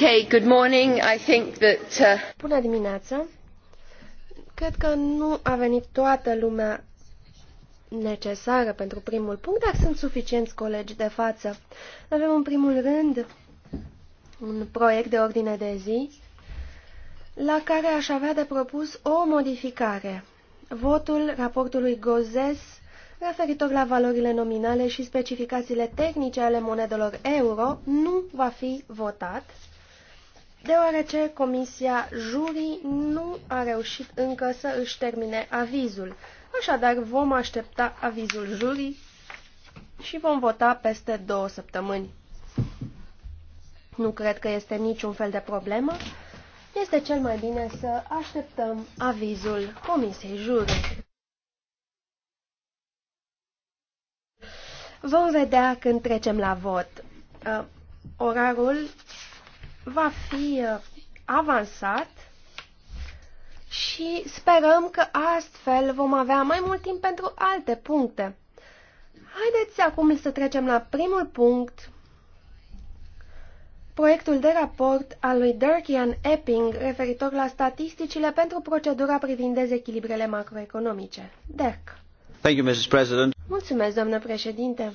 Uh, Bună dimineața. Cred că nu a venit toată lumea necesară pentru primul punct, dar sunt suficienți colegi de față. Avem în primul rând un proiect de ordine de zi la care aș avea de propus o modificare. Votul raportului Gozes referitor la valorile nominale și specificațiile tehnice ale monedelor euro nu va fi votat, deoarece Comisia Jurii nu a reușit încă să își termine avizul. Așadar, vom aștepta avizul jurii și vom vota peste două săptămâni. Nu cred că este niciun fel de problemă. Este cel mai bine să așteptăm avizul Comisiei Jurii. Vom vedea când trecem la vot. Uh, orarul va fi uh, avansat și sperăm că astfel vom avea mai mult timp pentru alte puncte. Haideți acum să trecem la primul punct, proiectul de raport al lui Durkian Epping referitor la statisticile pentru procedura privind dezechilibrele macroeconomice. Dirk. Thank you, Mrs. President. Mulțumesc, doamnă președinte.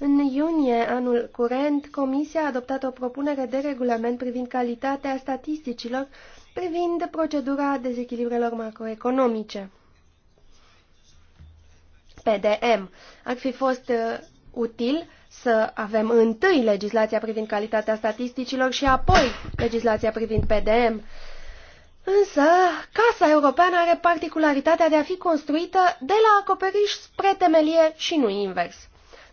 În iunie anul curent, Comisia a adoptat o propunere de regulament privind calitatea statisticilor privind procedura dezechilibrelor macroeconomice. PDM. Ar fi fost uh, util să avem întâi legislația privind calitatea statisticilor și apoi legislația privind PDM. Însă, Casa Europeană are particularitatea de a fi construită de la acoperiș spre temelie și nu invers.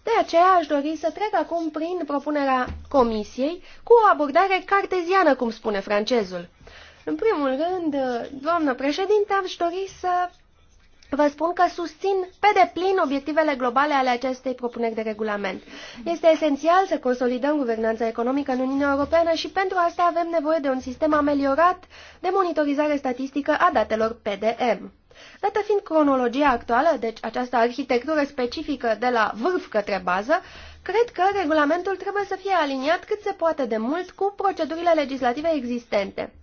De aceea aș dori să trec acum prin propunerea comisiei cu o abordare carteziană, cum spune francezul. În primul rând, doamnă președinte, aș dori să Vă spun că susțin pe deplin obiectivele globale ale acestei propuneri de regulament. Este esențial să consolidăm guvernanța economică în Uniunea Europeană și pentru asta avem nevoie de un sistem ameliorat de monitorizare statistică a datelor PDM. Dată fiind cronologia actuală, deci această arhitectură specifică de la vârf către bază, cred că regulamentul trebuie să fie aliniat cât se poate de mult cu procedurile legislative existente.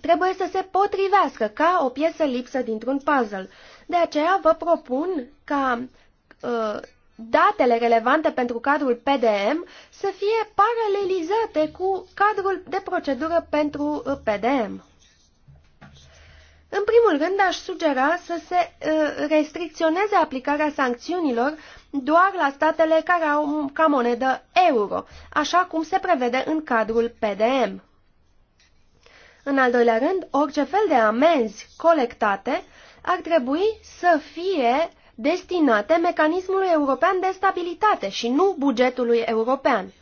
Trebuie să se potrivească ca o piesă lipsă dintr-un puzzle. De aceea vă propun ca uh, datele relevante pentru cadrul PDM să fie paralelizate cu cadrul de procedură pentru ă, PDM. În primul rând, aș sugera să se uh, restricționeze aplicarea sancțiunilor doar la statele care au ca monedă euro, așa cum se prevede în cadrul PDM. În al doilea rând, orice fel de amenzi colectate ar trebui să fie destinate mecanismului european de stabilitate și nu bugetului european.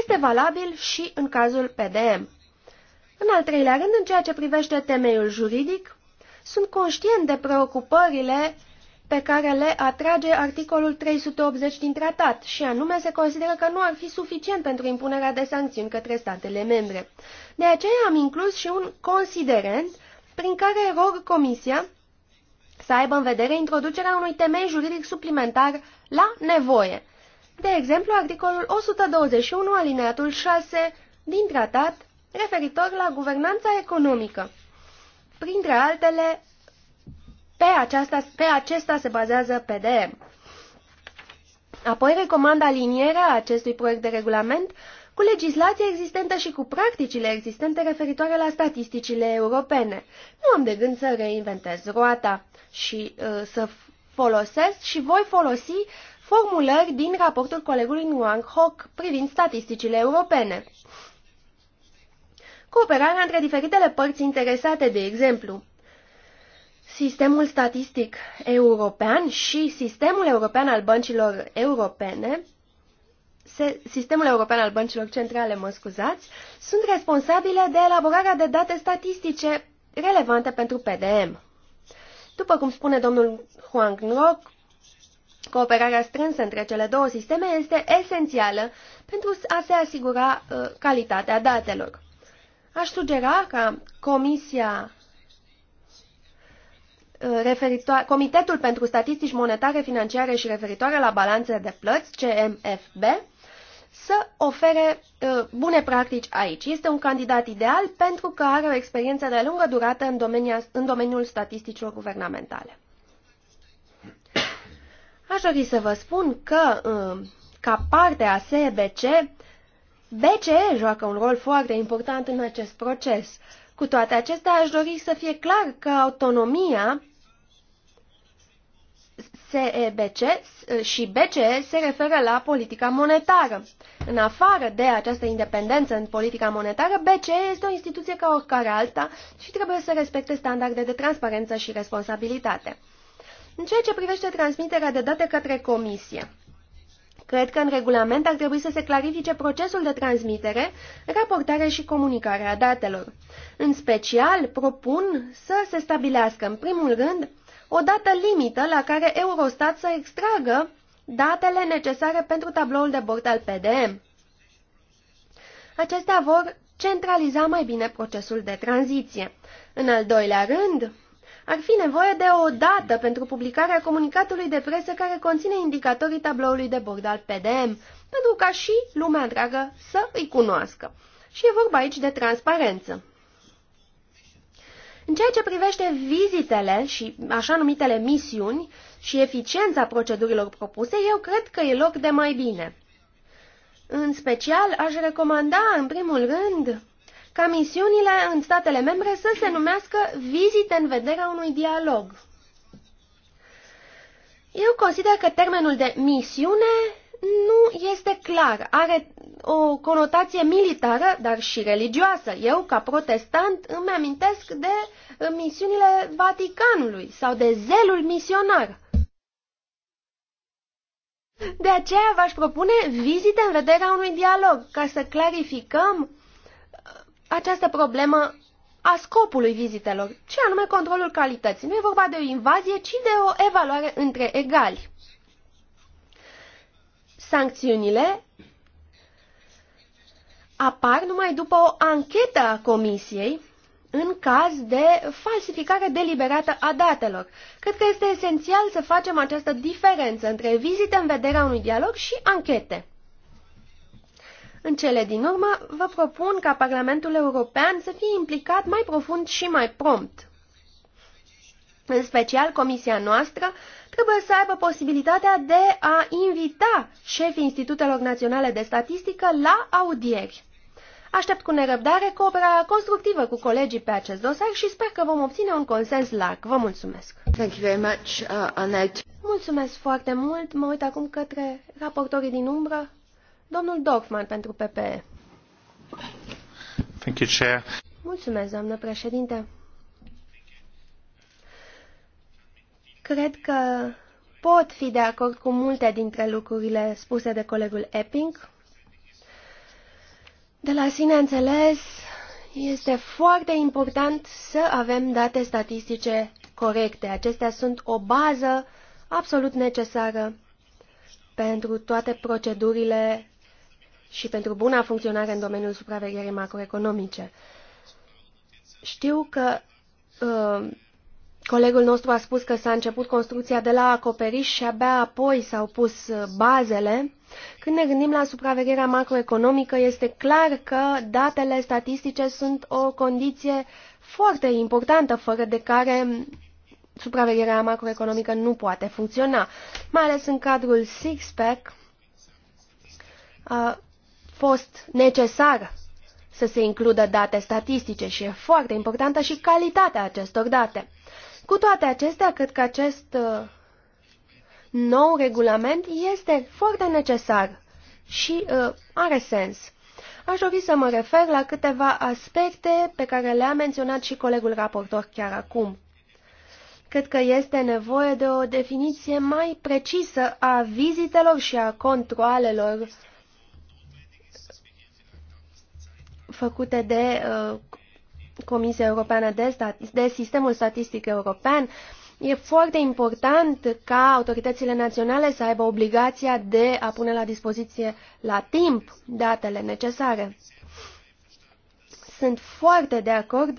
Este valabil și în cazul PDM. În al treilea rând, în ceea ce privește temeiul juridic, sunt conștient de preocupările pe care le atrage articolul 380 din tratat, și anume se consideră că nu ar fi suficient pentru impunerea de sancțiuni către statele membre. De aceea am inclus și un considerent prin care rog Comisia să aibă în vedere introducerea unui temei juridic suplimentar la nevoie. De exemplu, articolul 121 alineatul 6 din tratat referitor la guvernanța economică. Printre altele, pe, aceasta, pe acesta se bazează PDM. Apoi recomand alinierea acestui proiect de regulament cu legislația existentă și cu practicile existente referitoare la statisticile europene. Nu am de gând să reinventez roata și uh, să folosesc și voi folosi formulări din raportul colegului Nguang Hoc privind statisticile europene cooperarea între diferitele părți interesate, de exemplu. Sistemul statistic european și sistemul european al băncilor europene se, sistemul european al băncilor centrale, mă scuzați, sunt responsabile de elaborarea de date statistice relevante pentru PDM. După cum spune domnul Juan Ngoc, cooperarea strânsă între cele două sisteme este esențială pentru a se asigura uh, calitatea datelor. Aș sugera ca Comisia uh, referitoare, Comitetul pentru Statistici Monetare, Financiare și referitoare la balanțe de plăți, CMFB, să ofere uh, bune practici aici. Este un candidat ideal pentru că are o experiență de lungă durată în, domenia, în domeniul statisticilor guvernamentale. Aș dori să vă spun că, uh, ca parte a SEBC, BCE joacă un rol foarte important în acest proces. Cu toate acestea, aș dori să fie clar că autonomia SEBC și BCE se referă la politica monetară. În afară de această independență în politica monetară, BCE este o instituție ca oricare alta și trebuie să respecte standarde de transparență și responsabilitate. În ceea ce privește transmiterea de date către comisie, Cred că în regulament ar trebui să se clarifice procesul de transmitere, raportare și comunicare a datelor. În special, propun să se stabilească, în primul rând, o dată limită la care Eurostat să extragă datele necesare pentru tabloul de bord al PDM. Acestea vor centraliza mai bine procesul de tranziție. În al doilea rând, ar fi nevoie de o dată pentru publicarea comunicatului de presă care conține indicatorii tabloului de bord al PDM, pentru ca și lumea întreagă să îi cunoască. Și e vorba aici de transparență. În ceea ce privește vizitele și așa numitele misiuni și eficiența procedurilor propuse, eu cred că e loc de mai bine. În special, aș recomanda, în primul rând, ca misiunile în statele membre să se numească vizite în vederea unui dialog. Eu consider că termenul de misiune nu este clar. Are o conotație militară, dar și religioasă. Eu, ca protestant, îmi amintesc de misiunile Vaticanului sau de zelul misionar. De aceea v-aș propune vizite în vederea unui dialog, ca să clarificăm această problemă a scopului vizitelor, ce anume controlul calității. Nu e vorba de o invazie, ci de o evaluare între egali. Sancțiunile apar numai după o anchetă a comisiei în caz de falsificare deliberată a datelor. Cred că este esențial să facem această diferență între vizite în vederea unui dialog și anchete. În cele din urmă, vă propun ca Parlamentul European să fie implicat mai profund și mai prompt. În special, comisia noastră trebuie să aibă posibilitatea de a invita șefii Institutelor Naționale de Statistică la audieri. Aștept cu nerăbdare cooperarea constructivă cu colegii pe acest dosar și sper că vom obține un consens larg. Vă mulțumesc! Thank you very much, uh, Mulțumesc foarte mult! Mă uit acum către raportorii din umbră. Domnul Dorfman pentru PPE. Thank you, Chair. Mulțumesc, doamnă președinte. Cred că pot fi de acord cu multe dintre lucrurile spuse de colegul Epping. De la sine înțeles, este foarte important să avem date statistice corecte. Acestea sunt o bază absolut necesară pentru toate procedurile și pentru buna funcționare în domeniul supravegherii macroeconomice. Știu că uh, colegul nostru a spus că s-a început construcția de la acoperiș și abia apoi s-au pus uh, bazele. Când ne gândim la supravegherea macroeconomică, este clar că datele statistice sunt o condiție foarte importantă, fără de care supravegherea macroeconomică nu poate funcționa, mai ales în cadrul six-pack, uh, fost necesar să se includă date statistice și e foarte importantă și calitatea acestor date. Cu toate acestea, cred că acest uh, nou regulament este foarte necesar și uh, are sens. Aș dori să mă refer la câteva aspecte pe care le-a menționat și colegul raportor chiar acum. Cred că este nevoie de o definiție mai precisă a vizitelor și a controalelor făcute de uh, Comisia Europeană de, Stat- de Sistemul Statistic European, e foarte important ca autoritățile naționale să aibă obligația de a pune la dispoziție la timp datele necesare. Sunt foarte de acord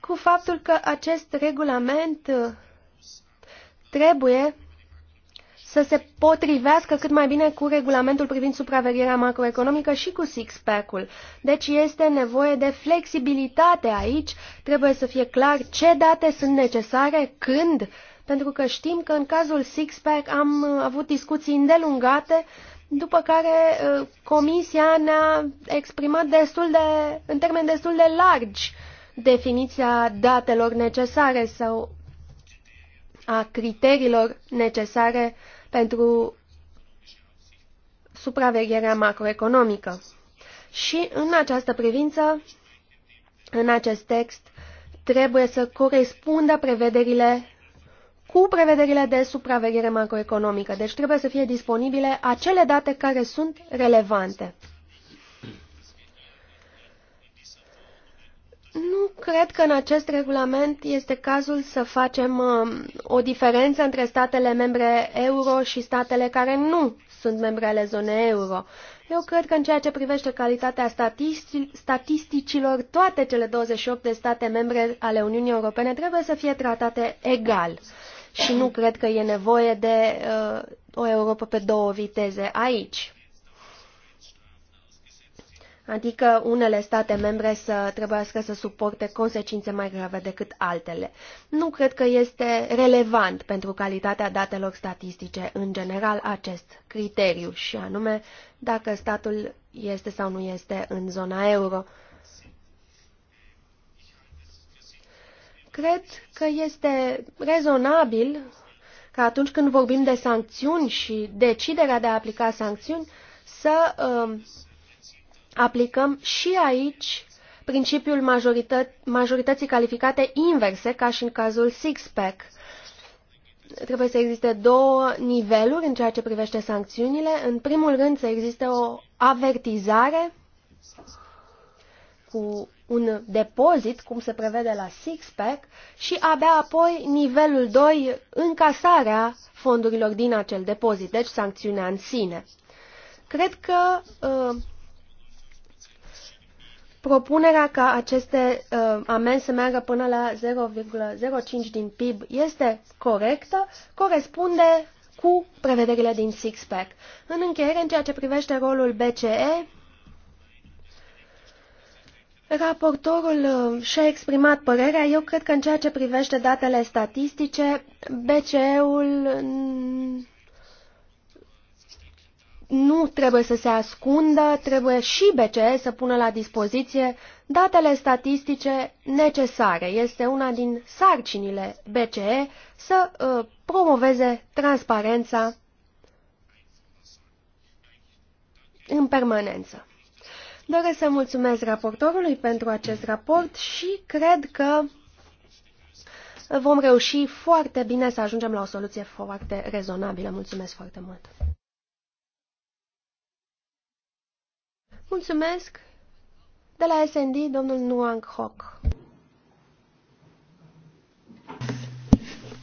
cu faptul că acest regulament trebuie să se potrivească cât mai bine cu regulamentul privind supravegherea macroeconomică și cu six-pack-ul. Deci este nevoie de flexibilitate aici, trebuie să fie clar ce date sunt necesare, când, pentru că știm că în cazul six-pack am uh, avut discuții îndelungate, după care uh, comisia ne-a exprimat destul de, în termeni destul de largi definiția datelor necesare sau a criteriilor necesare pentru supravegherea macroeconomică. Și în această privință, în acest text, trebuie să corespundă prevederile cu prevederile de supraveghere macroeconomică. Deci trebuie să fie disponibile acele date care sunt relevante. Nu cred că în acest regulament este cazul să facem um, o diferență între statele membre euro și statele care nu sunt membre ale zonei euro. Eu cred că în ceea ce privește calitatea statistic statisticilor, toate cele 28 de state membre ale Uniunii Europene trebuie să fie tratate egal. Și nu cred că e nevoie de uh, o Europa pe două viteze aici. Adică unele state membre să trebuiască să suporte consecințe mai grave decât altele. Nu cred că este relevant pentru calitatea datelor statistice în general acest criteriu și anume dacă statul este sau nu este în zona euro. Cred că este rezonabil că atunci când vorbim de sancțiuni și deciderea de a aplica sancțiuni să uh, aplicăm și aici principiul majorită majorității calificate inverse, ca și în cazul six-pack. Trebuie să existe două niveluri în ceea ce privește sancțiunile. În primul rând să existe o avertizare cu un depozit, cum se prevede la six-pack, și abia apoi nivelul 2, încasarea fondurilor din acel depozit, deci sancțiunea în sine. Cred că uh, Propunerea ca aceste uh, amenzi să meargă până la 0,05 din PIB este corectă, corespunde cu prevederile din Sixpack. În încheiere, în ceea ce privește rolul BCE, Raportorul uh, și-a exprimat părerea. Eu cred că în ceea ce privește datele statistice, BCE-ul mm, nu trebuie să se ascundă, trebuie și BCE să pună la dispoziție datele statistice necesare. Este una din sarcinile BCE să uh, promoveze transparența în permanență. Doresc să mulțumesc raportorului pentru acest raport și cred că vom reuși foarte bine să ajungem la o soluție foarte rezonabilă. Mulțumesc foarte mult! Mulțumesc. De la SND, domnul Nuang Hoc.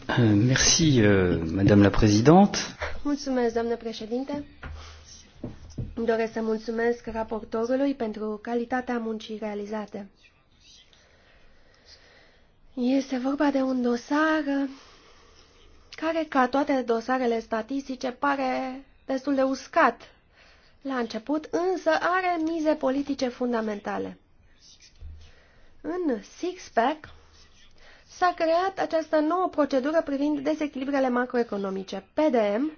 Euh, merci, euh, Madame la Présidente. Mulțumesc, doamnă președinte. Doresc să mulțumesc raportorului pentru calitatea muncii realizate. Este vorba de un dosar care, ca toate dosarele statistice, pare destul de uscat la început, însă are mize politice fundamentale. În Sixpack, s-a creat această nouă procedură privind dezechilibrele macroeconomice, PDM,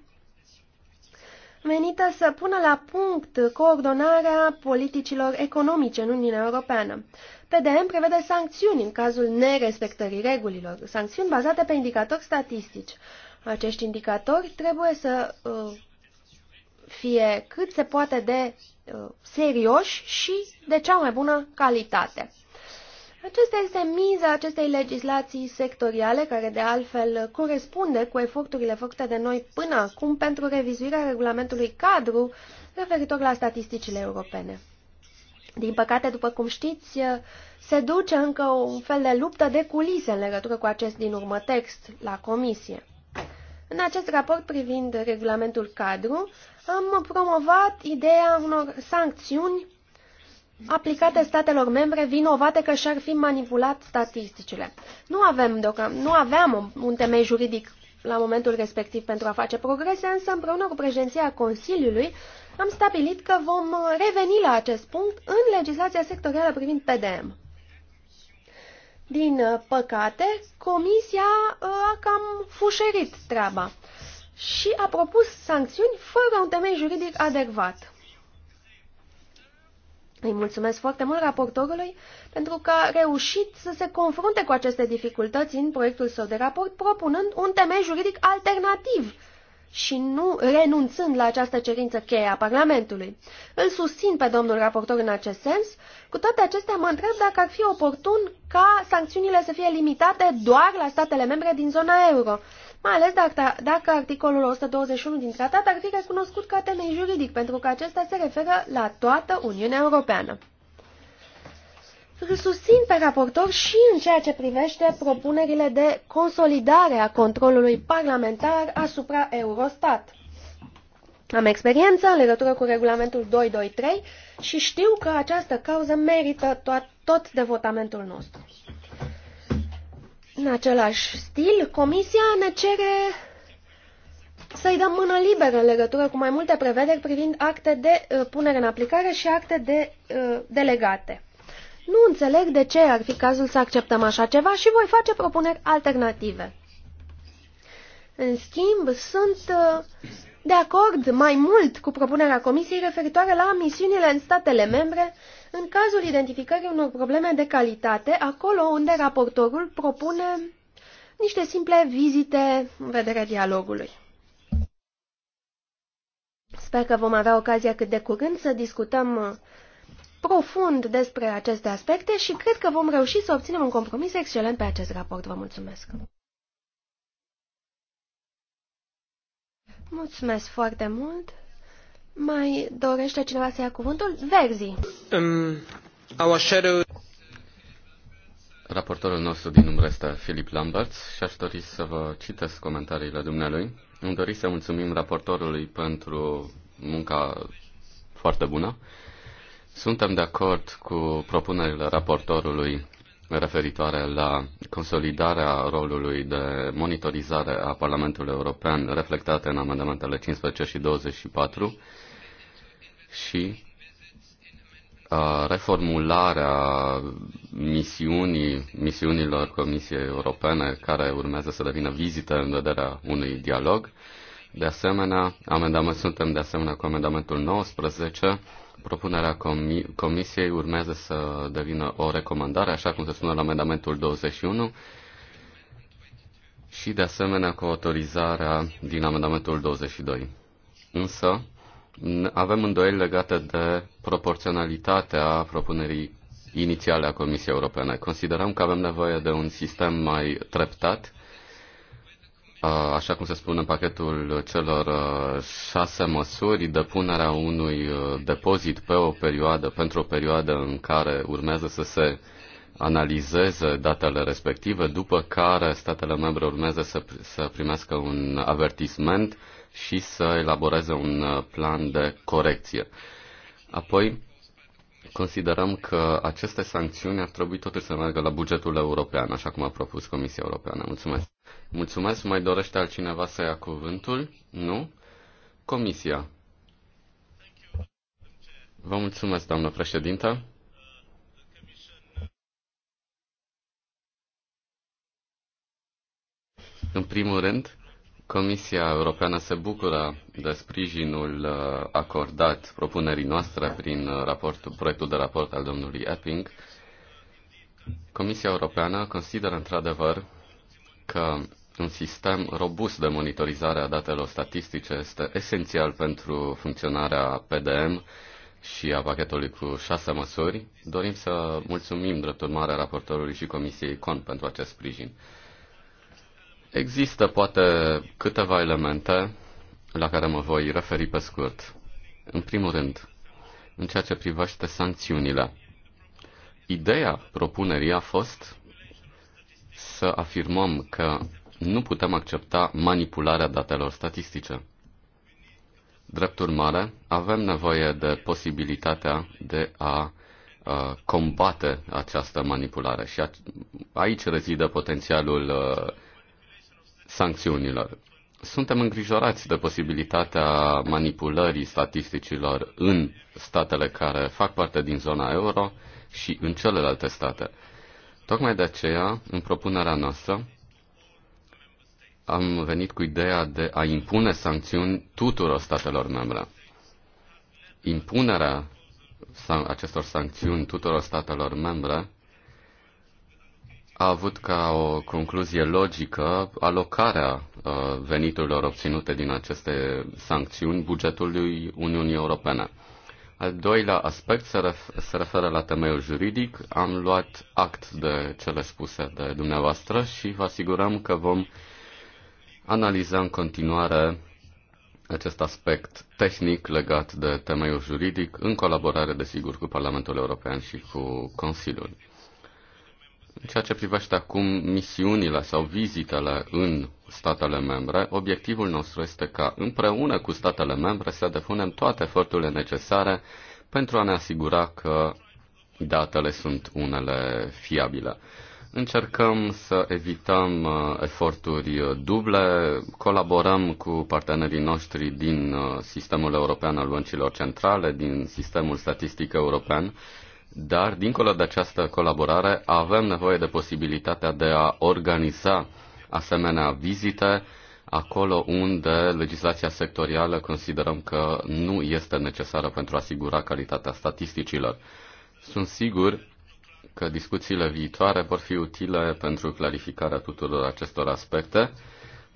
venită să pună la punct coordonarea politicilor economice în Uniunea Europeană. PDM prevede sancțiuni în cazul nerespectării regulilor, sancțiuni bazate pe indicatori statistici. Acești indicatori trebuie să uh, fie cât se poate de uh, serioși și de cea mai bună calitate. Acesta este miza acestei legislații sectoriale, care de altfel corespunde cu eforturile făcute de noi până acum pentru revizuirea regulamentului cadru referitor la statisticile europene. Din păcate, după cum știți, se duce încă un fel de luptă de culise în legătură cu acest din urmă text la comisie. În acest raport privind regulamentul cadru, am promovat ideea unor sancțiuni aplicate statelor membre vinovate că și-ar fi manipulat statisticile. Nu, avem nu aveam un temei juridic la momentul respectiv pentru a face progrese, însă împreună cu președinția Consiliului am stabilit că vom reveni la acest punct în legislația sectorială privind PDM. Din uh, păcate, comisia uh, a cam fușerit treaba și a propus sancțiuni fără un temei juridic adecvat. Îi mulțumesc foarte mult raportorului pentru că a reușit să se confrunte cu aceste dificultăți în proiectul său de raport, propunând un temei juridic alternativ și nu renunțând la această cerință cheie a Parlamentului. Îl susțin pe domnul raportor în acest sens. Cu toate acestea, mă întreb dacă ar fi oportun ca sancțiunile să fie limitate doar la statele membre din zona euro, mai ales dacă, dacă articolul 121 din tratat ar fi recunoscut ca temei juridic, pentru că acesta se referă la toată Uniunea Europeană îl susțin pe raportor și în ceea ce privește propunerile de consolidare a controlului parlamentar asupra Eurostat. Am experiență în legătură cu regulamentul 223 și știu că această cauză merită tot, tot devotamentul nostru. În același stil, Comisia ne cere să-i dăm mână liberă în legătură cu mai multe prevederi privind acte de uh, punere în aplicare și acte de uh, delegate. Nu înțeleg de ce ar fi cazul să acceptăm așa ceva și voi face propuneri alternative. În schimb, sunt uh, de acord mai mult cu propunerea Comisiei referitoare la misiunile în statele membre în cazul identificării unor probleme de calitate, acolo unde raportorul propune niște simple vizite în vederea dialogului. Sper că vom avea ocazia cât de curând să discutăm uh, profund despre aceste aspecte și cred că vom reuși să obținem un compromis excelent pe acest raport. Vă mulțumesc! Mulțumesc foarte mult! Mai dorește cineva să ia cuvântul? Verzi! Um, shadow... Raportorul nostru din umbră este Philip Lambert și aș dori să vă citesc comentariile dumnealui. Îmi dori să mulțumim raportorului pentru munca foarte bună. Suntem de acord cu propunerile raportorului referitoare la consolidarea rolului de monitorizare a Parlamentului European reflectate în amendamentele 15 și 24 și reformularea misiunii, misiunilor Comisiei Europene care urmează să devină vizite în vederea unui dialog. De asemenea, amendament, suntem de asemenea cu amendamentul 19 propunerea comi- Comisiei urmează să devină o recomandare, așa cum se spune la amendamentul 21, și de asemenea cu autorizarea din amendamentul 22. Însă, avem îndoieli legate de proporționalitatea propunerii inițiale a Comisiei Europene. Considerăm că avem nevoie de un sistem mai treptat așa cum se spune în pachetul celor șase măsuri, depunerea unui depozit pe o perioadă, pentru o perioadă în care urmează să se analizeze datele respective, după care statele membre urmează să, să primească un avertisment și să elaboreze un plan de corecție. Apoi, considerăm că aceste sancțiuni ar trebui totuși să meargă la bugetul european, așa cum a propus Comisia Europeană. Mulțumesc! Mulțumesc. Mai dorește altcineva să ia cuvântul? Nu? Comisia. Vă mulțumesc, doamnă președintă. În primul rând, Comisia Europeană se bucură de sprijinul uh, acordat propunerii noastre prin uh, raportul, proiectul de raport al domnului Epping. Comisia Europeană consideră într-adevăr că un sistem robust de monitorizare a datelor statistice este esențial pentru funcționarea PDM și a pachetului cu șase măsuri. Dorim să mulțumim drept urmare raportorului și Comisiei CON pentru acest sprijin. Există poate câteva elemente la care mă voi referi pe scurt. În primul rând, în ceea ce privește sancțiunile. Ideea propunerii a fost să afirmăm că nu putem accepta manipularea datelor statistice. Drept urmare, avem nevoie de posibilitatea de a combate această manipulare și aici rezidă potențialul sancțiunilor. Suntem îngrijorați de posibilitatea manipulării statisticilor în statele care fac parte din zona euro și în celelalte state. Tocmai de aceea, în propunerea noastră, am venit cu ideea de a impune sancțiuni tuturor statelor membre. Impunerea acestor sancțiuni tuturor statelor membre a avut ca o concluzie logică alocarea uh, veniturilor obținute din aceste sancțiuni bugetului Uniunii Europene. Al doilea aspect se, ref- se referă la temeiul juridic. Am luat act de cele spuse de dumneavoastră și vă asigurăm că vom analiza în continuare acest aspect tehnic legat de temeiul juridic, în colaborare, desigur, cu Parlamentul European și cu Consiliul. În ceea ce privește acum misiunile sau vizitele în statele membre, obiectivul nostru este ca împreună cu statele membre să depunem toate eforturile necesare pentru a ne asigura că datele sunt unele fiabile. Încercăm să evităm uh, eforturi uh, duble, colaborăm cu partenerii noștri din uh, sistemul european al băncilor centrale, din sistemul statistic european, dar dincolo de această colaborare avem nevoie de posibilitatea de a organiza asemenea vizite acolo unde legislația sectorială considerăm că nu este necesară pentru a asigura calitatea statisticilor. Sunt sigur că discuțiile viitoare vor fi utile pentru clarificarea tuturor acestor aspecte.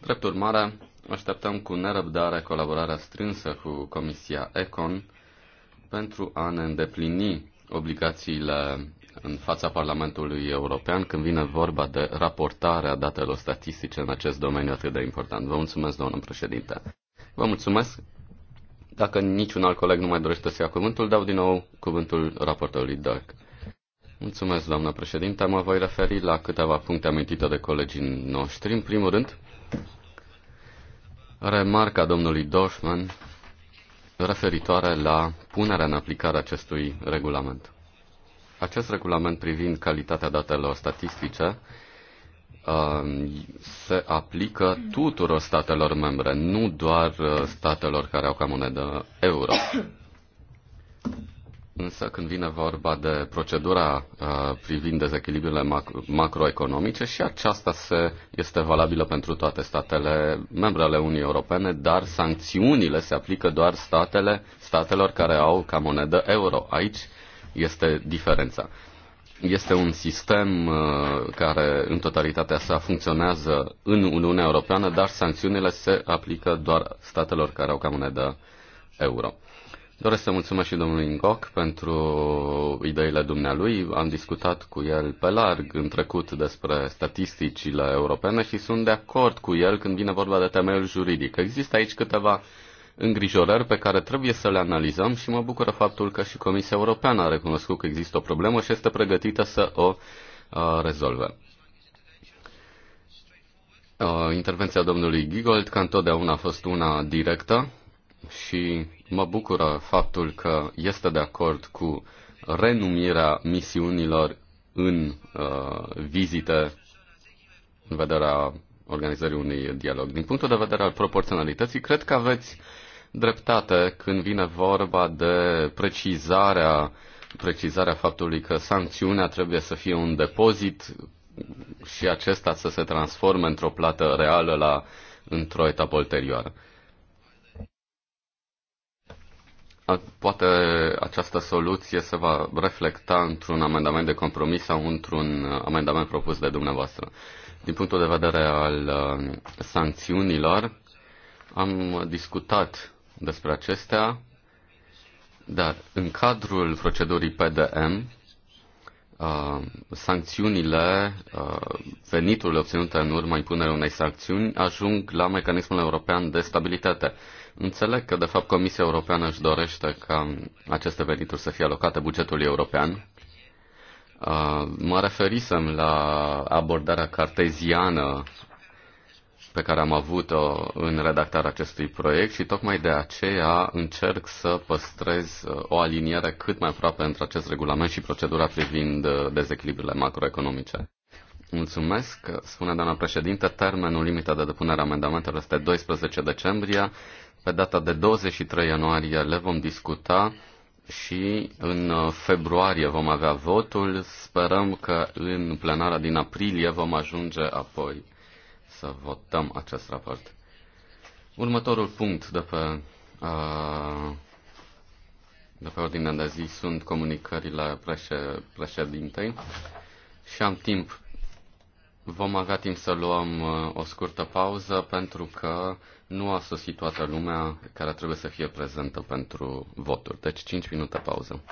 Drept urmare, așteptăm cu nerăbdare colaborarea strânsă cu Comisia ECON pentru a ne îndeplini obligațiile în fața Parlamentului European când vine vorba de raportarea datelor statistice în acest domeniu atât de important. Vă mulțumesc, domnul președinte. Vă mulțumesc. Dacă niciun alt coleg nu mai dorește să ia cuvântul, dau din nou cuvântul raportorului Dirk. Mulțumesc, doamnă președinte. Mă voi referi la câteva puncte amintite de colegii noștri. În primul rând, remarca domnului Doșman referitoare la punerea în aplicare acestui regulament. Acest regulament privind calitatea datelor statistice uh, se aplică tuturor statelor membre, nu doar uh, statelor care au ca monedă euro. Însă când vine vorba de procedura uh, privind dezechilibrile macro- macroeconomice și aceasta se, este valabilă pentru toate statele membre ale Uniunii Europene, dar sancțiunile se aplică doar statele, statelor care au ca monedă euro. Aici este diferența. Este un sistem uh, care în totalitatea sa funcționează în Uniunea Europeană, dar sancțiunile se aplică doar statelor care au ca monedă euro. Doresc să mulțumesc și domnului Ingoc pentru ideile dumnealui. Am discutat cu el pe larg în trecut despre statisticile europene și sunt de acord cu el când vine vorba de temeiul juridic. Există aici câteva îngrijorări pe care trebuie să le analizăm și mă bucură faptul că și Comisia Europeană a recunoscut că există o problemă și este pregătită să o uh, rezolve. Uh, intervenția domnului Gigold, ca întotdeauna, a fost una directă și mă bucură faptul că este de acord cu renumirea misiunilor în uh, vizite în vederea organizării unui dialog. Din punctul de vedere al proporționalității, cred că aveți dreptate când vine vorba de precizarea, precizarea faptului că sancțiunea trebuie să fie un depozit și acesta să se transforme într-o plată reală la, într-o etapă ulterioară. Poate această soluție se va reflecta într-un amendament de compromis sau într-un amendament propus de dumneavoastră. Din punctul de vedere al uh, sancțiunilor, am discutat despre acestea, dar în cadrul procedurii PDM, uh, sancțiunile, uh, veniturile obținute în urma impunerii unei sancțiuni ajung la mecanismul european de stabilitate. Înțeleg că, de fapt, Comisia Europeană își dorește ca aceste venituri să fie alocate bugetului european. Uh, mă referisem la abordarea carteziană pe care am avut-o în redactarea acestui proiect și tocmai de aceea încerc să păstrez uh, o aliniere cât mai aproape între acest regulament și procedura privind uh, dezechilibrile macroeconomice. Mulțumesc, spune doamna președinte, termenul limită de depunere a amendamentelor este 12 decembrie. Pe data de 23 ianuarie le vom discuta și în februarie vom avea votul. Sperăm că în plenara din aprilie vom ajunge apoi să votăm acest raport. Următorul punct de pe, uh, de pe ordinea de zi sunt comunicările președintei și am timp. Vom avea timp să luăm uh, o scurtă pauză pentru că nu a sosit toată lumea care trebuie să fie prezentă pentru voturi. Deci 5 minute pauză.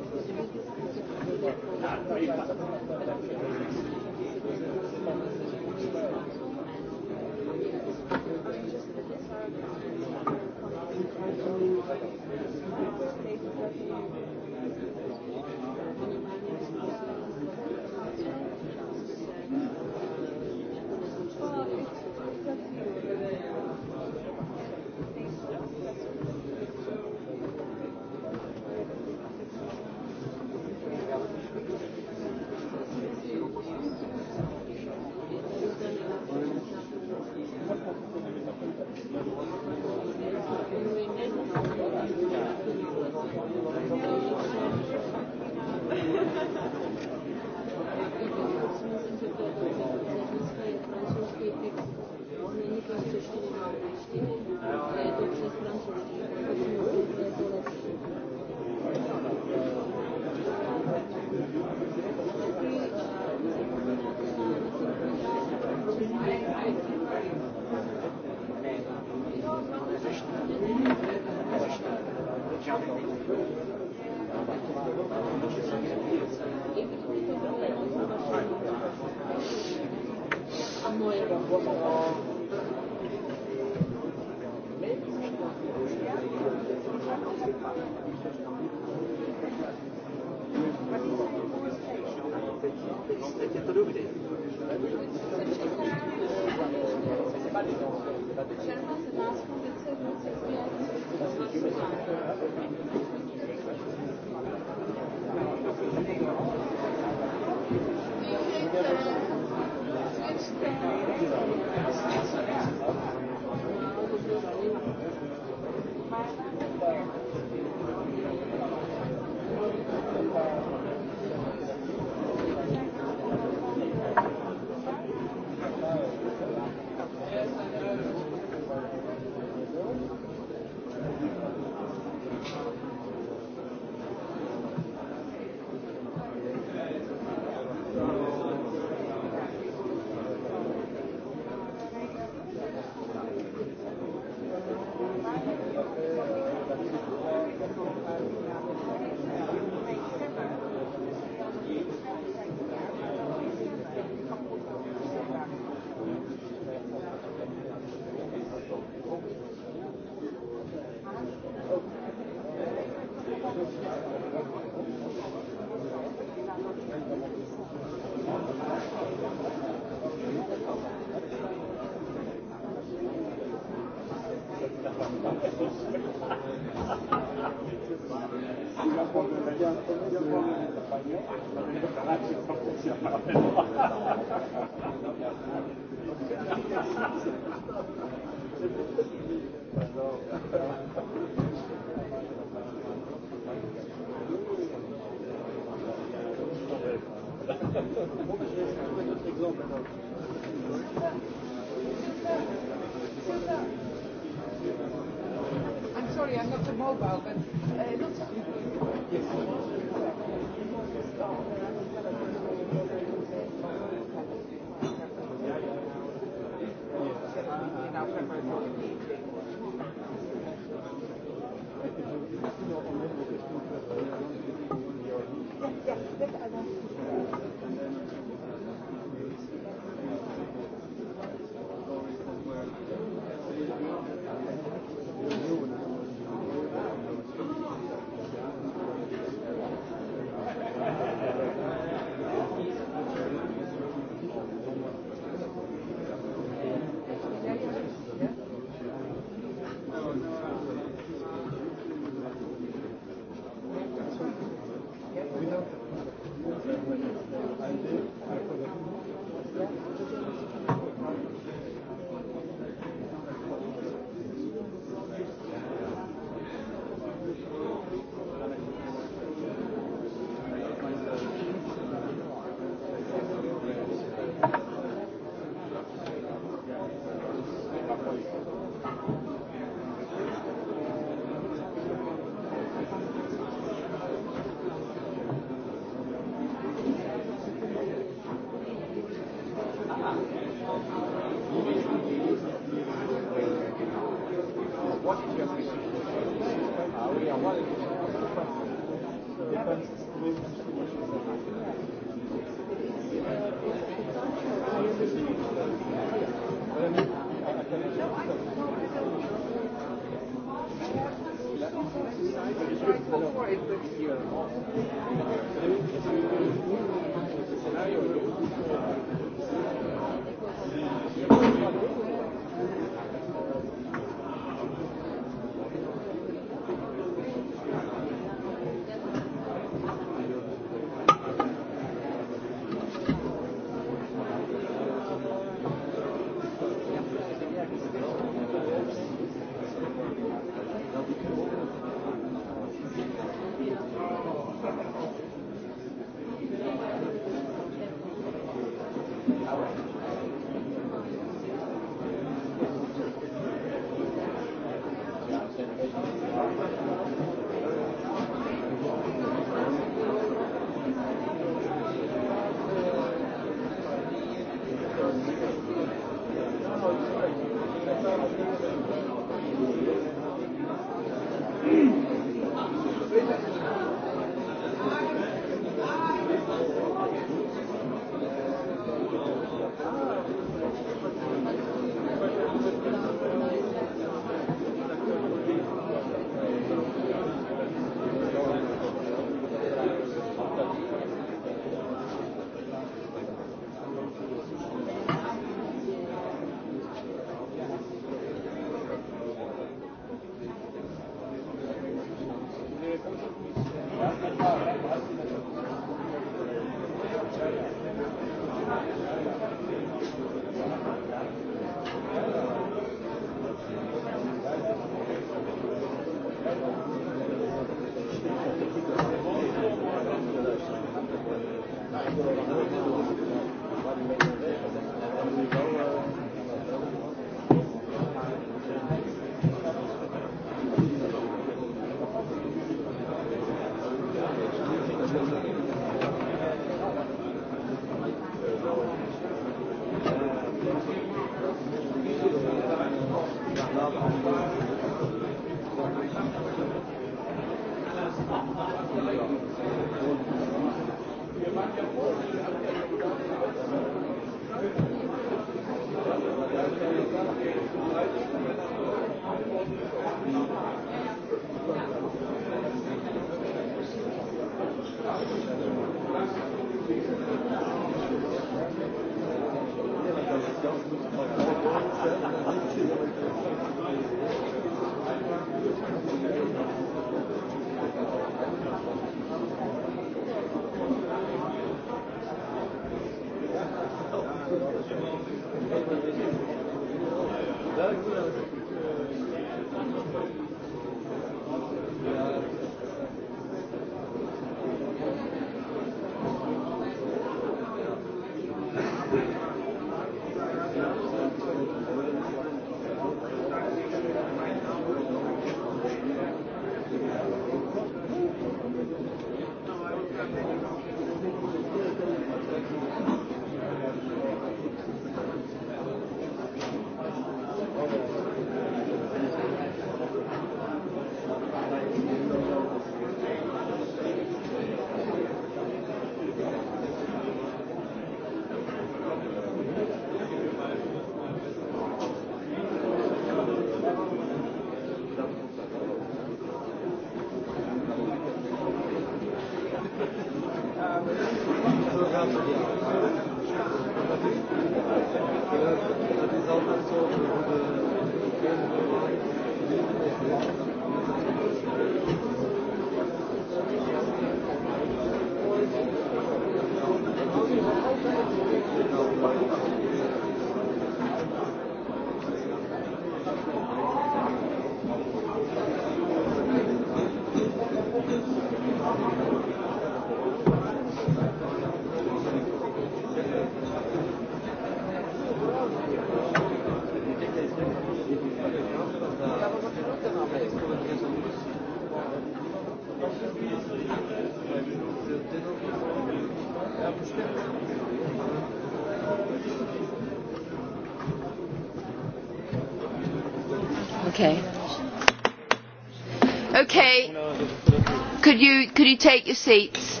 could you, could you take your seats?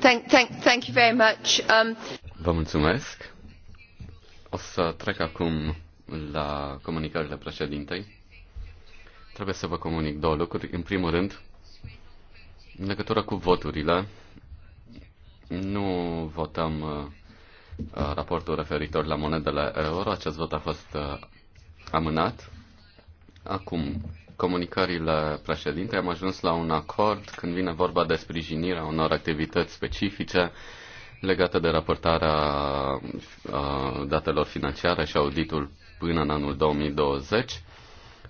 Thank, thank, thank you very much. Um... Vă mulțumesc. O să trec acum la comunicările președintei. Trebuie să vă comunic două lucruri. În primul rând, în legătură cu voturile, nu votăm uh, raportul referitor la monedele euro. Acest vot a fost uh, amânat. Acum, comunicările președinte am ajuns la un acord când vine vorba de sprijinirea unor activități specifice legate de raportarea uh, datelor financiare și auditul până în anul 2020.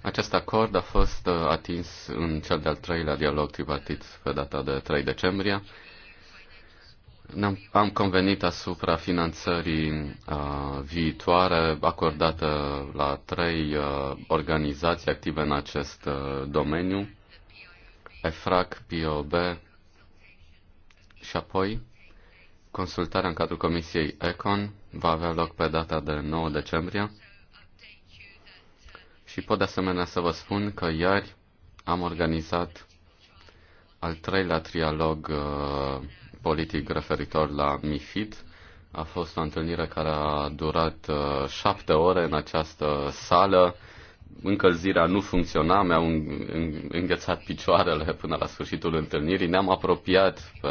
Acest acord a fost uh, atins în cel de-al treilea dialog tripartit pe data de 3 decembrie ne-am am convenit asupra finanțării uh, viitoare acordată la trei uh, organizații active în acest uh, domeniu, EFRAC, POB și apoi consultarea în cadrul Comisiei ECON va avea loc pe data de 9 decembrie și pot de asemenea să vă spun că ieri am organizat al treilea trialog uh, politic referitor la MIFID. A fost o întâlnire care a durat uh, șapte ore în această sală. Încălzirea nu funcționa, mi-au înghețat picioarele până la sfârșitul întâlnirii. Ne-am apropiat pe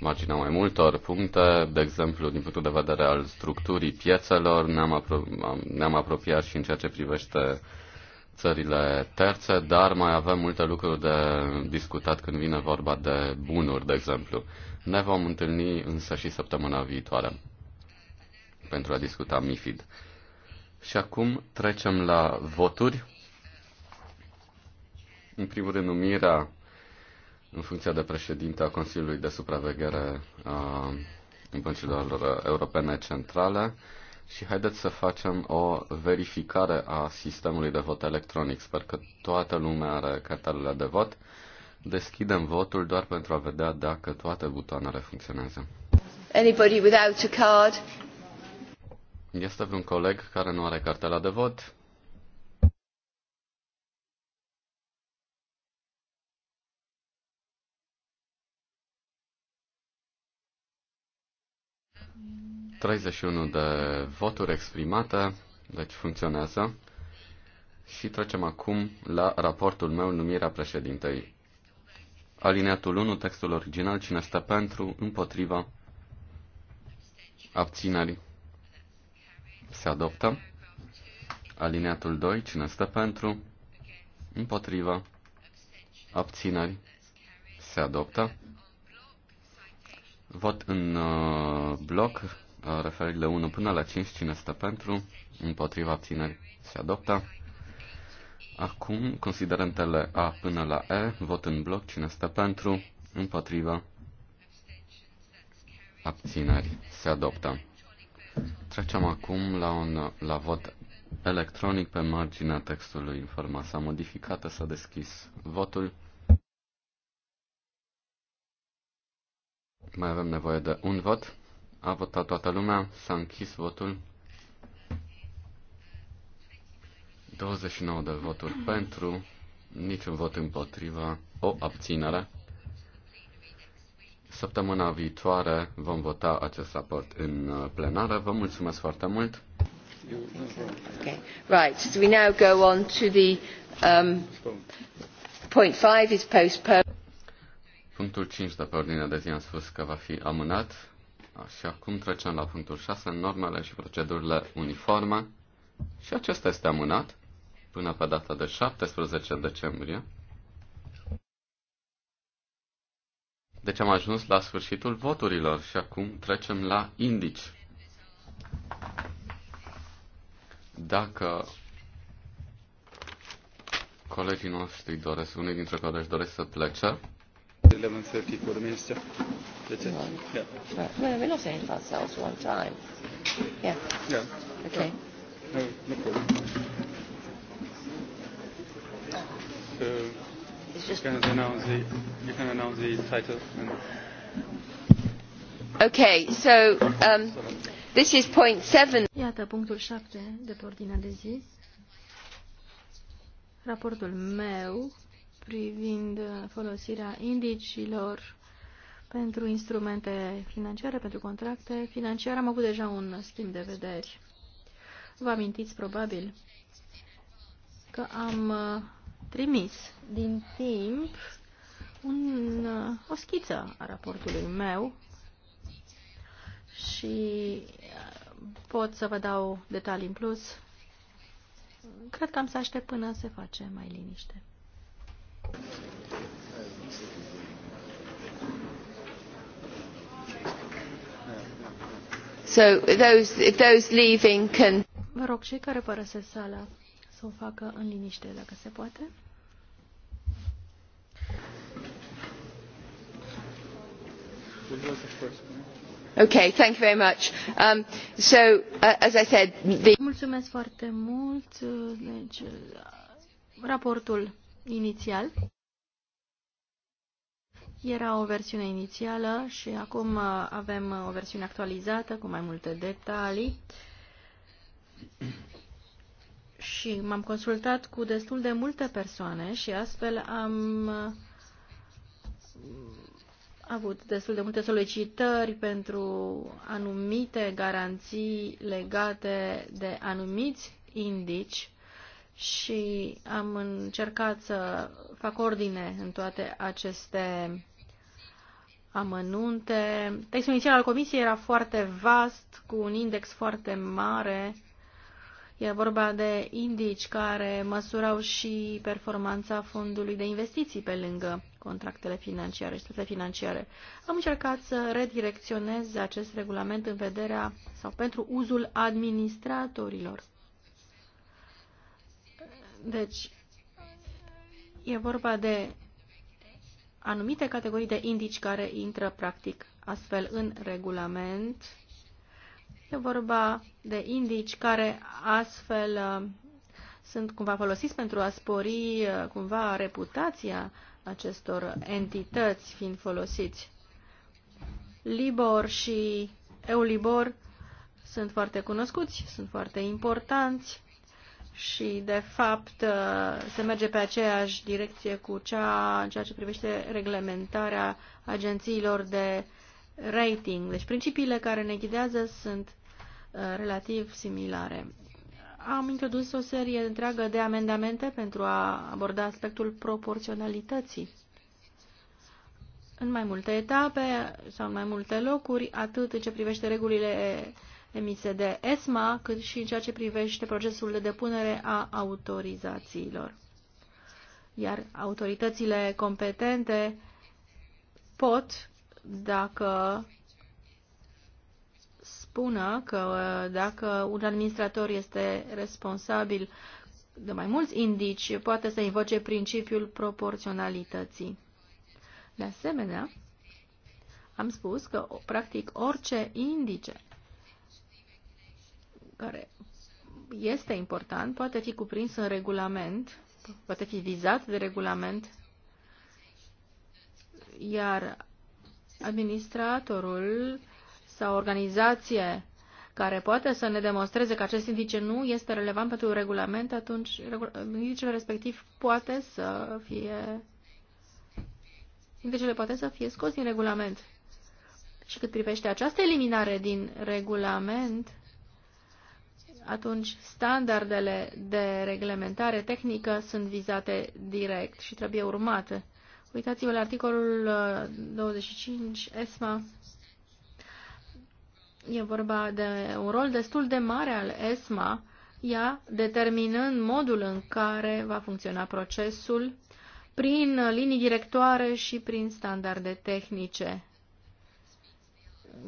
marginea mai multor puncte, de exemplu, din punctul de vedere al structurii piețelor, ne-am, apro- ne-am apropiat și în ceea ce privește uh, țările terțe, dar mai avem multe lucruri de discutat când vine vorba de bunuri, de exemplu. Ne vom întâlni însă și săptămâna viitoare pentru a discuta MIFID. Și acum trecem la voturi. În primul rând, numirea în funcția de președinte a Consiliului de Supraveghere a băncilor europene centrale și haideți să facem o verificare a sistemului de vot electronic. Sper că toată lumea are cartelele de vot. Deschidem votul doar pentru a vedea dacă toate butoanele funcționează. Anybody without a card? Este un coleg care nu are cartela de vot? 31 de voturi exprimate, deci funcționează. Și trecem acum la raportul meu, numirea președintei. Alineatul 1, textul original, cine stă pentru, împotriva, abținerii, se adoptă. Alineatul 2, cine stă pentru, împotriva, abținerii, se adoptă. Vot în uh, bloc Uh, referirile 1 până la 5, cine stă pentru, împotriva abțineri se adoptă. Acum, considerentele A până la E, vot în bloc, cine stă pentru, împotriva, abțineri se adoptă. Trecem acum la, un, la vot electronic pe marginea textului în forma sa modificată, s-a deschis votul. Mai avem nevoie de un vot. A votat toată lumea, s-a închis votul. 29 de voturi pentru, niciun vot împotriva, o abținere. Săptămâna viitoare vom vota acest raport în uh, plenară. Vă mulțumesc foarte mult. Okay. Right, so we now go on to the um, point 5 is postponed. Punctul 5 de pe ordinea de zi am spus că va fi amânat. Și acum trecem la punctul 6, normele și procedurile uniforme. Și acesta este amânat până pe data de 17 decembrie. Deci am ajuns la sfârșitul voturilor și acum trecem la indici. Dacă colegii noștri doresc, unii dintre colegi doresc să plece, 11.30 for the minister. That's it. Yeah. Right. Well, we're not saying ourselves one time. Yeah. Yeah. Da. Okay. Da. No, no problem. So it's just you can announce the you can announce the title. And okay. So um, this is point seven. Iată punctul 7 de pe ordinea de zi. Raportul meu privind uh, folosirea indicilor pentru instrumente financiare, pentru contracte financiare. Am avut deja un schimb de vederi. Vă amintiți probabil că am uh, trimis din timp un, uh, o schiță a raportului meu și pot să vă dau detalii în plus. Cred că am să aștept până se face mai liniște. So those, if those leaving can... Vă rog, cei care părăsesc sala să o facă în liniște, dacă se poate. Okay, thank you very much. Um, so, uh, as I said, the... Mulțumesc foarte mult. Uh, deci, uh, raportul inițial. Era o versiune inițială și acum uh, avem uh, o versiune actualizată cu mai multe detalii. Și m-am consultat cu destul de multe persoane și astfel am uh, avut destul de multe solicitări pentru anumite garanții legate de anumiți indici și am încercat să fac ordine în toate aceste amănunte. Textul inițial al comisiei era foarte vast, cu un index foarte mare. E vorba de indici care măsurau și performanța fondului de investiții pe lângă contractele financiare și financiare. Am încercat să redirecționez acest regulament în vederea sau pentru uzul administratorilor deci, e vorba de anumite categorii de indici care intră practic astfel în regulament. E vorba de indici care astfel uh, sunt cumva folosiți pentru a spori uh, cumva reputația acestor entități fiind folosiți. Libor și Eulibor sunt foarte cunoscuți, sunt foarte importanți și, de fapt, uh, se merge pe aceeași direcție cu cea în ceea ce privește reglementarea agențiilor de rating. Deci principiile care ne ghidează sunt uh, relativ similare. Am introdus o serie întreagă de amendamente pentru a aborda aspectul proporționalității. În mai multe etape sau în mai multe locuri, atât în ce privește regulile emise de ESMA, cât și în ceea ce privește procesul de depunere a autorizațiilor. Iar autoritățile competente pot, dacă spună că dacă un administrator este responsabil de mai mulți indici, poate să invoce principiul proporționalității. De asemenea, am spus că, practic, orice indice care este important, poate fi cuprins în regulament, poate fi vizat de regulament, iar administratorul sau organizație care poate să ne demonstreze că acest indice nu este relevant pentru regulament, atunci indicele respectiv poate să fie indicele poate să fie scos din regulament. Și cât privește această eliminare din regulament, atunci standardele de reglementare tehnică sunt vizate direct și trebuie urmate. Uitați-vă la articolul 25 uh, ESMA. E vorba de un rol destul de mare al ESMA, ea determinând modul în care va funcționa procesul prin linii directoare și prin standarde tehnice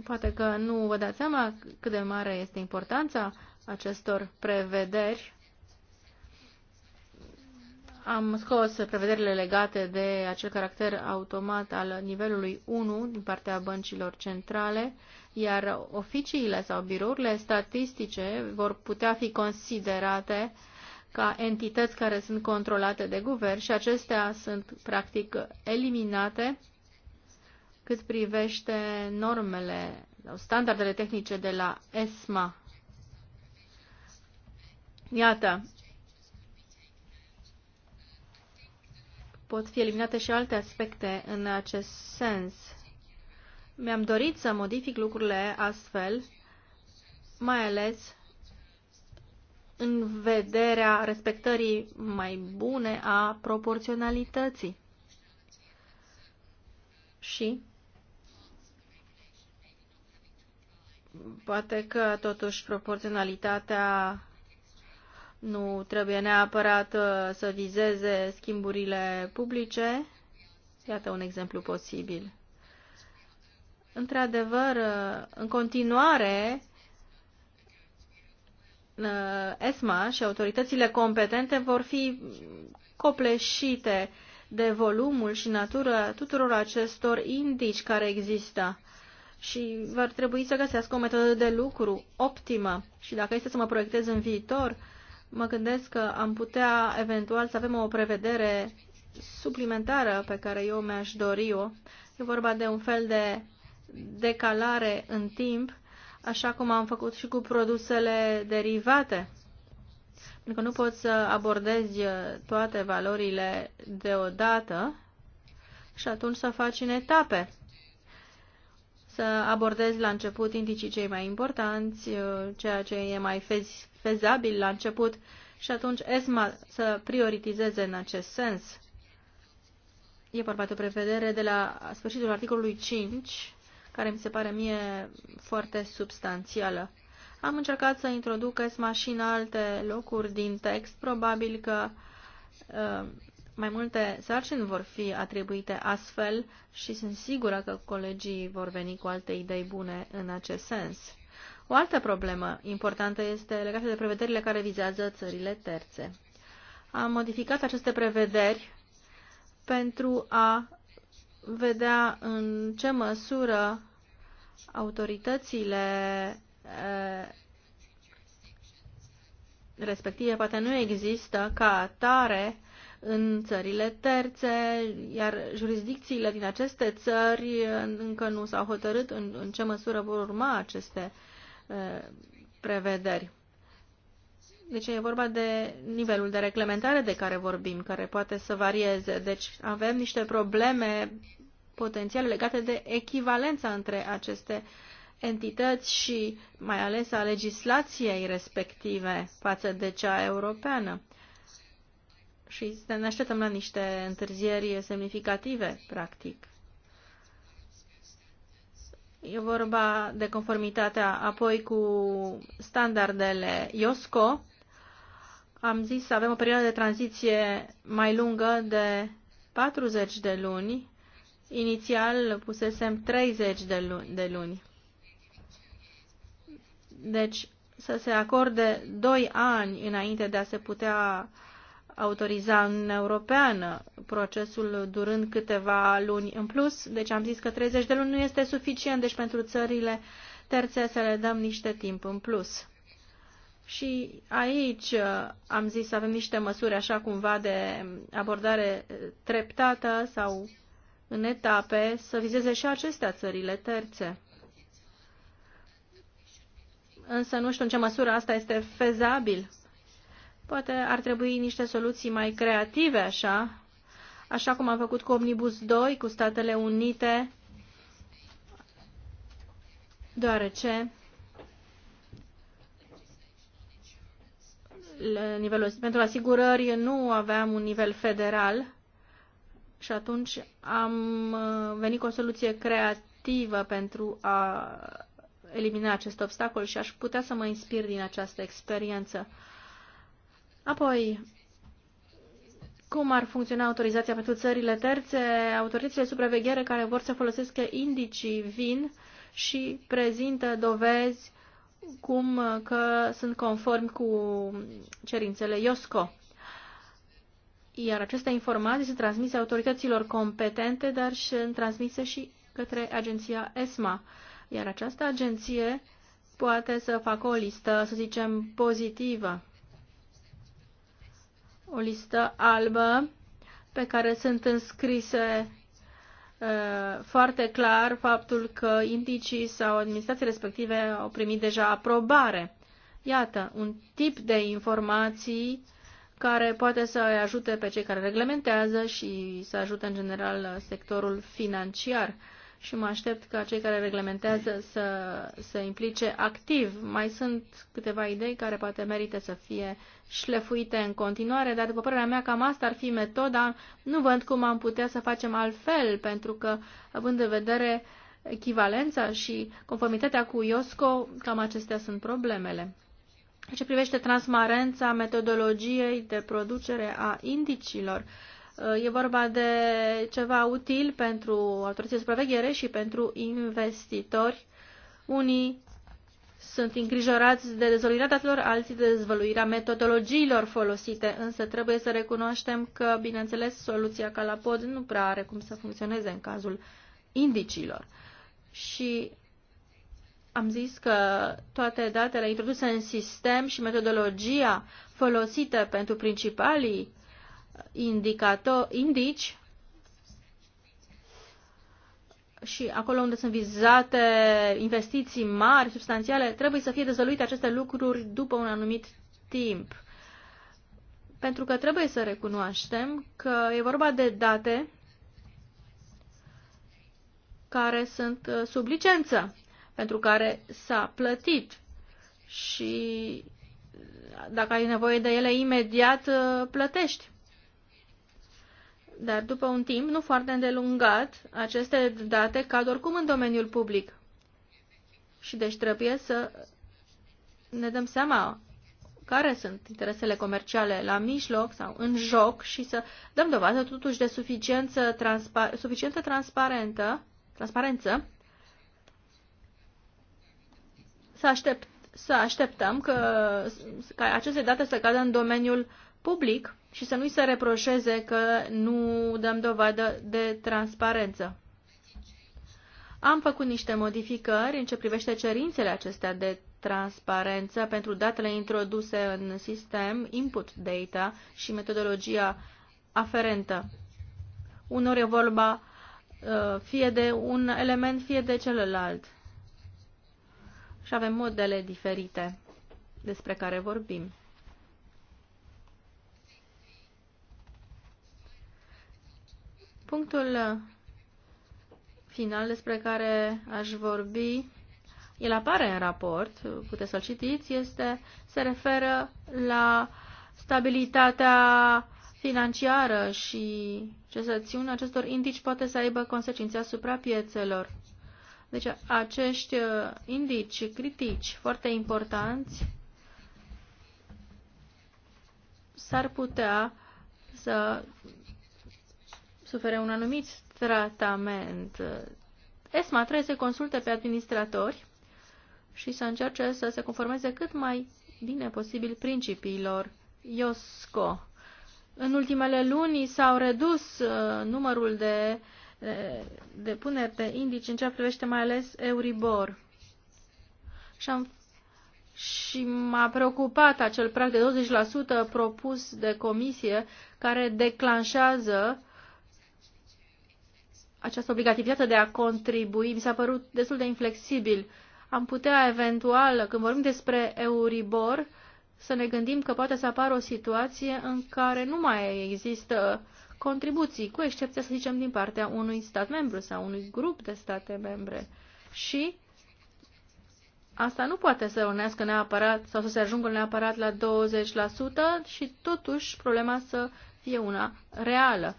poate că nu vă dați seama cât de mare este importanța acestor prevederi. Am scos prevederile legate de acel caracter automat al nivelului 1 din partea băncilor centrale, iar oficiile sau birourile statistice vor putea fi considerate ca entități care sunt controlate de guvern și acestea sunt practic eliminate cât privește normele sau standardele tehnice de la ESMA Iată, pot fi eliminate și alte aspecte în acest sens. Mi-am dorit să modific lucrurile astfel, mai ales în vederea respectării mai bune a proporționalității. Și poate că totuși proporționalitatea nu trebuie neapărat uh, să vizeze schimburile publice. Iată un exemplu posibil. Într-adevăr, uh, în continuare, uh, ESMA și autoritățile competente vor fi copleșite de volumul și natura tuturor acestor indici care există și vor trebui să găsească o metodă de lucru optimă. Și dacă este să mă proiectez în viitor, uh, mă gândesc că am putea eventual să avem o prevedere suplimentară pe care eu mi-aș dori-o. E vorba de un fel de decalare în timp, așa cum am făcut și cu produsele derivate. Pentru că nu poți să abordezi toate valorile deodată și atunci să faci în etape să abordezi la început indicii cei mai importanți, uh, ceea ce e mai fez, fezabil la început și atunci ESMA să prioritizeze în acest sens. E vorba de o prevedere de la sfârșitul articolului 5, care mi se pare mie foarte substanțială. Am încercat să introduc ESMA și în alte locuri din text, probabil că uh, mai multe sarcini vor fi atribuite astfel și sunt sigură că colegii vor veni cu alte idei bune în acest sens. O altă problemă importantă este legată de prevederile care vizează țările terțe. Am modificat aceste prevederi pentru a vedea în ce măsură autoritățile respective poate nu există ca atare în țările terțe, iar jurisdicțiile din aceste țări încă nu s-au hotărât în, în ce măsură vor urma aceste uh, prevederi. Deci e vorba de nivelul de reglementare de care vorbim, care poate să varieze. Deci avem niște probleme potențiale legate de echivalența între aceste entități și mai ales a legislației respective față de cea europeană și ne așteptăm la niște întârzieri semnificative, practic. E vorba de conformitatea apoi cu standardele IOSCO. Am zis să avem o perioadă de tranziție mai lungă de 40 de luni. Inițial pusesem 30 de luni. De luni. Deci să se acorde 2 ani înainte de a se putea autoriza în Europeană, procesul durând câteva luni în plus. Deci am zis că 30 de luni nu este suficient, deci pentru țările terțe să le dăm niște timp în plus. Și aici uh, am zis să avem niște măsuri așa cumva de abordare treptată sau în etape să vizeze și acestea țările terțe. Însă nu știu în ce măsură asta este fezabil Poate ar trebui niște soluții mai creative, așa, așa cum am făcut cu Omnibus 2, cu Statele Unite, deoarece nivelul, pentru asigurări nu aveam un nivel federal și atunci am uh, venit cu o soluție creativă pentru a elimina acest obstacol și aș putea să mă inspir din această experiență. Apoi, cum ar funcționa autorizația pentru țările terțe, autoritățile de supraveghere care vor să folosească indicii vin și prezintă dovezi cum că sunt conform cu cerințele IOSCO. Iar aceste informații sunt transmise autorităților competente, dar sunt transmise și către agenția ESMA. Iar această agenție poate să facă o listă, să zicem, pozitivă o listă albă pe care sunt înscrise uh, foarte clar faptul că indicii sau administrații respective au primit deja aprobare. Iată, un tip de informații care poate să îi ajute pe cei care reglementează și să ajute în general sectorul financiar și mă aștept ca cei care reglementează să se implice activ. Mai sunt câteva idei care poate merită să fie șlefuite în continuare, dar după părerea mea cam asta ar fi metoda. Nu văd cum am putea să facem altfel, pentru că având în vedere echivalența și conformitatea cu IOSCO, cam acestea sunt problemele. Ce privește transparența metodologiei de producere a indicilor, Uh, e vorba de ceva util pentru autorității de supraveghere și pentru investitori. Unii sunt îngrijorați de dezvăluirea datelor, alții de dezvăluirea metodologiilor folosite, însă trebuie să recunoaștem că, bineînțeles, soluția ca la pod nu prea are cum să funcționeze în cazul indicilor. Și am zis că toate datele introduse în sistem și metodologia folosită pentru principalii indici și acolo unde sunt vizate investiții mari, substanțiale, trebuie să fie dezvăluite aceste lucruri după un anumit timp. Pentru că trebuie să recunoaștem că e vorba de date care sunt uh, sub licență, pentru care s-a plătit și uh, dacă ai nevoie de ele imediat uh, plătești. Dar după un timp nu foarte îndelungat, aceste date cad oricum în domeniul public. Și deci trebuie să ne dăm seama care sunt interesele comerciale la mijloc sau în joc și să dăm dovadă totuși de suficiență, transpa suficientă transparentă, transparență să, aștept, să așteptăm că, ca aceste date să cadă în domeniul public și să nu-i se reproșeze că nu dăm dovadă de transparență. Am făcut niște modificări în ce privește cerințele acestea de transparență pentru datele introduse în sistem, input data și metodologia aferentă. Unor e vorba uh, fie de un element, fie de celălalt. Și avem modele diferite despre care vorbim. Punctul uh, final despre care aș vorbi, el apare în raport, puteți să-l citiți, este, se referă la stabilitatea financiară și țin, acestor indici poate să aibă consecințe asupra piețelor. Deci acești uh, indici critici foarte importanți s-ar putea să sufere un anumit tratament. ESMA trebuie să consulte pe administratori și să încerce să se conformeze cât mai bine posibil principiilor IOSCO. În ultimele luni s-au redus uh, numărul de depuneri de, de indici în ceea ce privește mai ales Euribor. Și, am, și m-a preocupat acel prag de 20% propus de comisie care declanșează această obligativitate de a contribui mi s-a părut destul de inflexibil. Am putea eventual, când vorbim despre Euribor, să ne gândim că poate să apară o situație în care nu mai există contribuții, cu excepția, să zicem, din partea unui stat membru sau unui grup de state membre. Și asta nu poate să unească neapărat sau să se ajungă neapărat la 20% și totuși problema să fie una reală.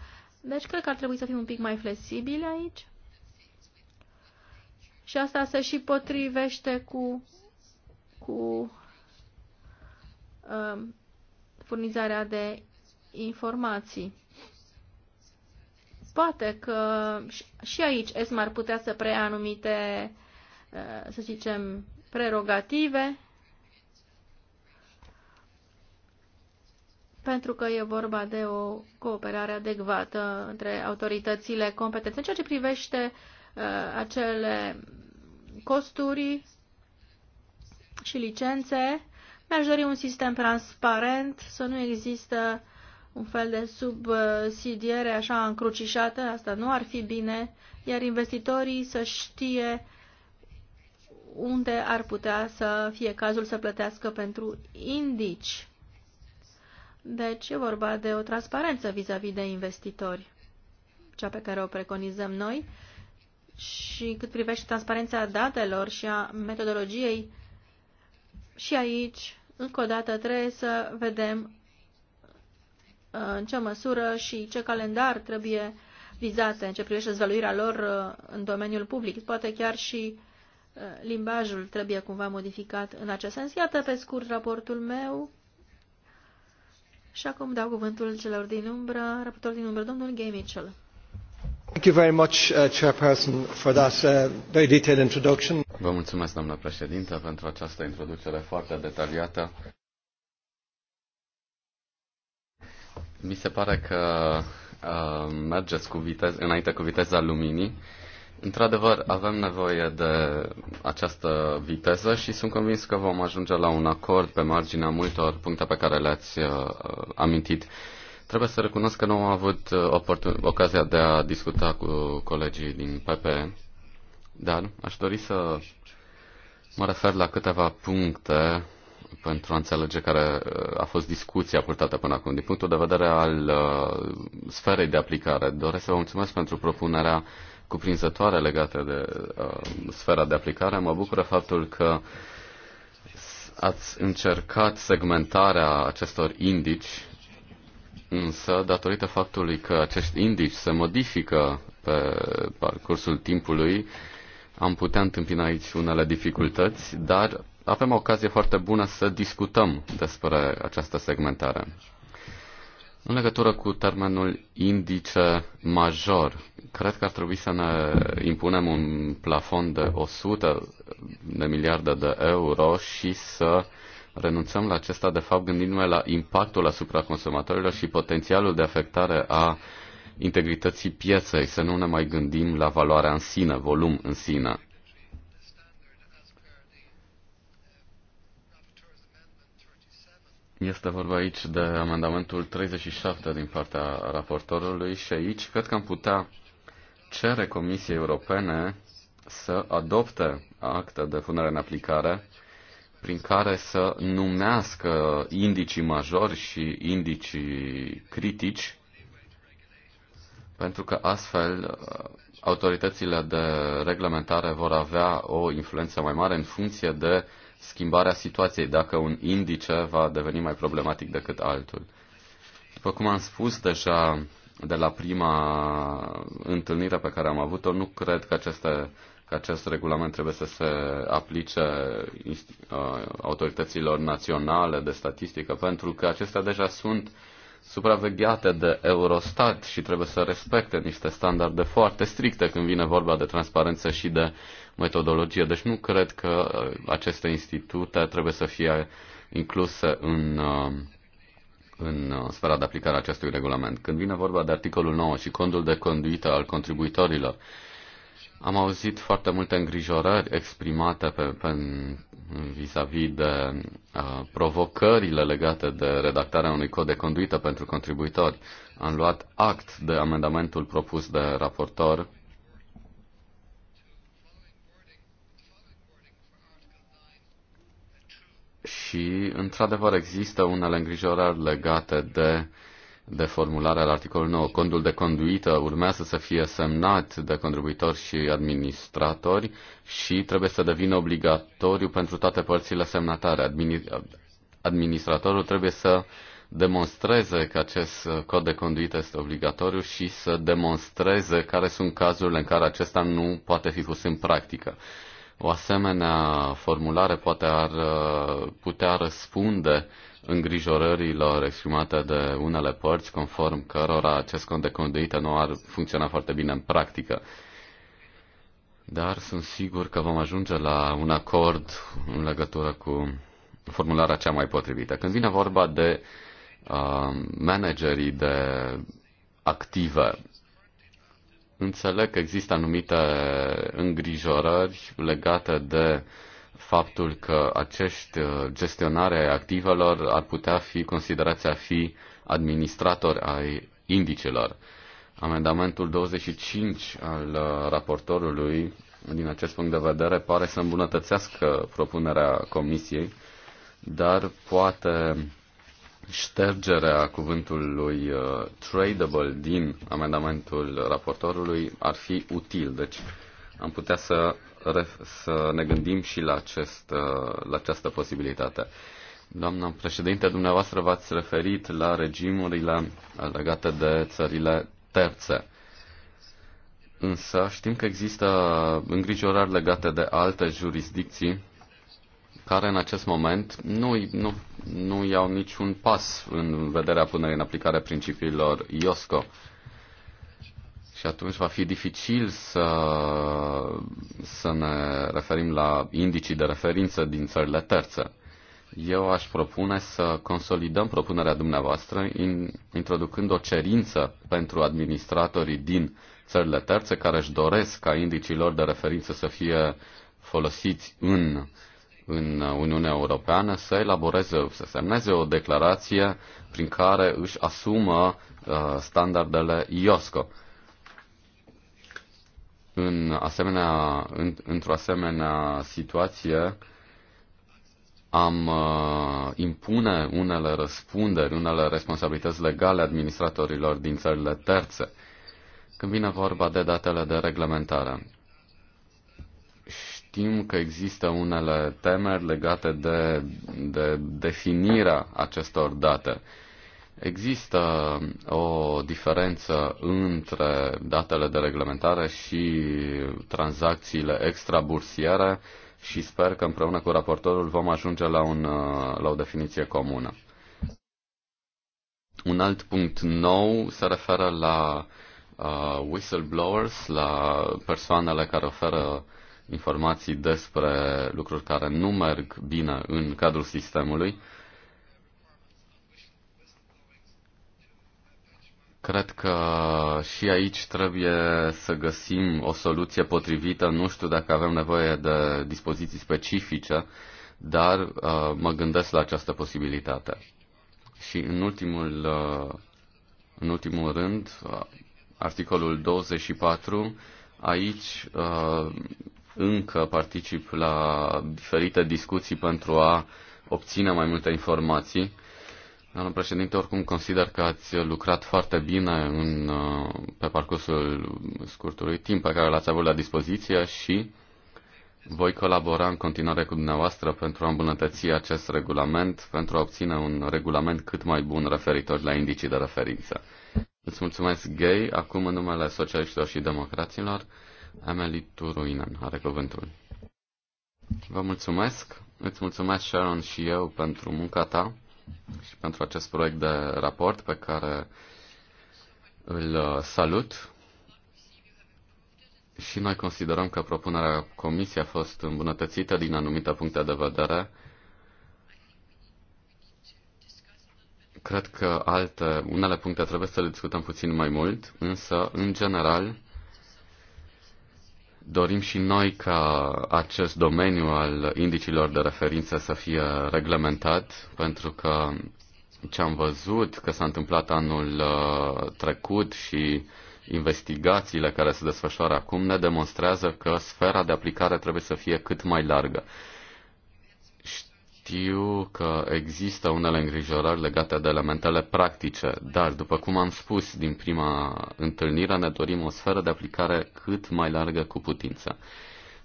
Deci cred că ar trebui să fim un pic mai flexibili aici. Și asta se și potrivește cu, cu um, furnizarea de informații. Poate că și aici ESMA ar putea să preia anumite, uh, să zicem, prerogative pentru că e vorba de o cooperare adecvată între autoritățile competente. În ceea ce privește uh, acele costuri și licențe, mi-aș dori un sistem transparent, să nu există un fel de subsidiere așa încrucișată, asta nu ar fi bine, iar investitorii să știe unde ar putea să fie cazul să plătească pentru indici deci e vorba de o transparență vis-a-vis -vis de investitori, cea pe care o preconizăm noi. Și cât privește transparența datelor și a metodologiei, și aici, încă o dată, trebuie să vedem uh, în ce măsură și ce calendar trebuie vizate în ce privește dezvăluirea lor uh, în domeniul public. Poate chiar și uh, limbajul trebuie cumva modificat în acest sens. Iată, pe scurt, raportul meu și acum dau cuvântul celor din umbră, raportor din umbră, domnul Gay Mitchell. Thank you very much, uh, Chairperson, for that uh, very detailed introduction. Vă mulțumesc, doamna președinte, pentru această introducere foarte detaliată. Mi se pare că uh, mergeți cu viteză, înainte cu viteza luminii. Uh, Într-adevăr, avem nevoie de această viteză și sunt convins că vom ajunge la un acord pe marginea multor puncte pe care le-ați uh, uh amintit. Trebuie să recunosc că nu am avut uh, ocazia de a discuta cu colegii din PPE, dar aș dori să mă refer la câteva puncte pentru a înțelege care uh, a fost discuția purtată până acum. Din punctul de vedere al uh, sferei de aplicare, doresc să vă mulțumesc pentru propunerea uh, cuprinzătoare legate de uh, sfera de aplicare. Mă bucură faptul că ați încercat segmentarea acestor indici, însă datorită faptului că acești indici se modifică pe parcursul timpului, am putea întâmpina aici unele dificultăți, dar avem o ocazie foarte bună să discutăm despre această segmentare. În legătură cu termenul indice major, cred că ar trebui să ne impunem un plafon de 100 de miliarde de euro și să renunțăm la acesta, de fapt gândindu-ne la impactul asupra consumatorilor și potențialul de afectare a integrității pieței, să nu ne mai gândim la valoarea în sine, volum în sine. Este vorba aici de amendamentul 37 din partea raportorului și aici cred că am putea cere Comisiei Europene să adopte acte de punere în aplicare prin care să numească indicii majori și indicii critici, pentru că astfel autoritățile de reglementare vor avea o influență mai mare în funcție de uh, schimbarea situației, dacă un indice va deveni mai problematic decât altul. După cum am spus deja de la prima întâlnire pe care am avut-o, nu cred că, aceste, că acest regulament trebuie să se aplice uh, autorităților naționale de statistică, pentru că acestea deja sunt supravegheate de Eurostat și trebuie să respecte niște standarde foarte stricte când vine vorba de transparență și de metodologie. Deci nu cred că uh, aceste institute trebuie să fie incluse în, uh, în uh, sfera de aplicare a acestui regulament. Când vine vorba de articolul 9 și condul de conduită al contribuitorilor, am auzit foarte multe îngrijorări exprimate pe, pe, vis-a-vis -vis de uh, provocările legate de redactarea unui cod de conduită pentru contribuitori. Am luat act de amendamentul propus de raportor și, într-adevăr, există unele îngrijorări legate de, de formularea la articolul 9. Condul de conduită urmează să fie semnat de contribuitori și administratori și trebuie să devină obligatoriu pentru toate părțile semnatare. Admini, administratorul trebuie să demonstreze că acest cod de conduită este obligatoriu și să demonstreze care sunt cazurile în care acesta nu poate fi pus în practică. O asemenea formulare poate ar uh, putea răspunde îngrijorărilor exprimate de unele părți, conform cărora acest cont de conduită nu ar funcționa foarte bine în practică. Dar sunt sigur că vom ajunge la un acord în legătură cu formularea cea mai potrivită. Când vine vorba de uh, managerii de active, Înțeleg că există anumite îngrijorări legate de faptul că acești uh, gestionare activelor ar putea fi considerați a fi administratori ai indicelor. Amendamentul 25 al uh, raportorului, din acest punct de vedere, pare să îmbunătățească propunerea comisiei, dar poate ștergerea cuvântului uh, tradable din amendamentul raportorului ar fi util. Deci am putea să, să ne gândim și la, acest, uh, la această posibilitate. Doamna președinte, dumneavoastră v-ați referit la regimurile legate de țările terțe. Însă știm că există îngrijorări legate de alte jurisdicții care în acest moment nu, nu, nu iau niciun pas în vederea punerii în aplicare principiilor IOSCO. Și atunci va fi dificil să, să ne referim la indicii de referință din țările terțe. Eu aș propune să consolidăm propunerea dumneavoastră in, introducând o cerință pentru administratorii din țările terțe care își doresc ca indicii lor de referință să fie folosiți în în Uniunea Europeană să elaboreze, să semneze o declarație prin care își asumă uh, standardele IOSCO. În asemenea, în, într-o asemenea situație, am uh, impune unele răspunderi, unele responsabilități legale administratorilor din țările terțe, când vine vorba de datele de reglementare. Știm că există unele temeri legate de, de definirea acestor date. Există o diferență între datele de reglementare și tranzacțiile extrabursiere și sper că împreună cu raportorul vom ajunge la, un, la o definiție comună. Un alt punct nou se referă la uh, whistleblowers, la persoanele care oferă informații despre lucruri care nu merg bine în cadrul sistemului. Cred că și aici trebuie să găsim o soluție potrivită. Nu știu dacă avem nevoie de dispoziții specifice, dar uh, mă gândesc la această posibilitate. Și în ultimul, uh, în ultimul rând, uh, articolul 24, aici uh, încă particip la diferite discuții pentru a obține mai multe informații. Doamna președinte, oricum consider că ați lucrat foarte bine în, uh, pe parcursul scurtului timp pe care l-ați avut la dispoziție și voi colabora în continuare cu dumneavoastră pentru a îmbunătăți acest regulament, pentru a obține un regulament cât mai bun referitor la indicii de referință. Îți mulțumesc, Gay. Acum, în numele socialiștilor și democraților, Amelie Turuinen are cuvântul. Vă mulțumesc. Îți mulțumesc, Sharon, și eu pentru munca ta și pentru acest proiect de raport pe care îl uh, salut. Și noi considerăm că propunerea comisiei a fost îmbunătățită din anumite puncte de vedere. Cred că alte, unele puncte trebuie să le discutăm puțin mai mult, însă, în general, Dorim și noi ca acest domeniu al indicilor de referință să fie reglementat, pentru că ce am văzut că s-a întâmplat anul uh, trecut și investigațiile care se desfășoară acum ne demonstrează că sfera de aplicare trebuie să fie cât mai largă. Știu că există unele îngrijorări legate de elementele practice, dar, după cum am spus din prima întâlnire, ne dorim o sferă de aplicare cât mai largă cu putință.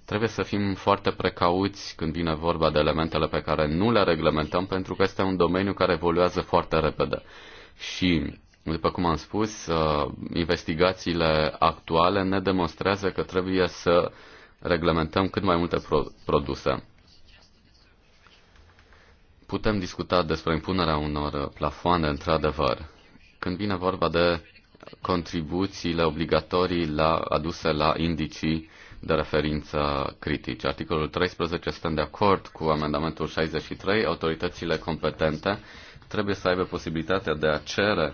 Trebuie să fim foarte precauți când vine vorba de elementele pe care nu le reglementăm, pentru că este un domeniu care evoluează foarte repede. Și după cum am spus, uh, investigațiile actuale ne demonstrează că trebuie să reglementăm cât mai multe produse. Putem discuta despre impunerea unor plafoane, într-adevăr. Când vine vorba de contribuțiile obligatorii la, aduse la indicii de referință critici. Articolul 13 este de acord cu amendamentul 63. Autoritățile competente trebuie să aibă posibilitatea de a cere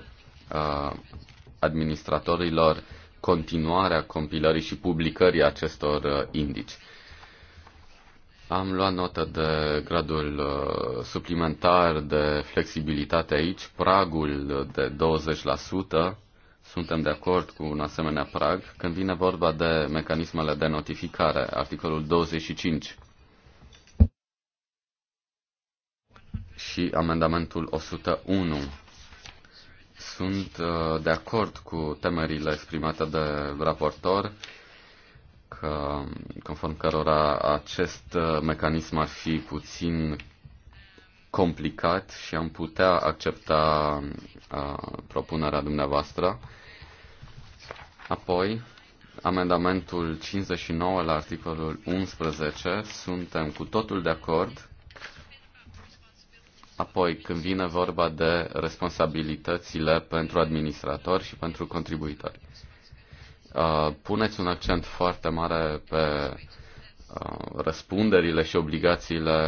a, administratorilor continuarea compilării și publicării acestor uh, indici. Am luat notă de gradul uh, suplimentar de flexibilitate aici, pragul de 20%. Suntem de acord cu un asemenea prag când vine vorba de mecanismele de notificare, articolul 25 și amendamentul 101. Sunt uh, de acord cu temerile exprimate de raportor că, conform cărora acest uh, mecanism ar fi puțin complicat și am putea accepta a, uh, propunerea dumneavoastră. Apoi, amendamentul 59 la articolul 11, suntem cu totul de acord. Apoi, când vine vorba de responsabilitățile pentru administratori și pentru contribuitori. Uh, puneți un accent foarte mare pe uh, răspunderile și obligațiile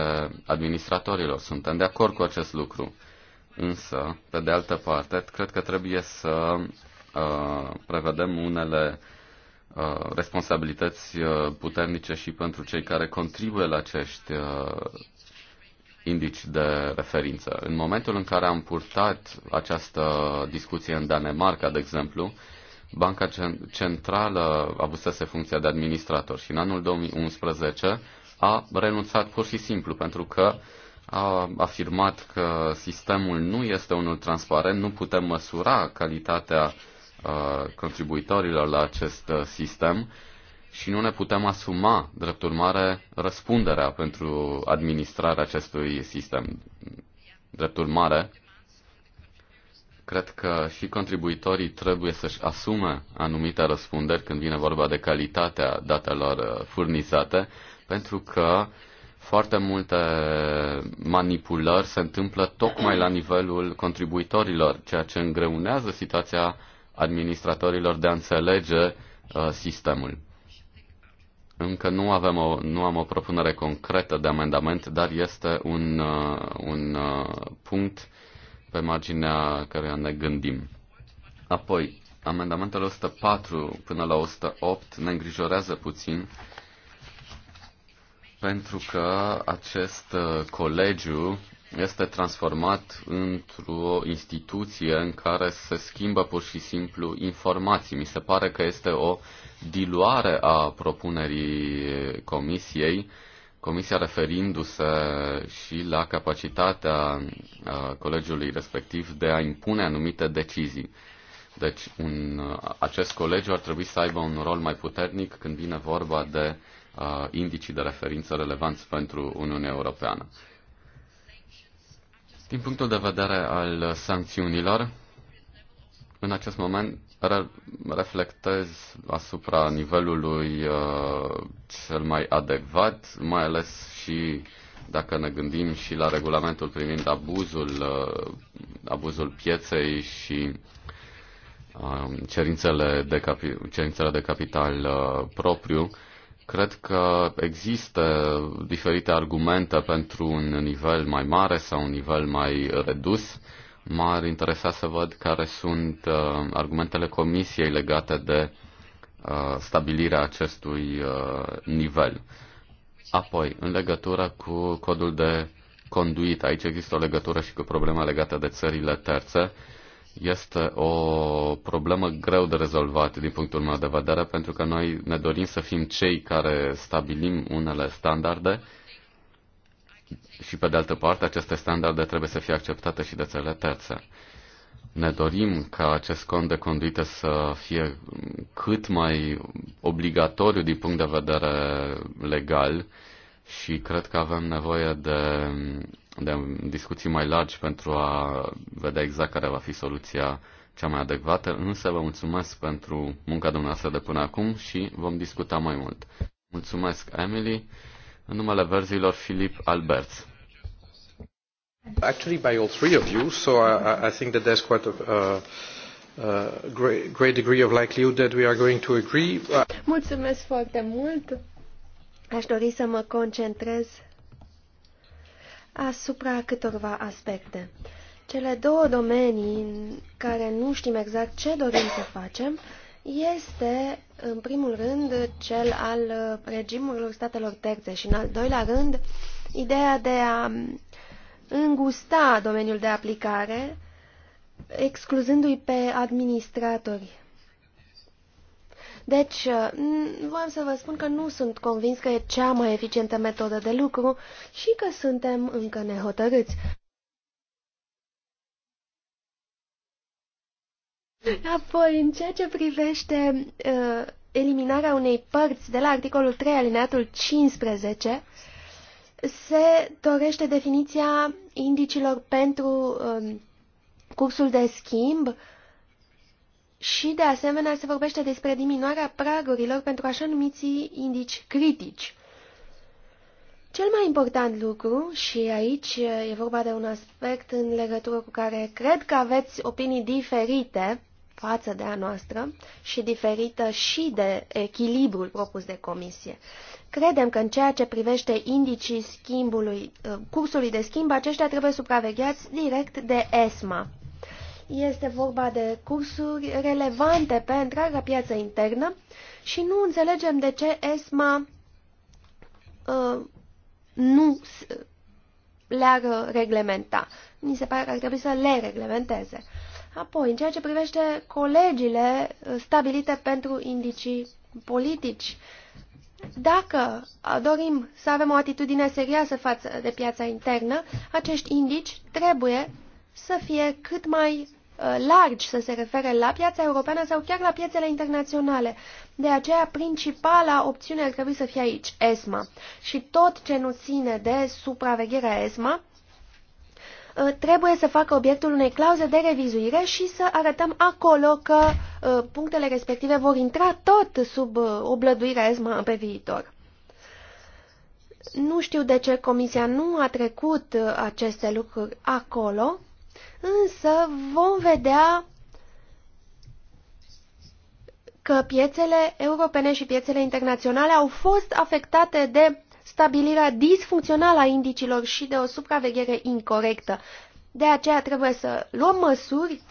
administratorilor. Suntem de acord cu acest lucru. Însă, pe de altă parte, cred că trebuie să uh, prevedem unele uh, responsabilități uh, puternice și pentru cei care contribuie la acești uh, indici de referință. În momentul în care am purtat această discuție în Danemarca, de exemplu, uh, Banca Centrală avusese funcția de administrator și în anul 2011 a renunțat pur și simplu pentru că a afirmat că sistemul nu este unul transparent, nu putem măsura calitatea uh, contribuitorilor la acest uh, sistem și nu ne putem asuma, drept urmare, răspunderea pentru administrarea acestui sistem. Drept urmare, Cred că și contribuitorii trebuie să-și asume anumite răspunderi când vine vorba de calitatea datelor uh, furnizate, pentru că foarte multe manipulări se întâmplă tocmai la nivelul contribuitorilor, ceea ce îngreunează situația administratorilor de a înțelege uh, sistemul. Încă nu, avem o, nu am o propunere concretă de amendament, dar este un, uh, un uh, punct pe marginea care ne gândim. Apoi, amendamentele 104 până la 108 ne îngrijorează puțin pentru că acest uh, colegiu este transformat într-o instituție în care se schimbă pur și simplu informații. Mi se pare că este o diluare a propunerii comisiei Comisia referindu-se și la capacitatea colegiului respectiv de a impune anumite decizii. Deci un, acest colegiu ar trebui să aibă un rol mai puternic când vine vorba de uh, indicii de referință relevanți pentru Uniunea Europeană. Din punctul de vedere al sancțiunilor, în acest moment re- reflectez asupra nivelului uh, cel mai adecvat, mai ales și dacă ne gândim și la regulamentul privind abuzul, uh, abuzul pieței și um, cerințele de, capi- cerințele de capital uh, propriu, cred că există diferite argumente pentru un nivel mai mare sau un nivel mai redus. Uh, M-ar interesa să văd care sunt uh, argumentele comisiei legate de uh, stabilirea acestui uh, nivel. Apoi, în legătură cu codul de conduit, aici există o legătură și cu problema legată de țările terțe. Este o problemă greu de rezolvat din punctul meu de vedere, pentru că noi ne dorim să fim cei care stabilim unele standarde, și pe de altă parte aceste standarde trebuie să fie acceptate și de țările terțe. Ne dorim ca acest cont de conduită să fie cât mai obligatoriu din punct de vedere legal și cred că avem nevoie de, de discuții mai largi pentru a vedea exact care va fi soluția cea mai adecvată, însă vă mulțumesc pentru munca dumneavoastră de până acum și vom discuta mai mult. Mulțumesc, Emily. În numele verzilor, Filip Alberts. Actually, by all three of you, so I, I think that there's quite a, uh, uh, great, great degree of likelihood that we are going to agree. Mulțumesc foarte mult. Aș dori să mă concentrez asupra câtorva aspecte. Cele două domenii în care nu știm exact ce dorim să facem este, în primul rând, cel al regimurilor statelor terțe și, în al doilea rând, ideea de a îngusta domeniul de aplicare, excluzându-i pe administratori. Deci, voiam să vă spun că nu sunt convins că e cea mai eficientă metodă de lucru și că suntem încă nehotărâți. Apoi, în ceea ce privește uh, eliminarea unei părți de la articolul 3 alineatul 15, se dorește definiția indicilor pentru uh, cursul de schimb și, de asemenea, se vorbește despre diminuarea pragurilor pentru așa numiții indici critici. Cel mai important lucru, și aici e vorba de un aspect în legătură cu care cred că aveți opinii diferite, față de a noastră și diferită și de echilibrul propus de comisie. Credem că în ceea ce privește indicii schimbului, uh, cursului de schimb, aceștia trebuie supravegheați direct de ESMA. Este vorba de cursuri relevante pe întreaga piață internă și nu înțelegem de ce ESMA uh, nu uh, le-ar reglementa. Mi se pare că ar trebui să le reglementeze. Apoi, în ceea ce privește colegiile uh, stabilite pentru indicii politici, dacă uh, dorim să avem o atitudine serioasă față de piața internă, acești indici trebuie să fie cât mai uh, largi să se refere la piața europeană sau chiar la piețele internaționale. De aceea, principala opțiune ar trebui să fie aici, ESMA. Și tot ce nu ține de supravegherea ESMA Uh, trebuie să facă obiectul unei clauze de revizuire și să arătăm acolo că uh, punctele respective vor intra tot sub uh, oblăduirea ESMA pe viitor. Nu știu de ce Comisia nu a trecut aceste lucruri acolo, însă vom vedea că piețele europene și piețele internaționale au fost afectate de stabilirea disfuncțională a indicilor și de o supraveghere incorrectă. De aceea trebuie să luăm măsuri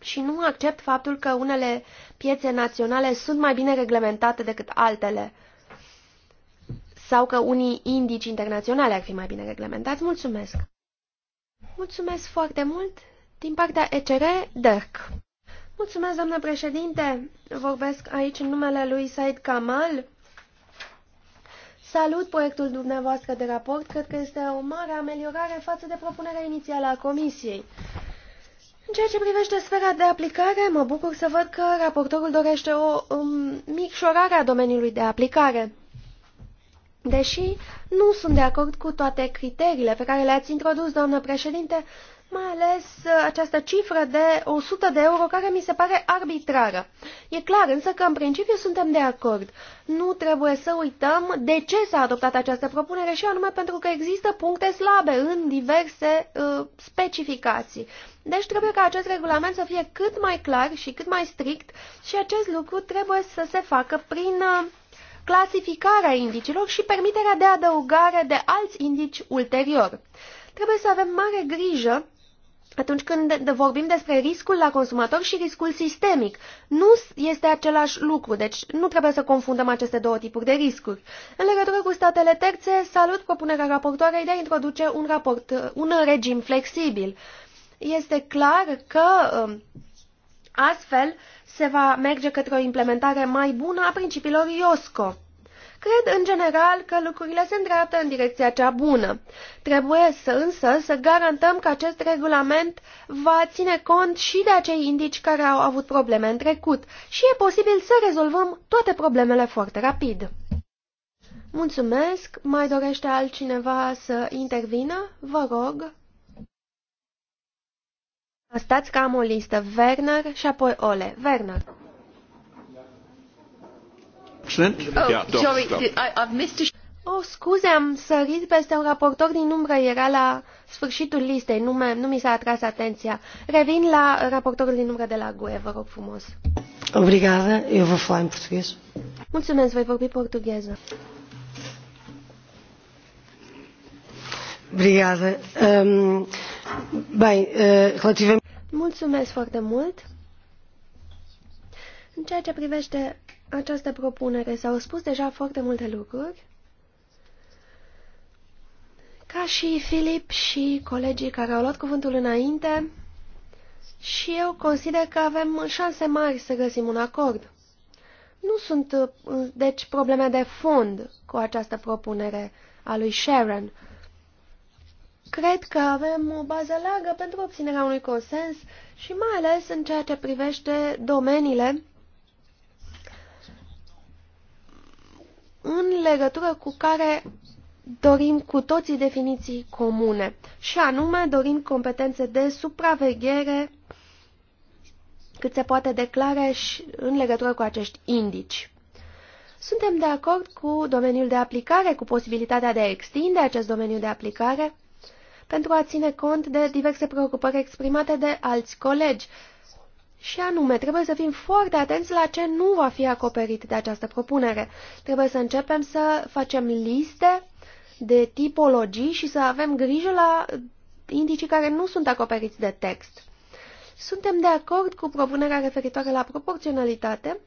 și nu accept faptul că unele piețe naționale sunt mai bine reglementate decât altele sau că unii indici internaționale ar fi mai bine reglementați. Mulțumesc! Mulțumesc foarte mult din partea ECR, DERC. Mulțumesc, doamnă președinte! Vorbesc aici în numele lui Said Kamal Salut proiectul dumneavoastră de raport, cred că este o mare ameliorare față de propunerea inițială a Comisiei. În ceea ce privește sfera de aplicare, mă bucur să văd că raportorul dorește o um, micșorare a domeniului de aplicare. Deși nu sunt de acord cu toate criteriile pe care le-ați introdus, doamnă președinte, mai ales uh, această cifră de 100 de euro care mi se pare arbitrară. E clar însă că în principiu suntem de acord. Nu trebuie să uităm de ce s-a adoptat această propunere și anume pentru că există puncte slabe în diverse uh, specificații. Deci trebuie ca acest regulament să fie cât mai clar și cât mai strict și acest lucru trebuie să se facă prin uh, clasificarea indicilor și permiterea de adăugare de alți indici ulterior. Trebuie să avem mare grijă atunci când vorbim despre riscul la consumator și riscul sistemic. Nu este același lucru, deci nu trebuie să confundăm aceste două tipuri de riscuri. În legătură cu statele terțe, salut propunerea raportoarei de a introduce un, raport, uh, un regim flexibil. Este clar că um, astfel se va merge către o implementare mai bună a principiilor IOSCO. Cred, în general, că lucrurile se îndreaptă în direcția cea bună. Trebuie să însă să garantăm că acest regulament va ține cont și de acei indici care au avut probleme în trecut și e posibil să rezolvăm toate problemele foarte rapid. Mulțumesc. Mai dorește altcineva să intervină? Vă rog. Stați că am o listă. Werner și apoi Ole. Werner. Oh, scuze, am sărit peste un raportor din umbră, era la sfârșitul listei, nu, me, nu mi s-a atras atenția. Revin la raportorul din umbră de la GUE, vă rog frumos. Obrigada, eu vă fac în portughez. Mulțumesc, voi vorbi portugheză. Obrigada. Um, bem, uh, relativamente... Mulțumesc foarte mult. În ceea ce privește această propunere. S-au spus deja foarte multe lucruri. Ca și Filip și colegii care au luat cuvântul înainte, și eu consider că avem șanse mari să găsim un acord. Nu sunt, deci, probleme de fond cu această propunere a lui Sharon. Cred că avem o bază largă pentru obținerea unui consens și mai ales în ceea ce privește domeniile în legătură cu care dorim cu toții definiții comune și anume dorim competențe de supraveghere cât se poate declare și în legătură cu acești indici. Suntem de acord cu domeniul de aplicare, cu posibilitatea de a extinde acest domeniu de aplicare pentru a ține cont de diverse preocupări exprimate de alți colegi, și anume, trebuie să fim foarte atenți la ce nu va fi acoperit de această propunere. Trebuie să începem să facem liste de tipologii și să avem grijă la indicii care nu sunt acoperiți de text. Suntem de acord cu propunerea referitoare la proporționalitate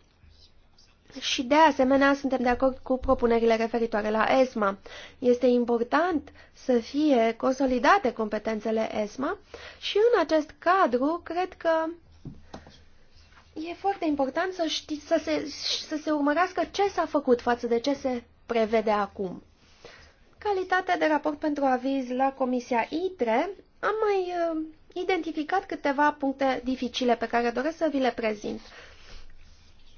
și de asemenea suntem de acord cu propunerile referitoare la ESMA. Este important să fie consolidate competențele ESMA și în acest cadru cred că E foarte important să, ști, să, se, să se urmărească ce s-a făcut față de ce se prevede acum. Calitatea de raport pentru aviz la Comisia ITRE, am mai uh, identificat câteva puncte dificile pe care doresc să vi le prezint.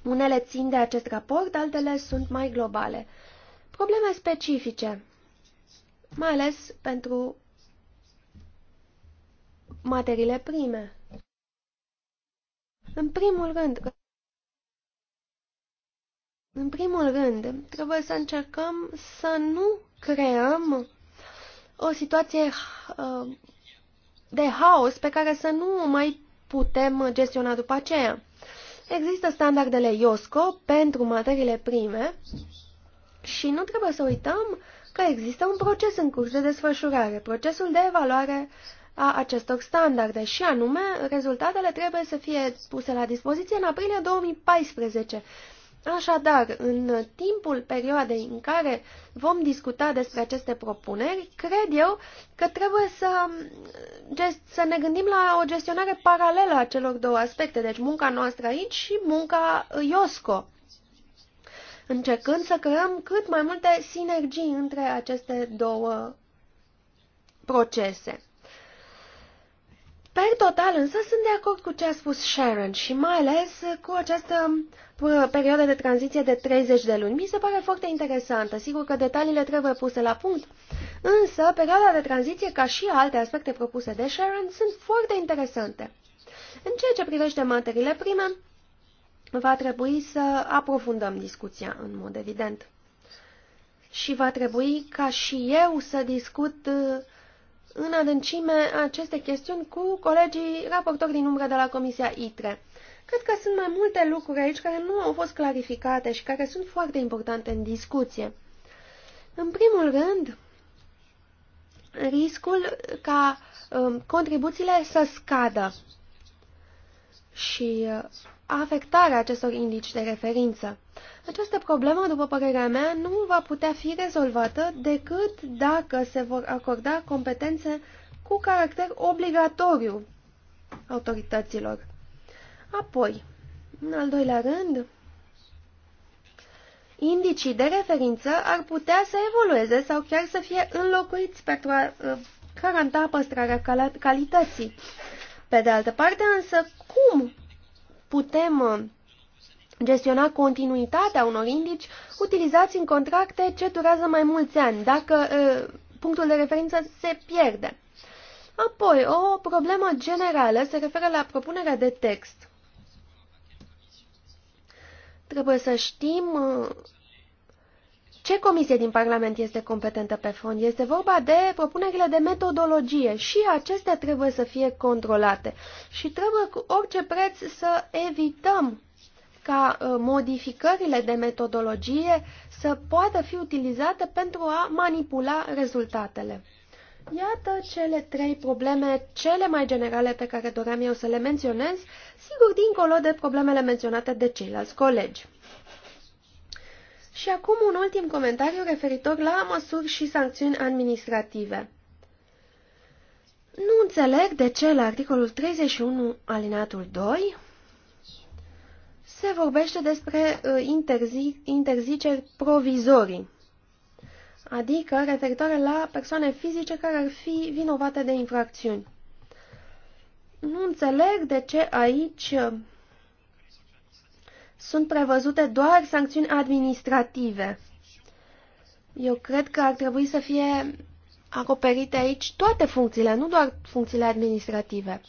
Unele țin de acest raport, altele sunt mai globale. Probleme specifice, mai ales pentru materiile prime. În primul rând, în primul rând, trebuie să încercăm să nu creăm o situație uh, de haos pe care să nu mai putem gestiona după aceea. Există standardele IOSCO pentru materiile prime și nu trebuie să uităm că există un proces în curs de desfășurare, procesul de evaluare uh, a acestor standarde și anume rezultatele trebuie să fie puse la dispoziție în aprilie 2014. Așadar, în timpul perioadei în care vom discuta despre aceste propuneri, cred eu că trebuie să, să ne gândim la o gestionare paralelă a celor două aspecte, deci munca noastră aici și munca IOSCO, încercând să creăm cât mai multe sinergii între aceste două procese. Pe total însă sunt de acord cu ce a spus Sharon și mai ales cu această uh, perioadă de tranziție de 30 de luni. Mi se pare foarte interesantă, sigur că detaliile trebuie puse la punct, însă perioada de tranziție ca și alte aspecte propuse de Sharon sunt foarte interesante. În ceea ce privește materiile prime, va trebui să aprofundăm discuția în mod evident. Și va trebui ca și eu să discut uh, în adâncime aceste chestiuni cu colegii raportori din umbră de la Comisia ITRE. Cred că sunt mai multe lucruri aici care nu au fost clarificate și care sunt foarte importante în discuție. În primul rând, riscul ca um, contribuțiile să scadă. Și uh, afectarea acestor indici de referință. Această problemă, după părerea mea, nu va putea fi rezolvată decât dacă se vor acorda competențe cu caracter obligatoriu autorităților. Apoi, în al doilea rând, indicii de referință ar putea să evolueze sau chiar să fie înlocuiți pentru a garanta păstrarea calității. Pe de altă parte, însă, cum putem uh, gestiona continuitatea unor indici utilizați în contracte ce durează mai mulți ani, dacă uh, punctul de referință se pierde. Apoi, o problemă generală se referă la propunerea de text. Trebuie să știm uh, ce comisie din Parlament este competentă pe fond? Este vorba de propunerile de metodologie și acestea trebuie să fie controlate și trebuie cu orice preț să evităm ca ă, modificările de metodologie să poată fi utilizate pentru a manipula rezultatele. Iată cele trei probleme cele mai generale pe care doream eu să le menționez, sigur dincolo de problemele menționate de ceilalți colegi. Și acum un ultim comentariu referitor la măsuri și sancțiuni administrative. Nu înțeleg de ce la articolul 31 alinatul 2 se vorbește despre uh, interzi interziceri provizorii, adică referitoare la persoane fizice care ar fi vinovate de infracțiuni. Nu înțeleg de ce aici uh, sunt prevăzute doar sancțiuni administrative. Eu cred că ar trebui să fie acoperite aici toate funcțiile, nu doar funcțiile administrative.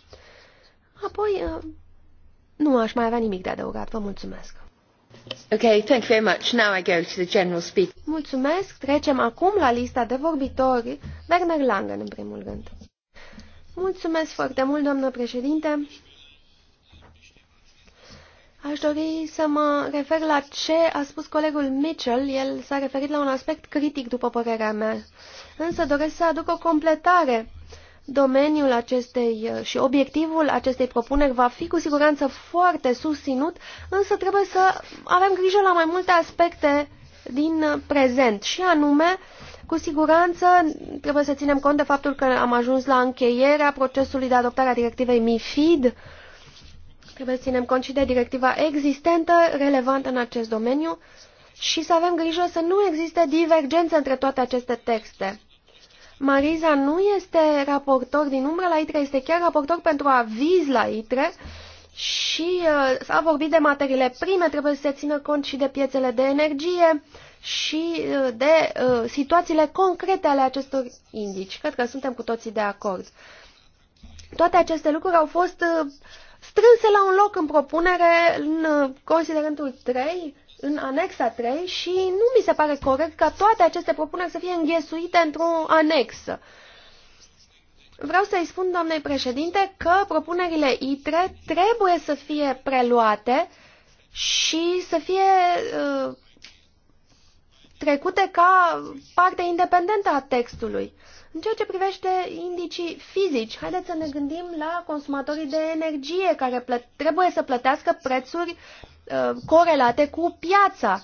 Apoi, uh, nu aș mai avea nimic de adăugat. Vă mulțumesc. Okay, thank you very much. Now I go to the general speaker. Mulțumesc. Trecem acum la lista de vorbitori. Werner Langen, în primul rând. Mulțumesc foarte mult, doamnă președinte. Aș dori să mă refer la ce a spus colegul Mitchell. El s-a referit la un aspect critic, după părerea mea. Însă doresc să aduc o completare. Domeniul acestei uh, și obiectivul acestei propuneri va fi cu siguranță foarte susținut, însă trebuie să avem grijă la mai multe aspecte din uh, prezent și anume, cu siguranță trebuie să ținem cont de faptul că am ajuns la încheierea procesului de adoptare a directivei MIFID, Trebuie să ținem cont și de directiva existentă, relevantă în acest domeniu și să avem grijă să nu existe divergențe între toate aceste texte. Mariza nu este raportor din umbră la ITRE, este chiar raportor pentru aviz la ITRE și uh, a vorbit de materiile prime, trebuie să se țină cont și de piețele de energie și uh, de uh, situațiile concrete ale acestor indici. Cred că suntem cu toții de acord. Toate aceste lucruri au fost uh, strânse la un loc în propunere, în uh, considerentul 3, în anexa 3 și nu mi se pare corect ca toate aceste propuneri să fie înghesuite într-o anexă. Vreau să-i spun, doamnei președinte, că propunerile ITRE trebuie să fie preluate și să fie uh, trecute ca parte independentă a textului. Uh, în ceea ce privește indicii fizici, haideți să ne gândim la consumatorii de energie care trebuie să plătească prețuri uh, corelate cu piața.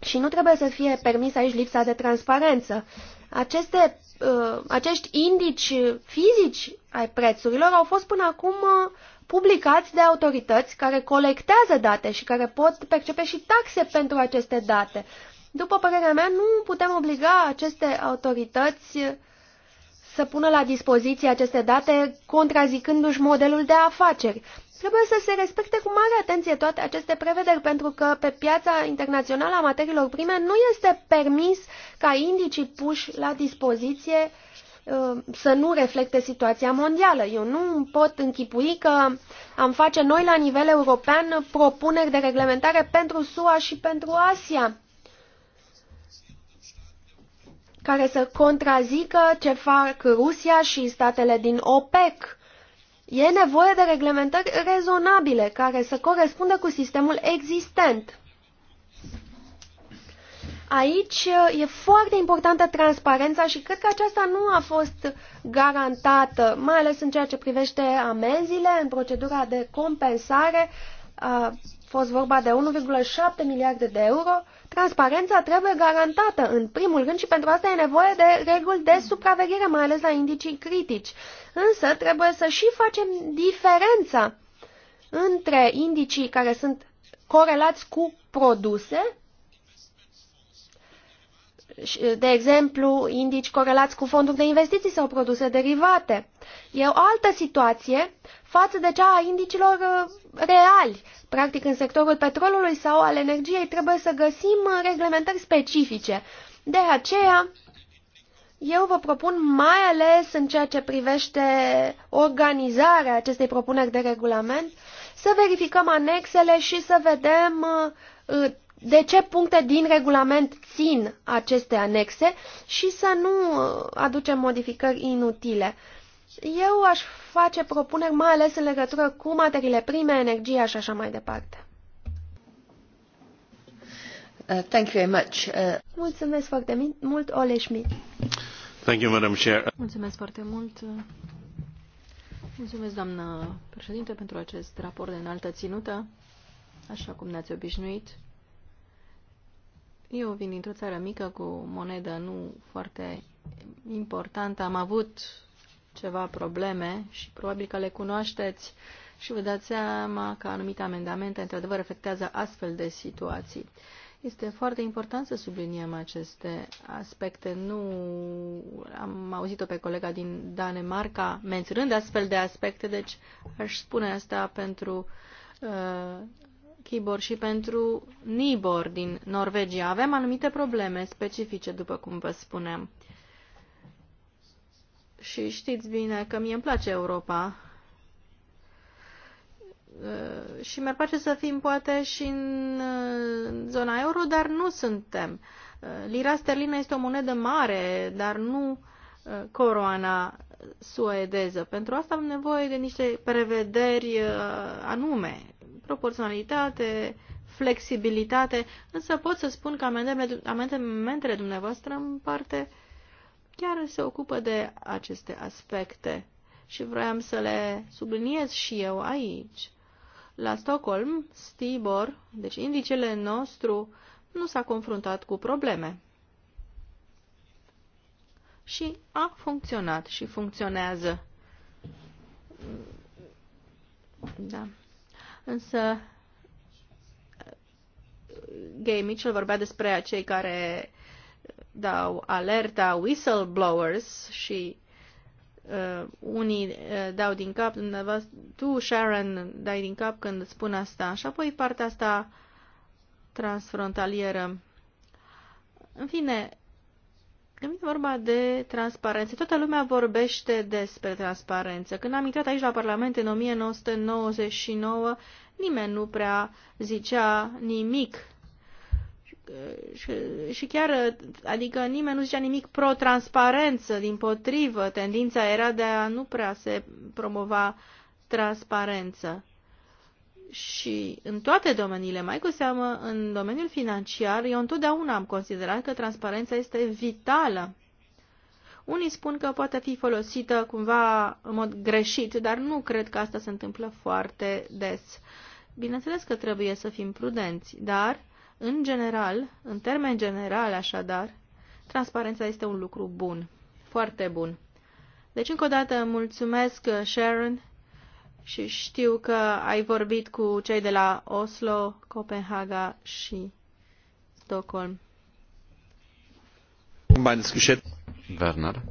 Și nu trebuie să fie permis aici lipsa de transparență. Aceste, uh, acești indici fizici ai prețurilor au fost până acum uh, publicați de autorități care colectează date și care pot percepe și taxe pentru aceste date. După părerea mea, nu putem obliga aceste autorități să pună la dispoziție aceste date contrazicându-și modelul de afaceri. Trebuie să se respecte cu mare atenție toate aceste prevederi, pentru că pe piața internațională a materiilor prime nu este permis ca indicii puși la dispoziție uh, să nu reflecte situația mondială. Eu nu pot închipui că am face noi la nivel european propuneri de reglementare pentru SUA și pentru Asia care să contrazică ce fac Rusia și statele din OPEC. E nevoie de reglementări rezonabile care să corespundă cu sistemul existent. Aici e foarte importantă transparența și cred că aceasta nu a fost garantată, mai ales în ceea ce privește amenziile în procedura de compensare fost vorba de 1,7 miliarde de euro, transparența trebuie garantată în primul rând și pentru asta e nevoie de reguli de supraveghere, mai ales la indicii critici. Însă trebuie să și facem diferența între indicii care sunt corelați cu produse, de exemplu, indici corelați cu fonduri de investiții sau produse derivate. E o altă situație față de cea a indicilor uh, reali, practic în sectorul petrolului sau al energiei, trebuie să găsim uh, reglementări specifice. De aceea, eu vă propun mai ales în ceea ce privește organizarea acestei propuneri de regulament, să verificăm anexele și să vedem uh, uh, de ce puncte din regulament țin aceste anexe și să nu aducem modificări inutile. Eu aș face propuneri mai ales în legătură cu materiile prime, energia și așa mai departe. Uh, thank you very much. Uh... Mulțumesc foarte mult, Ole Schmidt. Thank you, Madam Chair. Mulțumesc foarte mult. Mulțumesc, doamnă președinte, pentru acest raport de înaltă ținută, așa cum ne-ați obișnuit. Eu vin dintr-o țară mică cu monedă nu foarte importantă. Am avut ceva probleme și probabil că le cunoașteți și vă dați seama că anumite amendamente într-adevăr afectează astfel de situații. Este foarte important să subliniem aceste aspecte. Nu am auzit-o pe colega din Danemarca menționând astfel de aspecte, deci aș spune asta pentru uh, Kibor și pentru Nibor din Norvegia. Avem anumite probleme specifice, după cum vă spuneam și știți bine că mie îmi place Europa. Uh, și mi-ar place să fim poate și în uh, zona euro, dar nu suntem. Uh, lira sterlină este o monedă mare, dar nu coroana suedeză. Pentru asta am nevoie de niște prevederi anume, proporționalitate, flexibilitate, însă pot să spun că amendamentele dumneavoastră în parte uh, chiar se ocupă de aceste aspecte și vroiam să le subliniez și eu aici. La Stockholm, Stibor, deci indicele nostru, nu s-a confruntat cu probleme. Și a funcționat și funcționează. Da. Însă Gay Mitchell vorbea despre acei care dau alerta whistleblowers și uh, unii uh, dau din cap, tu, Sharon, dai din cap când spun asta. Și apoi partea asta transfrontalieră. În fine, când vine vorba de transparență, toată lumea vorbește despre transparență. Când am intrat aici la Parlament în 1999, nimeni nu prea zicea nimic și, și chiar, adică nimeni nu zicea nimic pro-transparență, din potrivă, tendința era de a nu prea se promova transparență. Și în toate domeniile, mai cu seamă în domeniul financiar, eu întotdeauna am considerat că transparența este vitală. Unii spun că poate fi folosită cumva în mod greșit, dar nu cred că asta se întâmplă foarte des. Bineînțeles că trebuie să fim prudenți, dar uh, în general, în termen general, așadar, transparența este un lucru bun, foarte bun. Deci, încă o dată, mulțumesc, Sharon, și știu că ai vorbit cu cei de la Oslo, Copenhaga și Stockholm. Werner.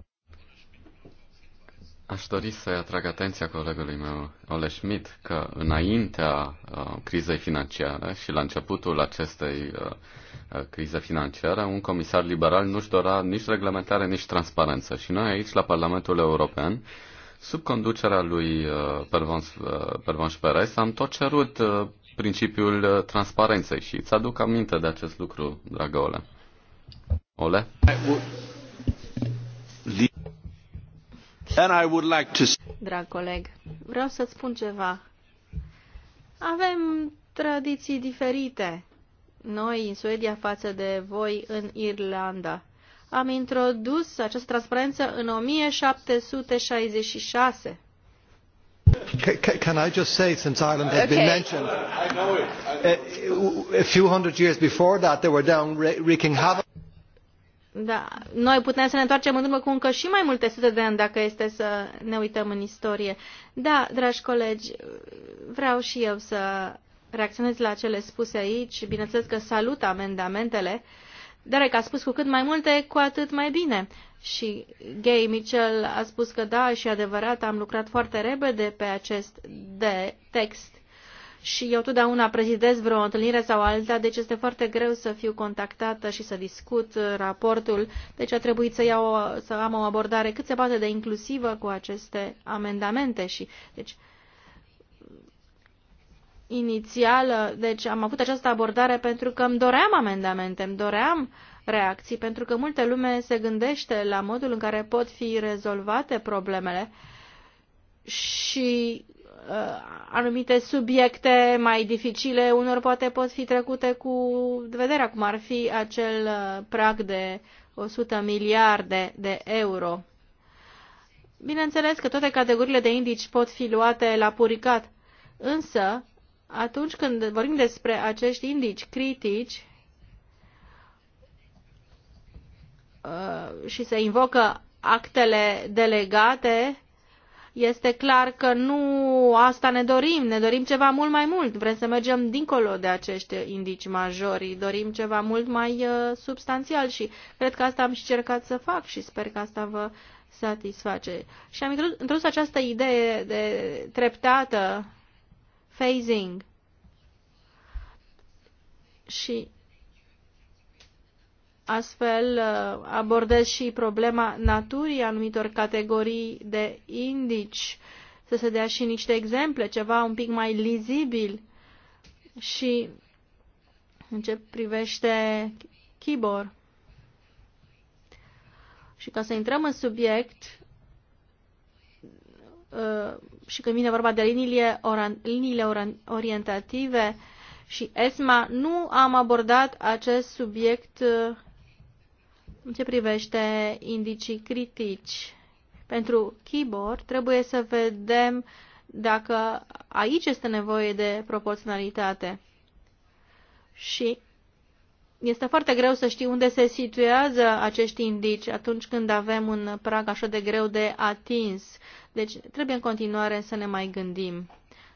Aș dori să atrag atenția colegului meu, Ole Schmidt, că înaintea uh, crizei financiare și la începutul acestei uh, uh crize financiare, un comisar liberal nu-și dora nici reglementare, nici transparență. Și noi aici, la Parlamentul European, sub conducerea lui uh, Pervans, uh, Perez, am tot cerut uh, principiul uh, transparenței și îți aduc aminte de acest lucru, dragă Ole. Ole? Drag coleg, vreau să-ți spun ceva. Avem tradiții diferite. Noi în Suedia față de voi în Irlanda. Am introdus această transparență în 1766. Can I just say, since Ireland has okay. been mentioned, I know it. I know it. A, a few hundred years before that, they were down wreaking havoc. Da, noi putem să ne întoarcem în urmă cu încă și mai multe sute de ani dacă este să ne uităm în istorie. Da, dragi colegi, vreau și eu să reacționez la cele spuse aici. Bineînțeles că salut amendamentele. Derek a spus cu cât mai multe, cu atât mai bine. Și Gay Mitchell a spus că da, și adevărat, am lucrat foarte repede pe acest de text și eu totdeauna prezidez vreo întâlnire sau alta, deci este foarte greu să fiu contactată și să discut uh, raportul, deci a trebuit să, iau, să am o abordare cât se poate de inclusivă cu aceste amendamente și, deci, inițial, uh, deci am avut această abordare pentru că îmi doream amendamente, îmi doream reacții, pentru că multe lume se gândește la modul în care pot fi rezolvate problemele și Uh, anumite subiecte mai dificile, unor poate pot fi trecute cu vederea, cum ar fi acel uh, prag de 100 miliarde de euro. Bineînțeles că toate categoriile de indici pot fi luate la puricat, însă atunci când vorbim despre acești indici critici uh, și se invocă actele delegate, este clar că nu asta ne dorim, ne dorim ceva mult mai mult, vrem să mergem dincolo de acești indici majori, dorim ceva mult mai uh, substanțial și cred că asta am și cercat să fac și sper că asta vă satisface. Și am introdus această idee de treptată, phasing. Și Astfel uh, abordez și problema naturii anumitor categorii de indici, să se dea și niște exemple, ceva un pic mai lizibil și în ce privește keyboard. Și ca să intrăm în subiect, uh, și când vine vorba de liniile, oran, liniile oran, orientative și ESMA, nu am abordat acest subiect uh, în ce privește indicii critici pentru keyboard, trebuie să vedem dacă aici este nevoie de proporționalitate. Și este foarte greu să știi unde se situează acești indici atunci când avem un prag așa de greu de atins. Deci trebuie în continuare să ne mai gândim.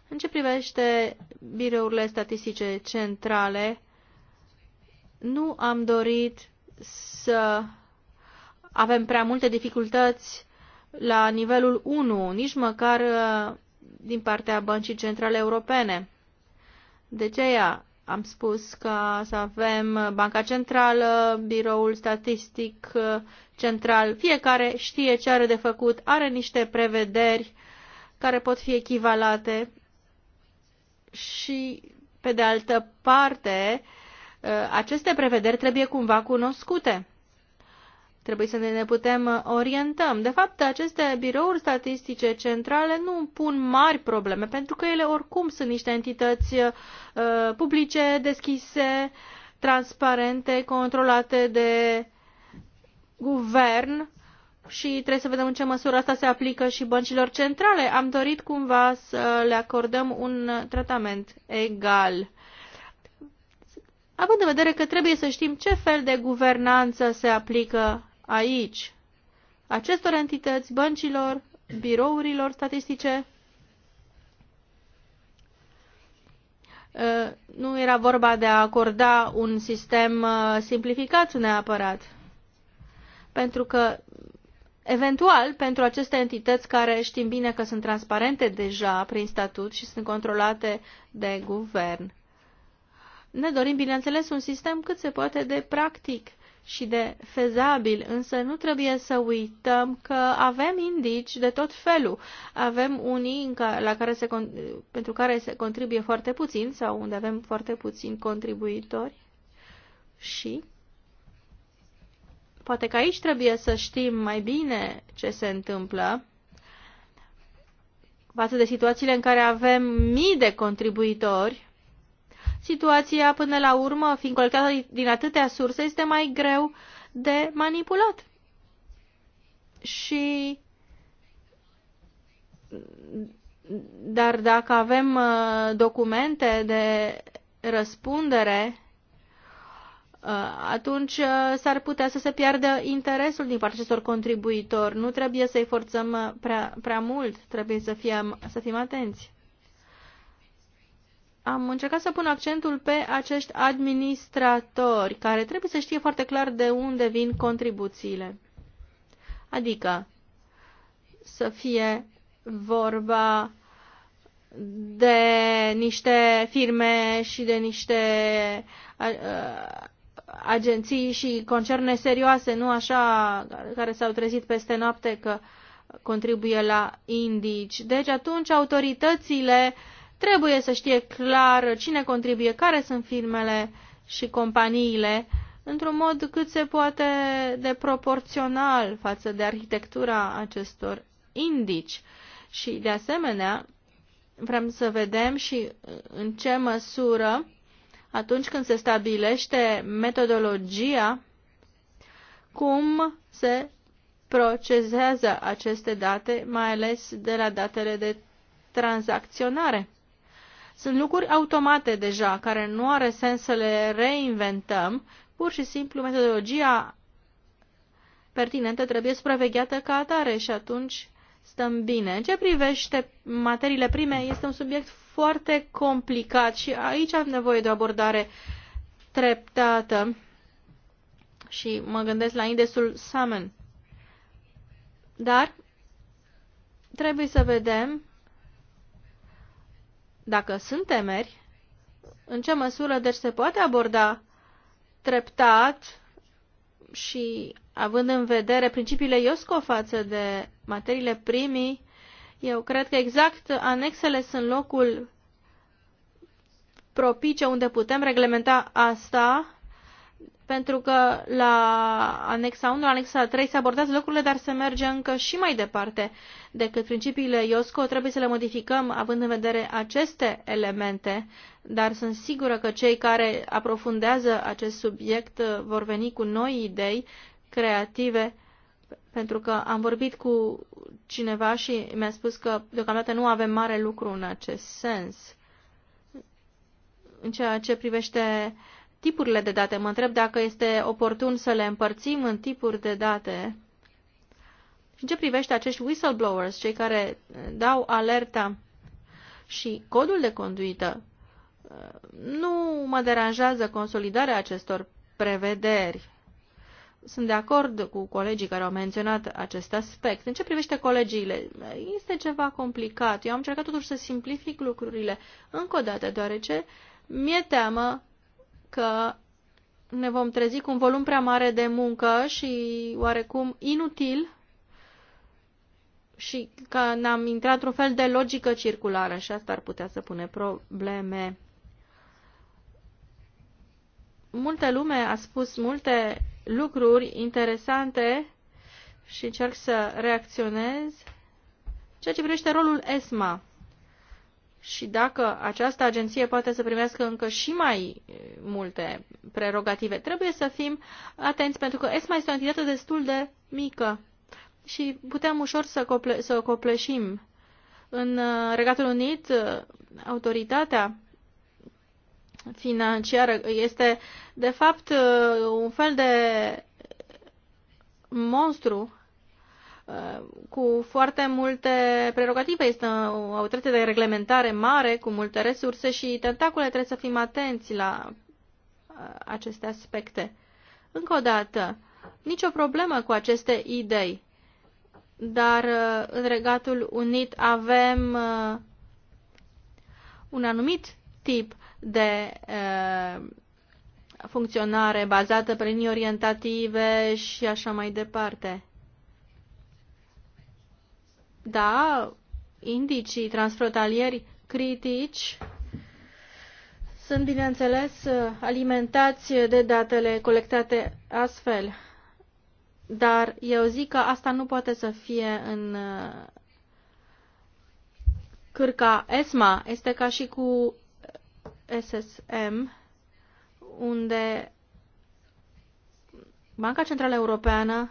În ce privește birourile statistice centrale, nu am dorit să avem prea multe dificultăți la nivelul 1, nici măcar uh, din partea Băncii Centrale Europene. De aceea am spus că să avem Banca Centrală, Biroul Statistic uh, Central, fiecare știe ce are de făcut, are niște prevederi care pot fi echivalate și, pe de altă parte, Uh, aceste prevederi trebuie cumva cunoscute. Trebuie să ne putem uh, orientăm. De fapt, aceste birouri statistice centrale nu pun mari probleme, pentru că ele oricum sunt niște entități uh, publice, deschise, transparente, controlate de guvern și trebuie să vedem în ce măsură asta se aplică și băncilor centrale. Am dorit cumva să le acordăm un tratament egal având în vedere că trebuie să știm ce fel de guvernanță se aplică aici, acestor entități, băncilor, birourilor statistice. Ă, nu era vorba de a acorda un sistem ă, simplificat neapărat, pentru că Eventual, pentru aceste entități care știm bine că sunt transparente deja prin statut și sunt controlate de guvern. Ne dorim, bineînțeles, un sistem cât se poate de practic și de fezabil, însă nu trebuie să uităm că avem indici de tot felul. Avem unii la care se, pentru care se contribuie foarte puțin sau unde avem foarte puțini contribuitori și poate că aici trebuie să știm mai bine ce se întâmplă față de situațiile în care avem mii de contribuitori situația până la urmă, fiind colectată din atâtea surse, este mai greu de manipulat. Și dar dacă avem uh, documente de răspundere, uh, atunci uh, s-ar putea să se piardă interesul din partea acestor contribuitori. Nu trebuie să-i forțăm prea, prea mult, trebuie să fim, să fim atenți am încercat să pun accentul pe acești administratori, care trebuie să știe foarte clar de unde vin contribuțiile. Adică să fie vorba de niște firme și de niște agenții și concerne serioase, nu așa, care s-au trezit peste noapte că contribuie la indici. Deci atunci autoritățile uh, Trebuie să știe clar cine contribuie, care sunt firmele și companiile, într-un mod cât se poate de proporțional față de arhitectura acestor indici. Și, de asemenea, vrem să vedem și în ce măsură, atunci când se stabilește metodologia, cum se procesează aceste date, mai ales de la datele de tranzacționare. Sunt lucruri automate deja, care nu are sens să le reinventăm, pur și simplu metodologia pertinentă trebuie supravegheată ca atare și atunci stăm bine. În ce privește materiile prime, este un subiect foarte complicat și aici am nevoie de o abordare treptată și mă gândesc la indesul Salmon. Dar trebuie să vedem dacă sunt temeri, în ce măsură deci se poate aborda treptat și având în vedere principiile IOSCO față de materiile primii, eu cred că exact anexele sunt locul propice unde putem reglementa asta pentru că la anexa 1, la anexa 3 se abordează lucrurile, dar se merge încă și mai departe decât principiile IOSCO. Trebuie să le modificăm având în vedere aceste elemente, dar sunt sigură că cei care aprofundează acest subiect uh, vor veni cu noi idei creative, pentru că am vorbit cu cineva și mi-a spus că deocamdată nu avem mare lucru în acest sens. În ceea ce privește uh, tipurile de date. Mă întreb dacă este oportun să le împărțim în tipuri de date. Și în ce privește acești whistleblowers, cei care eh, dau alerta și codul de conduită, eh, nu mă deranjează consolidarea acestor prevederi. Sunt de acord cu colegii care au menționat acest aspect. În ce privește colegiile, este ceva complicat. Eu am încercat totuși să simplific lucrurile încă o dată, deoarece mi-e teamă că ne vom trezi cu un volum prea mare de muncă și oarecum inutil și că ne-am intrat într-un fel de logică circulară și asta ar putea să pune probleme. Multe lume a spus multe lucruri interesante și încerc să reacționez. Ceea ce privește rolul ESMA, și dacă această agenție poate să primească încă și mai multe prerogative. Trebuie să fim atenți, pentru că ESMA este o entitate destul de mică și putem ușor să, cople- să o copleșim. În uh, Regatul Unit, uh, autoritatea financiară este, de fapt, uh, un fel de monstru cu foarte multe prerogative. Este o autoritate de reglementare mare, cu multe resurse și tentacule trebuie să fim atenți la uh, aceste aspecte. Încă o dată, nicio problemă cu aceste idei, dar uh, în Regatul Unit avem uh, un anumit tip de funcționare bazată pe linii orientative și așa mai departe. Da, indicii transfrontalieri critici sunt, bineînțeles, alimentați de datele colectate astfel. Dar eu zic că asta nu poate să fie în uh, cârca ESMA. Este ca și cu SSM, unde Banca Centrală Europeană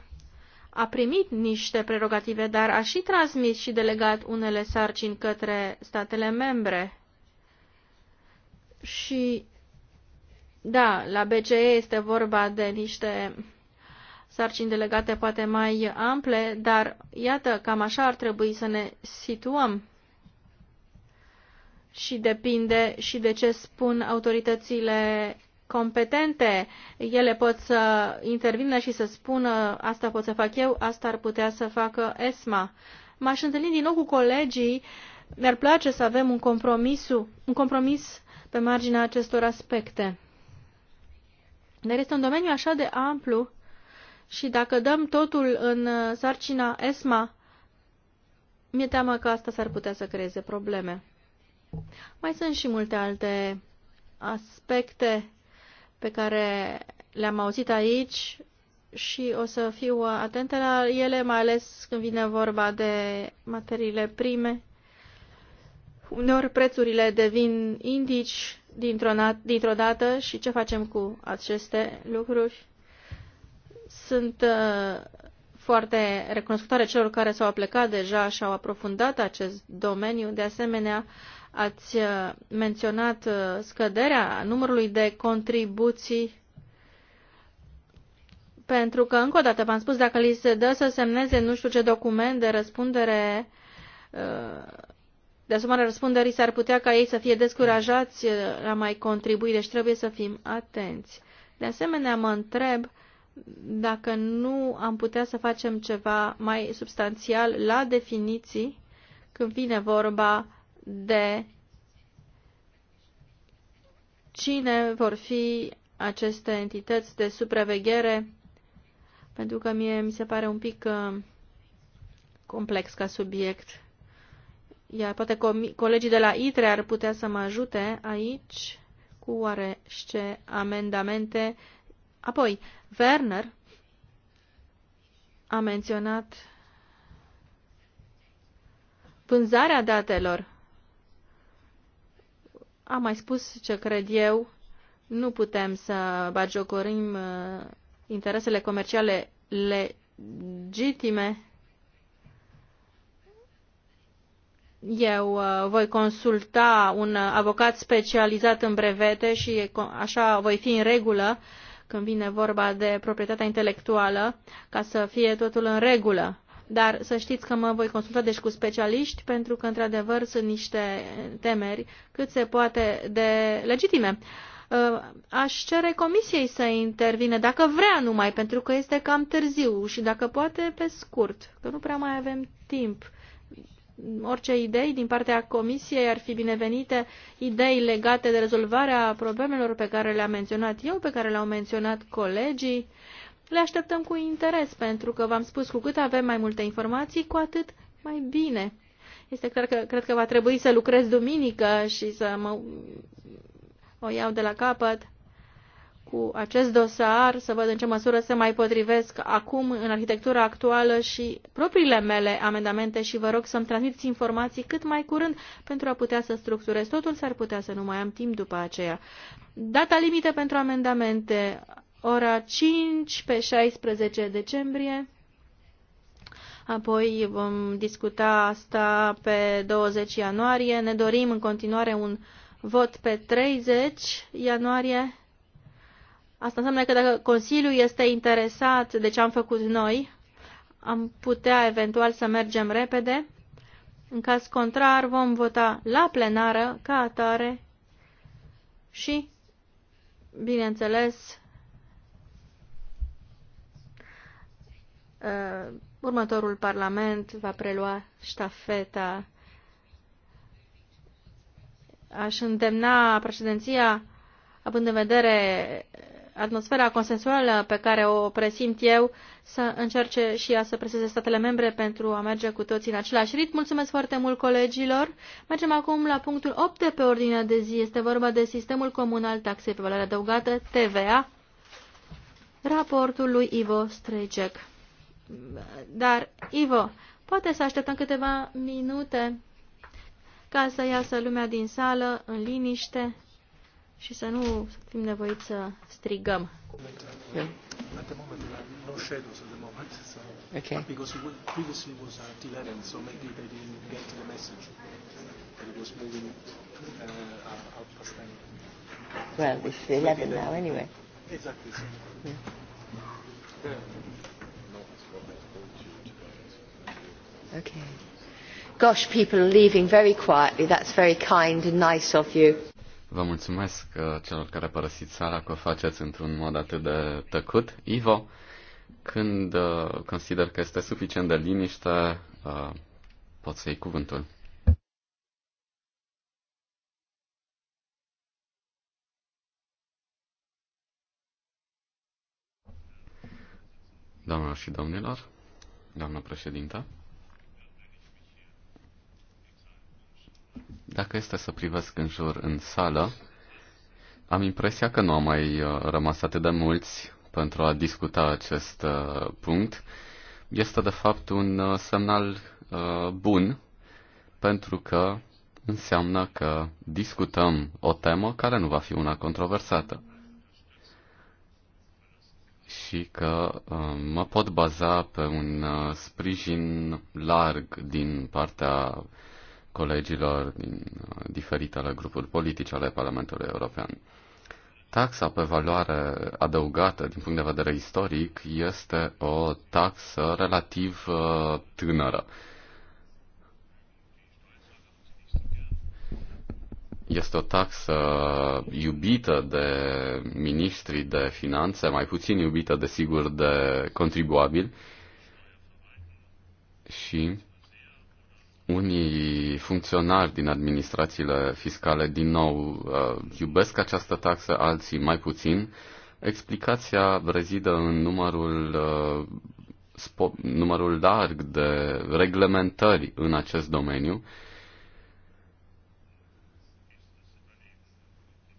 a primit niște prerogative, dar a și transmis și delegat unele sarcini către statele membre. Și, da, la BCE este vorba de niște sarcini delegate poate mai ample, dar iată, cam așa ar trebui să ne situăm. Și depinde și de ce spun autoritățile competente, ele pot să intervină și să spună asta pot să fac eu, asta ar putea să facă ESMA. M-aș întâlni din nou cu colegii, mi-ar place să avem un compromis, un compromis pe marginea acestor aspecte. Dar este un domeniu așa de amplu și dacă dăm totul în uh, sarcina ESMA, mi-e teamă că asta s-ar putea să creeze probleme. Mai sunt și multe alte aspecte pe care le-am auzit aici și o să fiu atentă la ele, mai ales când vine vorba de materiile prime. Uneori prețurile devin indici dintr-o, dintr dată și ce facem cu aceste lucruri. Sunt uh, foarte recunoscătoare celor care s-au plecat deja și au aprofundat acest domeniu. De asemenea, uh, Ați uh, menționat uh, scăderea numărului de contribuții pentru că, încă o dată, v-am spus, dacă li se dă să semneze nu știu ce document de răspundere, uh, de asumare răspunderii, s-ar putea ca ei să fie descurajați la mai contribui, deci trebuie să fim atenți. De asemenea, mă întreb dacă nu am putea să facem ceva mai substanțial la definiții când vine vorba de cine vor fi aceste entități de supraveghere, pentru că mie mi se pare un pic uh, complex ca subiect. Iar poate colegii de la ITRE ar putea să mă ajute aici cu oarește amendamente. Apoi, Werner a menționat vânzarea datelor am mai spus ce cred eu, nu putem să bagiocorim uh, interesele comerciale legitime. Eu uh, voi consulta un avocat specializat în brevete și așa voi fi în regulă când vine vorba de proprietatea intelectuală, ca să fie totul în regulă dar să știți că mă voi consulta deci cu specialiști pentru că, într-adevăr, sunt niște temeri cât se poate de legitime. Uh, aș cere comisiei să intervine, dacă vrea numai, pentru că este cam târziu și dacă poate pe scurt, că nu prea mai avem timp. Orice idei din partea comisiei ar fi binevenite, idei legate de rezolvarea problemelor pe care le-am menționat eu, pe care le-au menționat colegii le așteptăm cu interes, pentru că v-am spus, cu cât avem mai multe informații, cu atât mai bine. Este clar că cred că va trebui să lucrez duminică și să mă o iau de la capăt cu acest dosar, să văd în ce măsură se mai potrivesc acum în arhitectura actuală și propriile mele amendamente și vă rog să-mi transmiteți informații cât mai curând pentru a putea să structurez totul, s-ar putea să nu mai am timp după aceea. Data limită pentru amendamente ora 5 pe 16 decembrie. Apoi vom discuta asta pe 20 ianuarie. Ne dorim în continuare un vot pe 30 ianuarie. Asta înseamnă că dacă Consiliul este interesat de ce am făcut noi, am putea eventual să mergem repede. În caz contrar, vom vota la plenară ca atare și, bineînțeles, Uh, următorul Parlament va prelua ștafeta. Aș îndemna președinția, având în vedere atmosfera consensuală pe care o presimt eu, să încerce și ea să preseze statele membre pentru a merge cu toții în același ritm. Mulțumesc foarte mult colegilor. Mergem acum la punctul 8 de pe ordinea de zi. Este vorba de sistemul comun al taxei pe valoare adăugată, TVA, raportul lui Ivo Strejec. Dar, Ivo, poate să așteptăm câteva minute ca să iasă lumea din sală în liniște și să nu fim nevoiți să strigăm. okay. Uh, it uh, Well, it's 11 now anyway. Exactly. Yeah. Yeah. Okay. Gosh, people are leaving very quietly. That's very kind and nice of you. Vă mulțumesc uh, celor care părăsiți sala că o faceți într-un mod atât de tăcut. Ivo, când uh, consider că este suficient de liniște, uh, pot să iei cuvântul. Doamnelor și domnilor, doamnă președintă, Dacă este să privesc în jur în sală, am impresia că nu am mai uh, rămas atât de mulți pentru a discuta acest uh, punct. Este de fapt un uh, semnal bun pentru că înseamnă că discutăm o temă care nu va fi una controversată și că mă pot baza pe un sprijin larg din partea colegilor din uh, diferitele grupuri politice ale Parlamentului European. Taxa pe valoare adăugată din punct de vedere istoric este o taxă relativ uh, tânără. Este o taxă iubită de ministrii de finanțe, mai puțin iubită, desigur, de contribuabili și unii funcționari din administrațiile fiscale din nou uh, iubesc această taxă, alții mai puțin. Explicația rezidă în numărul, uh, numărul larg de reglementări în acest domeniu,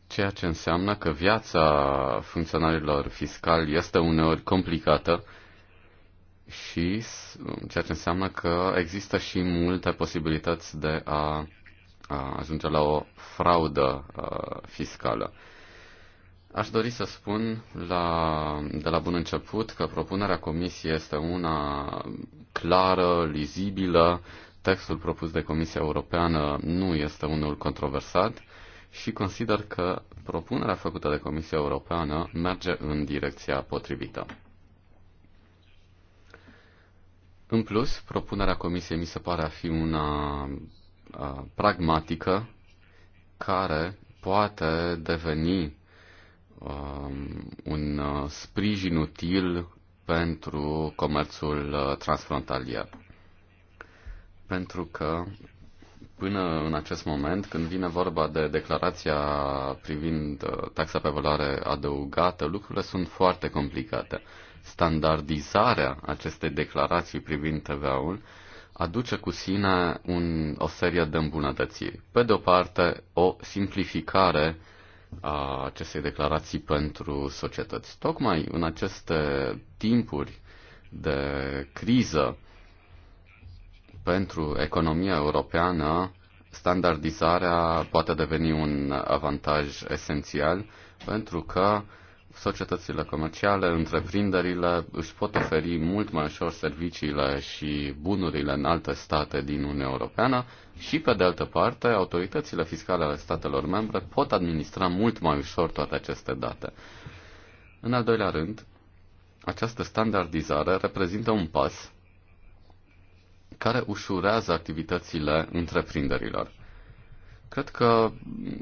ceea ce înseamnă că viața funcționarilor fiscali este uneori complicată și ceea ce înseamnă că există și multe posibilități de a, a ajunge la o fraudă a, fiscală. Aș dori să spun la, de la bun început că propunerea comisiei este una clară, lizibilă, textul propus de Comisia Europeană nu este unul controversat și consider că propunerea făcută de Comisia Europeană merge în direcția potrivită. În plus, propunerea Comisiei mi se pare a fi una a, pragmatică care poate deveni a, um, un uh, sprijin util pentru comerțul uh, transfrontalier. Pentru că până în acest moment, când vine vorba de declarația privind uh, taxa pe valoare adăugată, lucrurile sunt foarte complicate standardizarea acestei declarații privind TVA-ul aduce cu sine un, o serie de îmbunătățiri. Pe de o parte, o simplificare a acestei declarații pentru societăți. Tocmai în aceste timpuri de criză pentru economia europeană, standardizarea poate deveni un avantaj esențial pentru că societățile comerciale, întreprinderile își pot oferi mult mai ușor serviciile și bunurile în alte state din Uniunea Europeană și, pe de altă parte, autoritățile fiscale ale statelor membre pot administra mult mai ușor toate aceste date. În al doilea rând, această standardizare reprezintă un pas care ușurează activitățile întreprinderilor. Cred că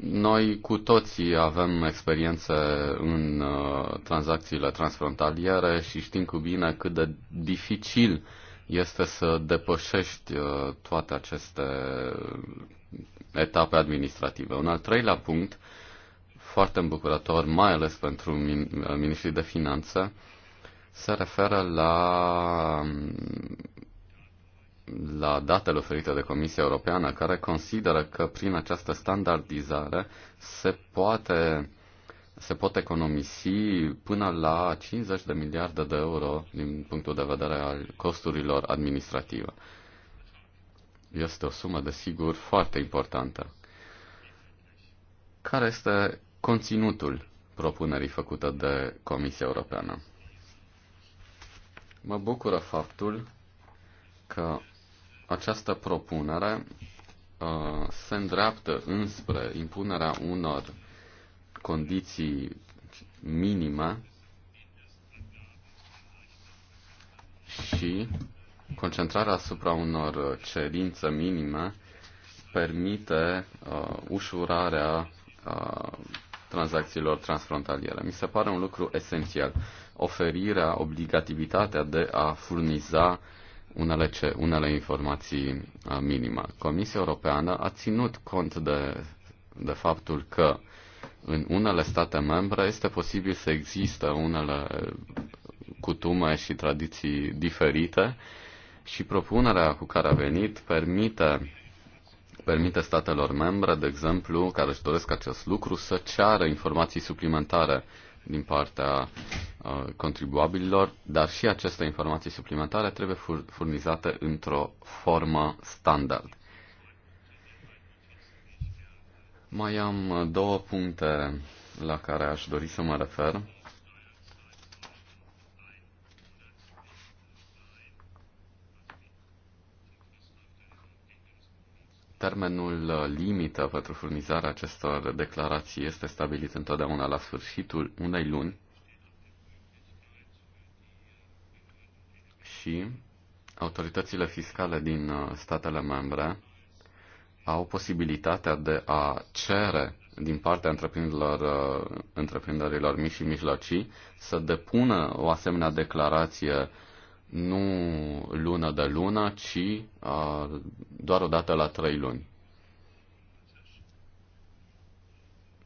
noi cu toții avem experiențe în uh, tranzacțiile transfrontaliere și știm cu bine cât de dificil este să depășești uh, toate aceste etape administrative. Un al treilea punct, foarte îmbucurător, mai ales pentru uh, ministrii de finanțe, se referă la um, la datele oferite de Comisia Europeană, care consideră că prin această standardizare se poate se pot economisi până la 50 de miliarde de euro din punctul de vedere al costurilor administrative. Este o sumă, desigur, foarte importantă. Care este conținutul propunerii făcute de Comisia Europeană? Mă bucură faptul că această propunere uh, se îndreaptă înspre impunerea unor condiții minime și concentrarea asupra unor cerințe minime permite uh, ușurarea uh, tranzacțiilor transfrontaliere. Mi se pare un lucru esențial. Oferirea, obligativitatea de a furniza unele, ce, unele informații uh, minime. Comisia Europeană a ținut cont de, de faptul că în unele state membre este posibil să existe unele cutume și tradiții diferite și propunerea cu care a venit permite, permite statelor membre, de exemplu, care își doresc acest lucru, să ceară informații suplimentare uh, din partea uh, contribuabililor, dar și aceste informații suplimentare trebuie furnizate într-o formă standard. Mai am uh, două puncte la care aș dori să mă refer Termenul uh, limită pentru furnizarea acestor declarații este stabilit întotdeauna la sfârșitul unei luni și autoritățile fiscale din uh, statele membre au posibilitatea de a cere din partea întreprinderilor, uh, întreprinderilor mici și mijlocii să depună o asemenea declarație nu lună de lună, ci a, doar o dată la trei luni.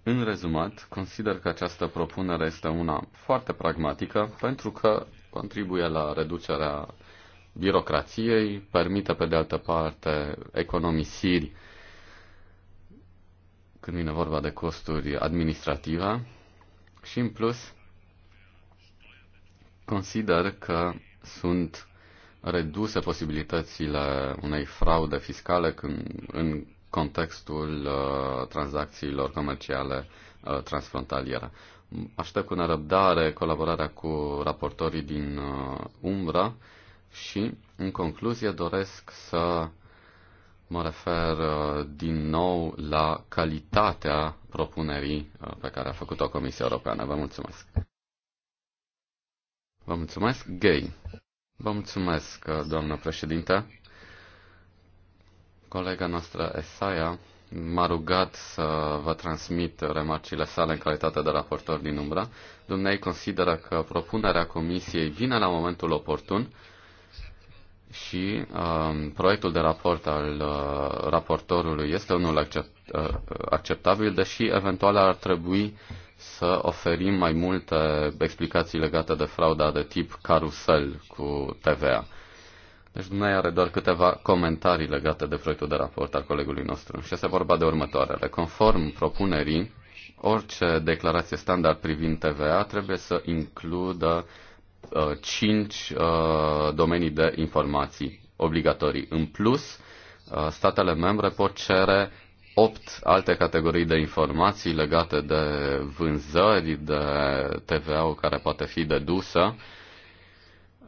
În rezumat, consider că această propunere este una foarte pragmatică pentru că contribuie la reducerea birocrației, permite pe de altă parte economisiri când vine vorba de costuri administrative și în plus consider că sunt reduse posibilitățile unei fraude fiscale când, în contextul uh, tranzacțiilor comerciale uh, transfrontaliere. Aștept cu nerăbdare colaborarea cu raportorii din uh, Umbra și, în concluzie, doresc să mă refer uh, din nou la calitatea propunerii uh, pe care a făcut-o Comisia Europeană. Vă mulțumesc! Vă mulțumesc, Gay. Vă mulțumesc, doamnă președinte. Colega noastră Esaia m-a rugat să vă transmit remarcile sale în calitate de raportor din umbra. Dumnezeu consideră că propunerea comisiei vine la momentul oportun și uh, proiectul de raport al uh, raportorului este unul accept, uh, acceptabil, deși eventual ar trebui să oferim mai multe explicații legate de frauda de tip carusel cu TVA. Deci dumneavoastră are doar câteva comentarii legate de proiectul de raport al colegului nostru. Și este vorba de următoarele. Conform propunerii, orice declarație standard privind TVA trebuie să includă uh, 5 uh, domenii de informații obligatorii. În plus, uh, statele membre pot cere opt alte categorii de informații legate de vânzări, de TVA-ul care poate fi dedusă,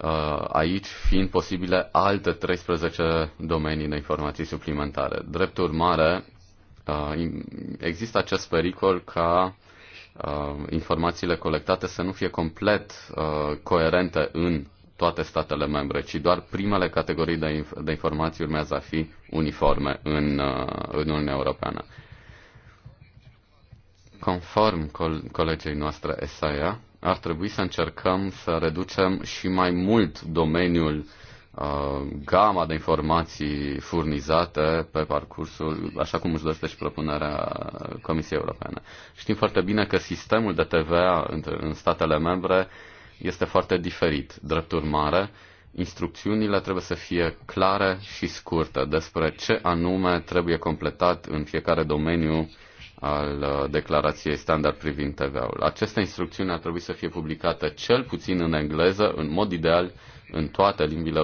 uh, aici fiind posibile alte 13 domenii de informații suplimentare. Drept urmare, uh, există acest pericol ca uh, informațiile colectate să nu fie complet coerente în toate statele membre, ci doar primele categorii de, inf- de informații urmează a fi uniforme în, uh, în Uniunea Europeană. Conform col- colegei noastre Esaia, ar trebui să încercăm să reducem și mai mult domeniul uh, gama de informații furnizate pe parcursul, așa cum își dorește și propunerea Comisiei Europene. Știm foarte bine că sistemul de TVA în statele membre uh, este foarte diferit. Drept urmare, instrucțiunile trebuie să fie clare și scurte despre ce anume trebuie completat în fiecare domeniu al uh, declarației standard privind TVA-ul. Aceste instrucțiuni ar trebui să fie publicate cel puțin în engleză, în mod ideal, în toate limbile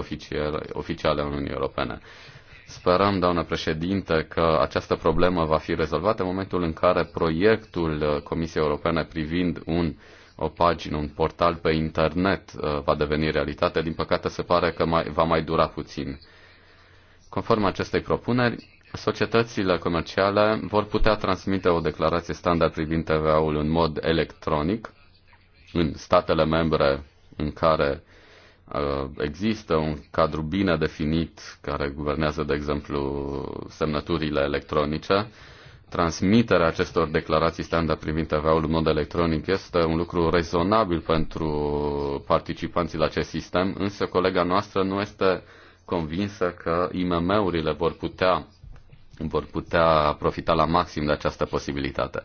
oficiale, ale Uniunii Europene. Sperăm, doamnă președinte, că această problemă va fi rezolvată în momentul în care proiectul uh, Comisiei Europene privind un uh, o pagină, un portal pe internet uh, va deveni realitate, din păcate se pare că mai, va mai dura puțin. Conform acestei propuneri, societățile comerciale vor putea transmite o declarație standard privind TVA-ul în mod electronic în statele membre în care uh, există un cadru bine definit care guvernează, de exemplu, semnăturile electronice transmiterea acestor declarații standard privind TVA-ul în mod electronic este un lucru rezonabil pentru participanții la acest sistem, însă colega noastră nu este convinsă că IMM-urile vor putea, vor putea profita la maxim de această posibilitate.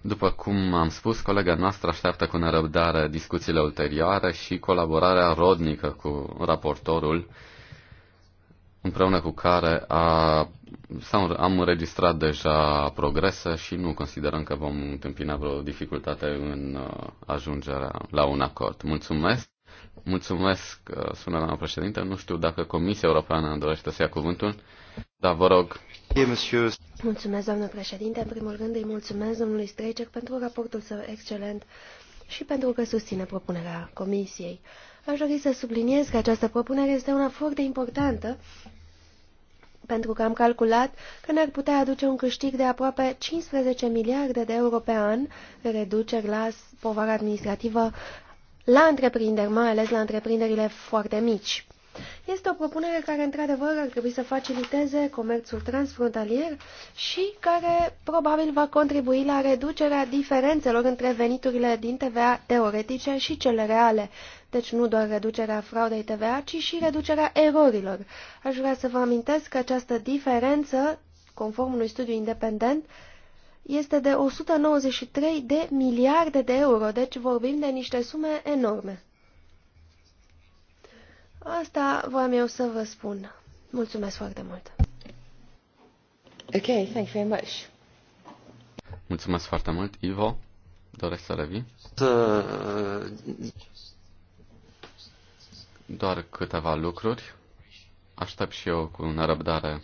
După cum am spus, colega noastră așteaptă cu nerăbdare discuțiile ulterioare și colaborarea rodnică cu raportorul împreună cu care a, sau am înregistrat deja progrese și nu considerăm că vom întâmpina vreo dificultate în uh, ajungerea la un acord. Mulțumesc! Mulțumesc, uh, sună la președinte. Nu știu dacă Comisia Europeană dorește să ia cuvântul, dar vă rog. Mulțumesc, doamnă președinte. În primul rând îi mulțumesc domnului Strecer pentru raportul său excelent și pentru că susține propunerea Comisiei. Aș dori să subliniez că această propunere este una foarte importantă pentru că am calculat că ne-ar putea aduce un câștig de aproape 15 miliarde de euro pe an, reduceri la povara administrativă la întreprinderi, mai ales la întreprinderile foarte mici. Este o propunere care, într-adevăr, ar trebui să faciliteze comerțul transfrontalier și care probabil va contribui la reducerea diferențelor între veniturile din TVA teoretice și cele reale, deci nu doar reducerea fraudei TVA, ci și reducerea erorilor. Aș vrea să vă amintesc că această diferență, conform unui studiu independent, este de 193 de miliarde de euro, deci vorbim de niște sume enorme. Asta voiam eu să vă spun. Mulțumesc foarte mult! Ok, thank you very much. Mulțumesc foarte mult, Ivo. Doresc să revii? Uh, doar câteva lucruri. Aștept și eu cu nerăbdare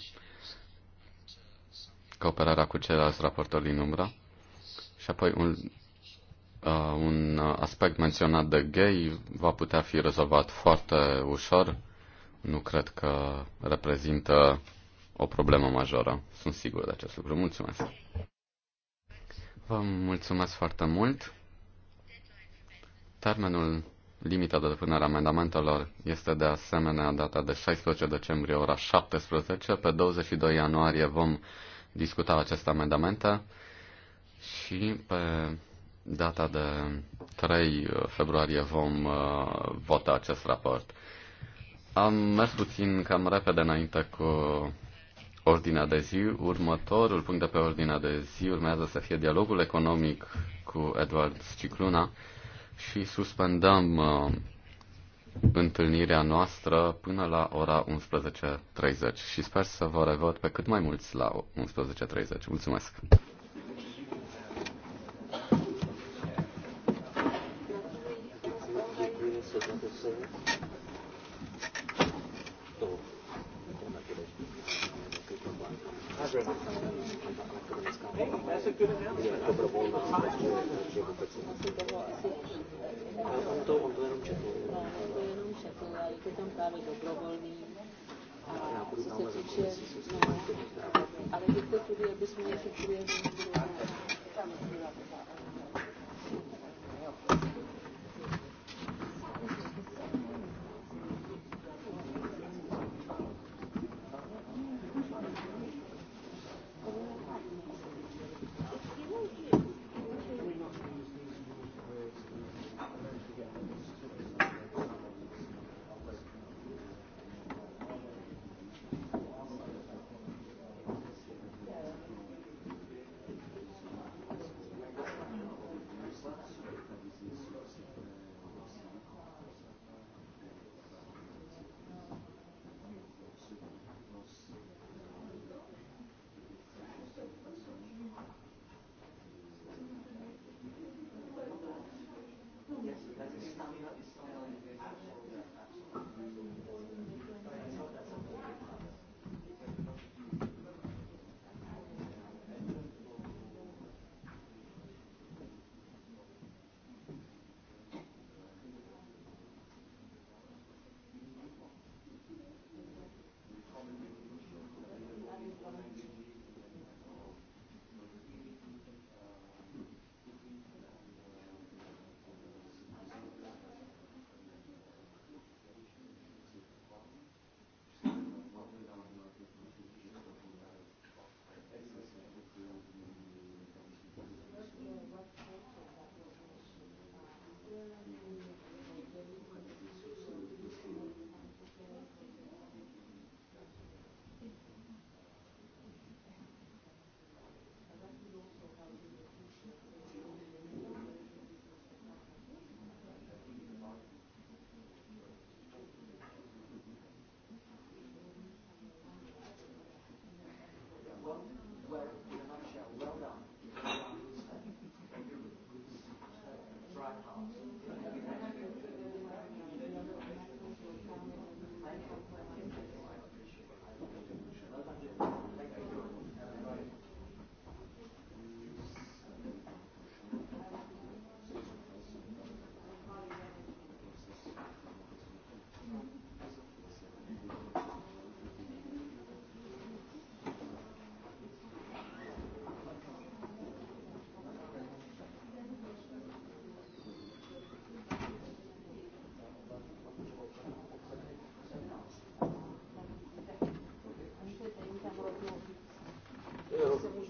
cooperarea cu ceilalți raportori din umbra. Și apoi un, uh, un aspect menționat de gay va putea fi rezolvat foarte ușor. Nu cred că reprezintă o problemă majoră. Sunt sigur de acest lucru. Mulțumesc! Vă mulțumesc foarte mult! Termenul Limita de depunere a amendamentelor este de asemenea data de 16 decembrie, ora 17. Pe 22 ianuarie vom discuta aceste amendamente și pe data de 3 februarie vom uh, vota acest raport. Am mers puțin cam repede înainte cu ordinea de zi. Următorul punct de pe ordinea de zi urmează să fie dialogul economic cu Edward Cicluna și suspendăm uh, întâlnirea noastră până la ora 11.30 și sper să vă revăd pe cât mai mulți la 11.30. Mulțumesc!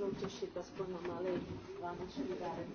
kultusít, azt gondolom a lény van, és mivel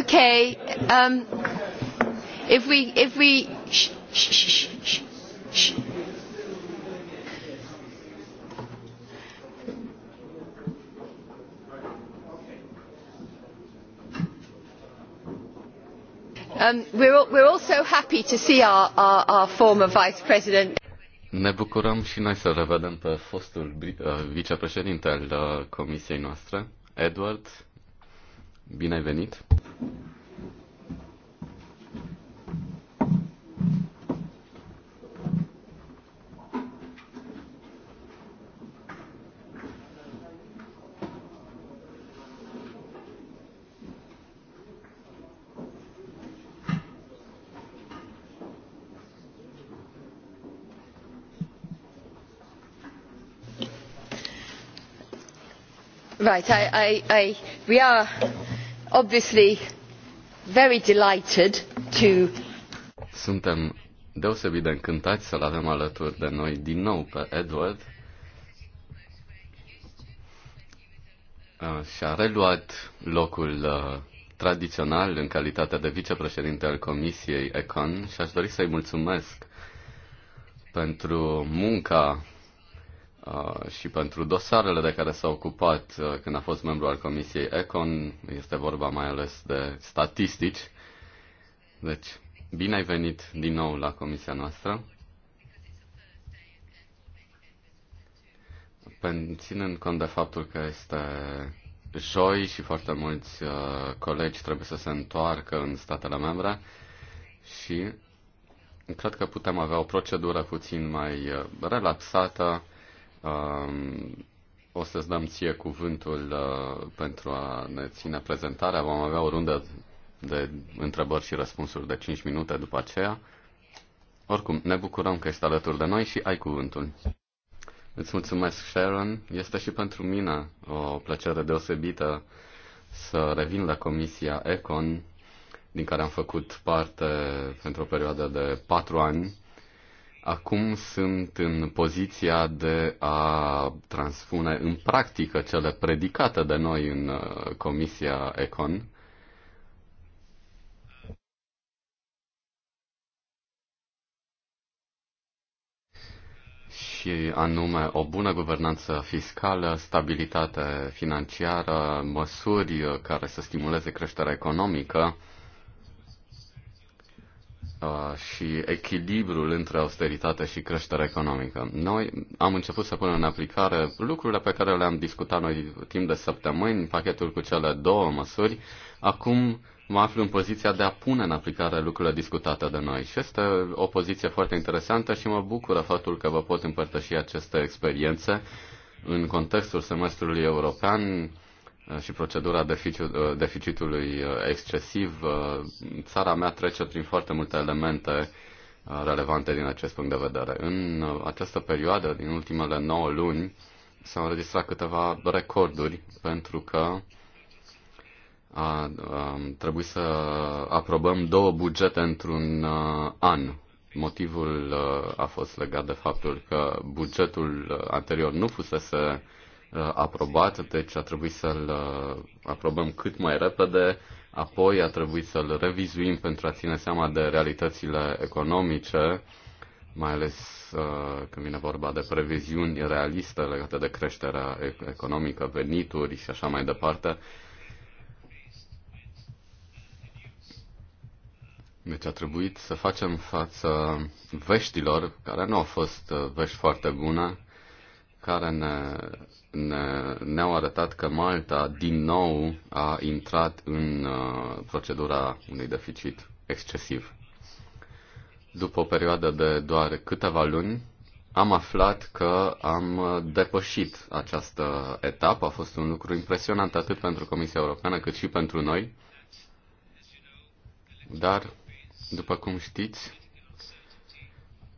Okay. Um, if we, if we, shh, shh, shh, shh. Um, we're, we're also happy to see our, our, our former vice president. Ne bucurăm și noi să revedem pe fostul uh, vicepreședinte al uh, comisiei noastre, Edward. Bine ai venit! Right, we are obviously very delighted to... Suntem deosebit de încântați să-l avem alături de noi din nou pe Edward. Uh, și-a reluat locul uh, tradițional în calitate de vicepreședinte al Comisiei Econ și aș dori să-i mulțumesc pentru munca Uh, și pentru dosarele de care s-a ocupat uh, când a fost membru al Comisiei Econ. Este vorba mai ales de statistici. Deci, bine ai venit din nou la comisia noastră. Ținând cont de faptul că este joi și foarte mulți uh, colegi trebuie să se întoarcă în statele membre și cred că putem avea o procedură puțin mai uh, relaxată Um, o să-ți dăm ție cuvântul uh, pentru a ne ține prezentarea. Vom avea o rundă de întrebări și răspunsuri de 5 minute după aceea. Oricum, ne bucurăm că ești alături de noi și ai cuvântul. Îți mulțumesc, Sharon. Este și pentru mine o plăcere deosebită să revin la Comisia Econ, din care am făcut parte pentru o perioadă de patru ani Acum sunt în poziția de a transpune în practică cele predicate de noi în uh, Comisia Econ. și anume o bună guvernanță fiscală, stabilitate financiară, măsuri uh, care să stimuleze creșterea economică, Uh, și echilibrul între austeritate și creștere economică. Noi am început să punem în aplicare lucrurile pe care le-am discutat noi timp de săptămâni, pachetul cu cele două măsuri. Acum mă aflu în poziția de a pune în aplicare lucrurile discutate de noi și este o poziție foarte interesantă și mă bucură faptul că vă pot împărtăși aceste experiențe în contextul semestrului european și procedura uh, deficitului uh, excesiv, uh, țara mea trece prin foarte multe elemente relevante din acest punct de vedere. În această perioadă, din ultimele 9 luni, s-au înregistrat câteva recorduri pentru că a, a trebuie să aprobăm două bugete într-un an. Motivul a fost legat de faptul că bugetul anterior nu fusese Uh, aprobat, deci a trebuit să-l uh, aprobăm cât mai repede, apoi a trebuit să-l revizuim pentru a ține seama de realitățile economice, mai ales uh, când vine vorba de previziuni realiste legate de creșterea economică, venituri și așa mai departe. Deci a trebuit să facem față veștilor care nu au fost vești foarte bune, care ne ne, ne-au arătat că Malta din nou a intrat în uh, procedura unui deficit excesiv. După o perioadă de doar câteva luni, am aflat că am depășit această etapă. A fost un lucru impresionant atât pentru Comisia Europeană cât și pentru noi. Dar, după cum știți,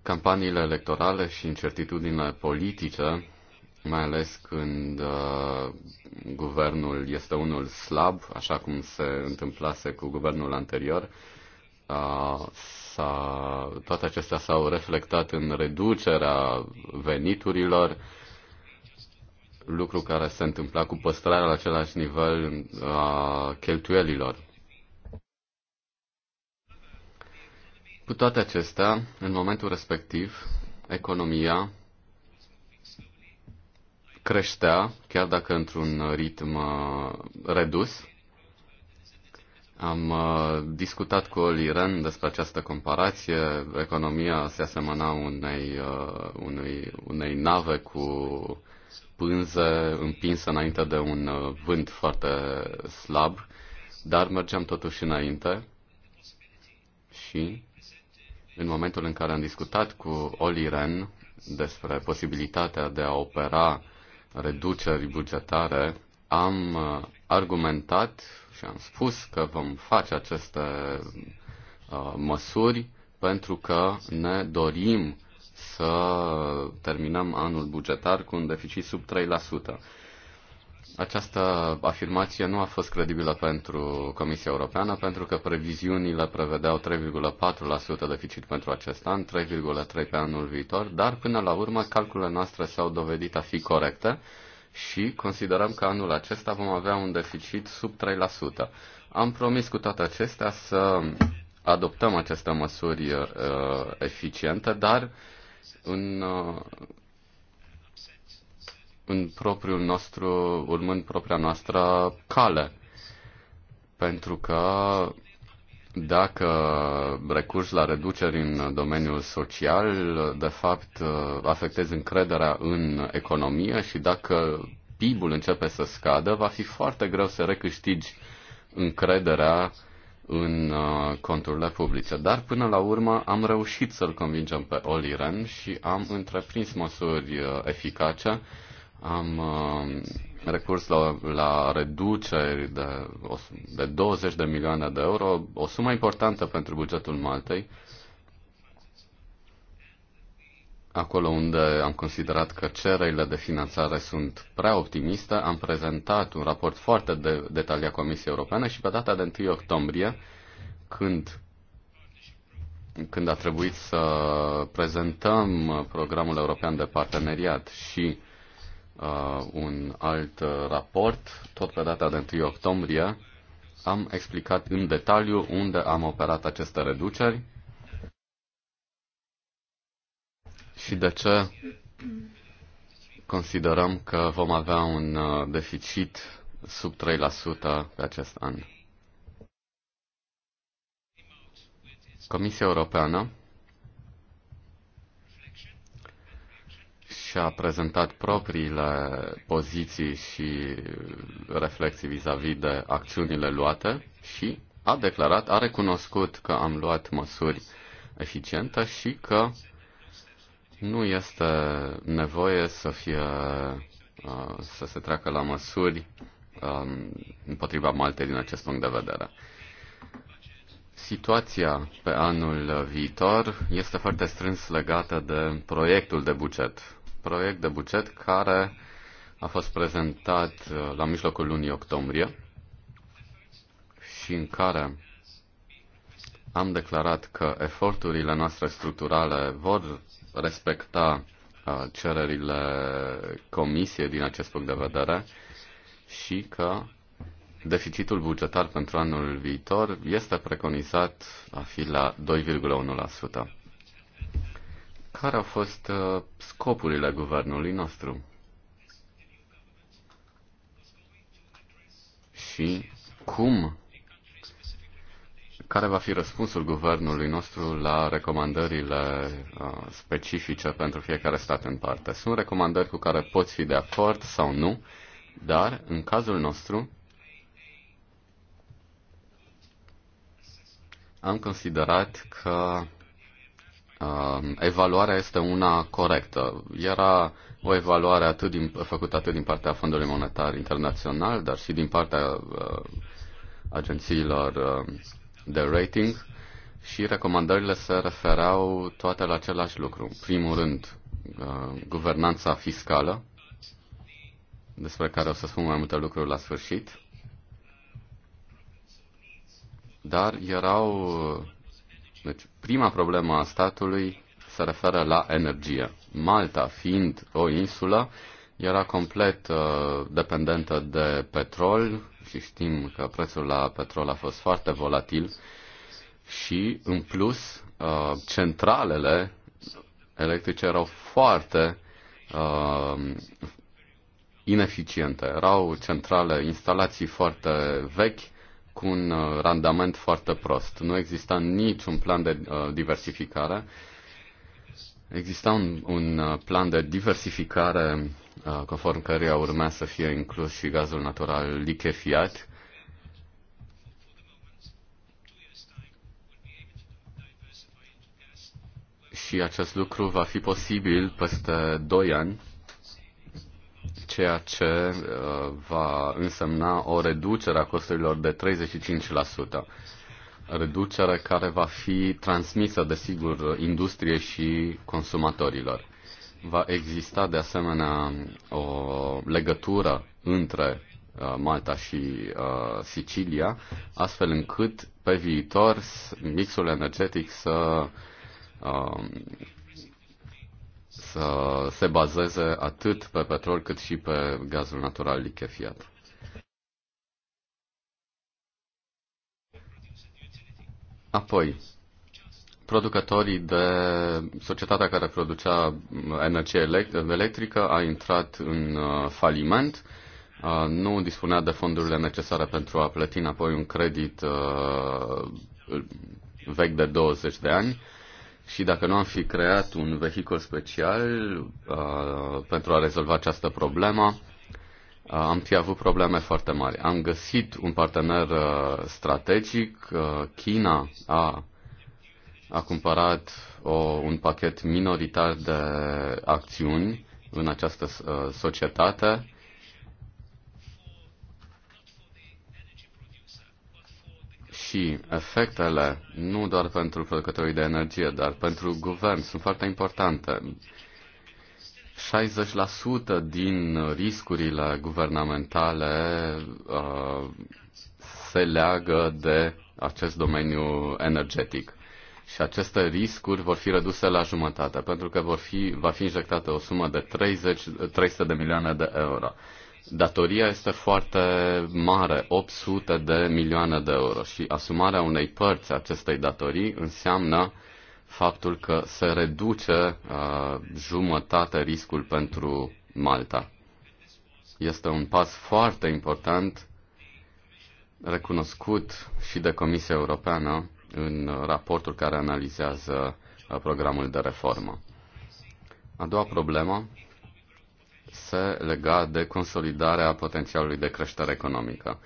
campaniile electorale și incertitudinile politice mai ales când uh, guvernul este unul slab, așa cum se întâmplase cu guvernul anterior. Uh, s-a, toate acestea s-au reflectat în reducerea veniturilor, lucru care se întâmpla cu păstrarea la același nivel a uh, cheltuielilor. Cu toate acestea, în momentul respectiv, economia creștea, chiar dacă într-un ritm uh, redus. Am uh, discutat cu Oli Ren despre această comparație. Economia se asemăna unei, uh, unei, unei nave cu pânze împinsă înainte de un vânt foarte slab, dar mergeam totuși înainte și în momentul în care am discutat cu Oli Ren despre posibilitatea de a opera reduceri bugetare, am uh, argumentat și am spus că vom face aceste uh, măsuri pentru că ne dorim să terminăm anul bugetar cu un deficit sub 3%. Această afirmație nu a fost credibilă pentru Comisia Europeană pentru că previziunile prevedeau 3,4% deficit pentru acest an, 3,3% pe anul viitor, dar până la urmă calculele noastre s-au dovedit a fi corecte și considerăm că anul acesta vom avea un deficit sub 3%. Am promis cu toate acestea să adoptăm aceste măsuri uh, eficiente, dar în, uh, în propriul nostru, urmând propria noastră cale. Pentru că dacă recurgi la reduceri în domeniul social, de fapt afectezi încrederea în economie și dacă PIB-ul începe să scadă, va fi foarte greu să recâștigi încrederea în uh, conturile publice. Dar până la urmă am reușit să-l convingem pe Oli Ren și am întreprins măsuri uh, eficace am uh, recurs la, la reduceri de, de 20 de milioane de euro, o sumă importantă pentru bugetul Maltei, acolo unde am considerat că cererile de finanțare sunt prea optimiste, am prezentat un raport foarte de, detaliat Comisiei Europene și pe data de 1 octombrie, când când a trebuit să prezentăm programul european de parteneriat și uh, uh, un alt uh, raport, tot pe data de 1 octombrie, am explicat în detaliu unde am operat aceste reduceri și de ce considerăm că vom avea un uh, deficit sub 3% pe acest an. Comisia Europeană și-a prezentat propriile poziții și reflexii vis-a-vis -vis de acțiunile luate și a declarat, a recunoscut că am luat măsuri eficiente și că nu este nevoie să fie uh, să se treacă la măsuri um, împotriva Maltei din acest punct de vedere. Situația pe anul viitor este foarte strâns legată de proiectul de buget proiect de buget care a fost prezentat uh, la mijlocul lunii octombrie și în care am declarat că eforturile noastre structurale vor respecta uh, cererile comisiei din acest punct de vedere și că deficitul bugetar pentru anul viitor este preconizat a fi la 2,1% care au fost uh, scopurile guvernului nostru. Și cum care va fi răspunsul guvernului nostru la recomandările uh, specifice pentru fiecare stat în parte? Sunt recomandări cu care poți fi de acord sau nu, dar în cazul nostru am considerat că Um, evaluarea este una corectă. Era o evaluare atât din, făcută atât din partea Fondului Monetar Internațional, dar și din partea uh, agențiilor uh, de rating și recomandările se refereau toate la același lucru. În primul rând, uh, guvernanța fiscală, despre care o să spun mai multe lucruri la sfârșit, dar erau deci, prima problemă a statului se referă la energie. Malta, fiind o insulă, era complet uh, dependentă de petrol și știm că prețul la petrol a fost foarte volatil și, în plus, uh, centralele electrice erau foarte uh, ineficiente. Erau centrale, instalații foarte vechi cu un uh, randament foarte prost. Nu exista niciun plan de uh, diversificare. Exista un, un uh, plan de diversificare conform căruia urmea să fie inclus și gazul natural lichefiat. Și acest lucru va fi posibil peste 2 ani ceea ce uh, va însemna o reducere a costurilor de 35%. Reducere care va fi transmisă, desigur, industriei și consumatorilor. Va exista, de asemenea, o legătură între uh, Malta și uh, Sicilia, astfel încât pe viitor mixul energetic să să se bazeze atât pe petrol cât și pe gazul natural lichefiat. Apoi, producătorii de societatea care producea energie electrică a intrat în uh, faliment, uh, nu dispunea de fondurile necesare pentru a plăti înapoi un credit uh, vechi de 20 de ani și dacă nu am fi creat un vehicul special uh, pentru a rezolva această problemă, uh, am fi avut probleme foarte mari. Am găsit un partener uh, strategic. Uh, China a, a cumpărat o, un pachet minoritar de acțiuni în această uh, societate și efectele, nu doar pentru producătorii de energie, dar pentru guvern, sunt foarte importante. 60% din riscurile guvernamentale uh, se leagă de acest domeniu energetic. Și aceste riscuri vor fi reduse la jumătate, pentru că vor fi, va fi injectată o sumă de 30, 300 de milioane de euro. Datoria este foarte mare, 800 de milioane de euro și asumarea unei părți acestei datorii înseamnă faptul că se reduce uh, jumătate riscul pentru Malta. Este un pas foarte important recunoscut și de Comisia Europeană în raportul care analizează uh, programul de reformă. A doua problemă se lega de consolidarea potențialului de creștere economică.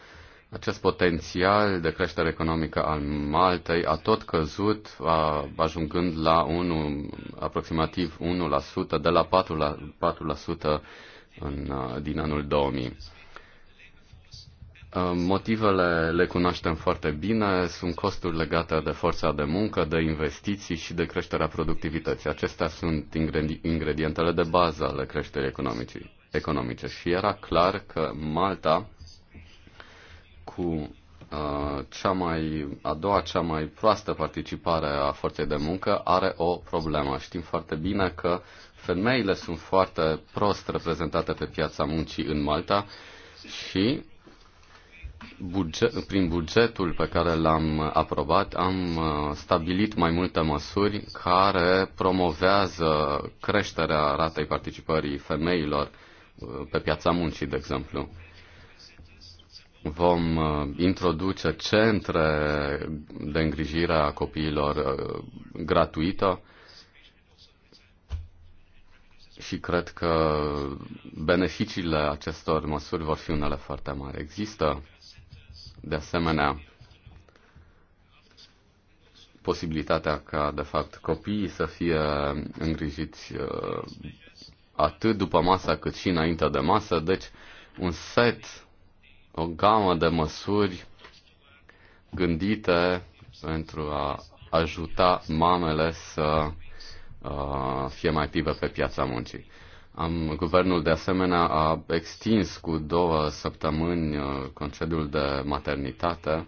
Acest potențial de creștere economică al Maltei a tot căzut, a, ajungând la 1, aproximativ 1%, de la 4%, la 4% în, din anul 2000. Motivele le cunoaștem foarte bine, sunt costuri legate de forța de muncă, de investiții și de creșterea productivității. Acestea sunt ingredientele de bază ale creșterii economice. Și era clar că Malta, cu cea mai, a doua cea mai proastă participare a forței de muncă, are o problemă. Știm foarte bine că femeile sunt foarte prost reprezentate pe piața muncii în Malta și buget, prin bugetul pe care l-am aprobat, am uh, stabilit mai multe măsuri care promovează creșterea ratei participării femeilor uh, pe piața muncii, de exemplu. Vom uh, introduce centre de îngrijire a copiilor gratuită și cred că beneficiile acestor măsuri vor fi unele foarte mari. Există de asemenea, posibilitatea ca, de fapt, copiii să fie îngrijiți uh, atât după masă cât și înainte de masă. Deci, un set, o gamă de măsuri gândite pentru a ajuta mamele să uh, fie mai active pe piața muncii. Am, guvernul de asemenea a extins cu două săptămâni uh, concediul de maternitate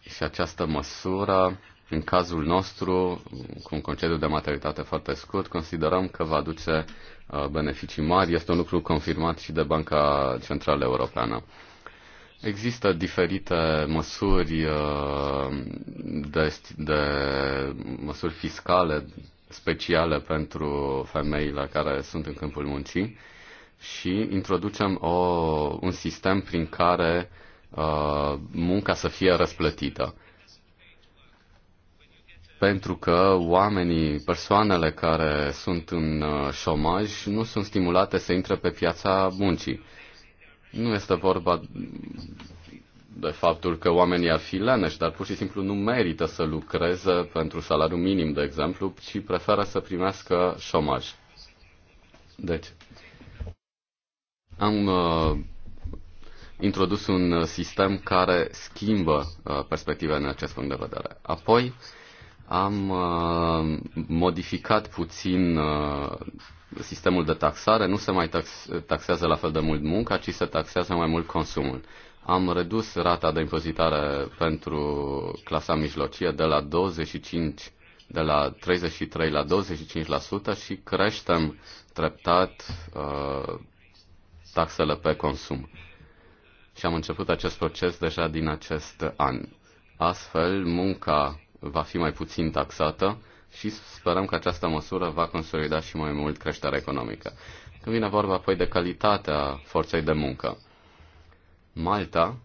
și această măsură, în cazul nostru, cu un concediu de maternitate foarte scurt, considerăm că va aduce uh, beneficii mari. Este un lucru confirmat și de Banca Centrală Europeană. Există diferite măsuri uh, de, de măsuri fiscale speciale pentru femeile care sunt în câmpul muncii și introducem o, un sistem prin care uh, munca să fie răsplătită. Pentru că oamenii, persoanele care sunt în uh, șomaj, nu sunt stimulate să intre pe piața muncii nu este vorba de faptul că oamenii ar fi leneși, dar pur și simplu nu merită să lucreze pentru salariu minim, de exemplu, ci preferă să primească șomaj. Deci, am uh, introdus un sistem care schimbă uh, perspectiva în acest punct de vedere. Apoi, uh, am uh, modificat puțin uh, sistemul de taxare, nu se mai tax, taxează la fel de mult munca, ci se taxează mai mult consumul. Am redus rata de impozitare pentru clasa mijlocie de la 25 de la 33 la 25% și creștem treptat uh, taxele pe consum. Și am început acest proces deja din acest an. Astfel, munca va fi mai puțin taxată și sperăm că această măsură va consolida și mai mult creșterea economică. Când vine vorba apoi de calitatea forței de muncă, Malta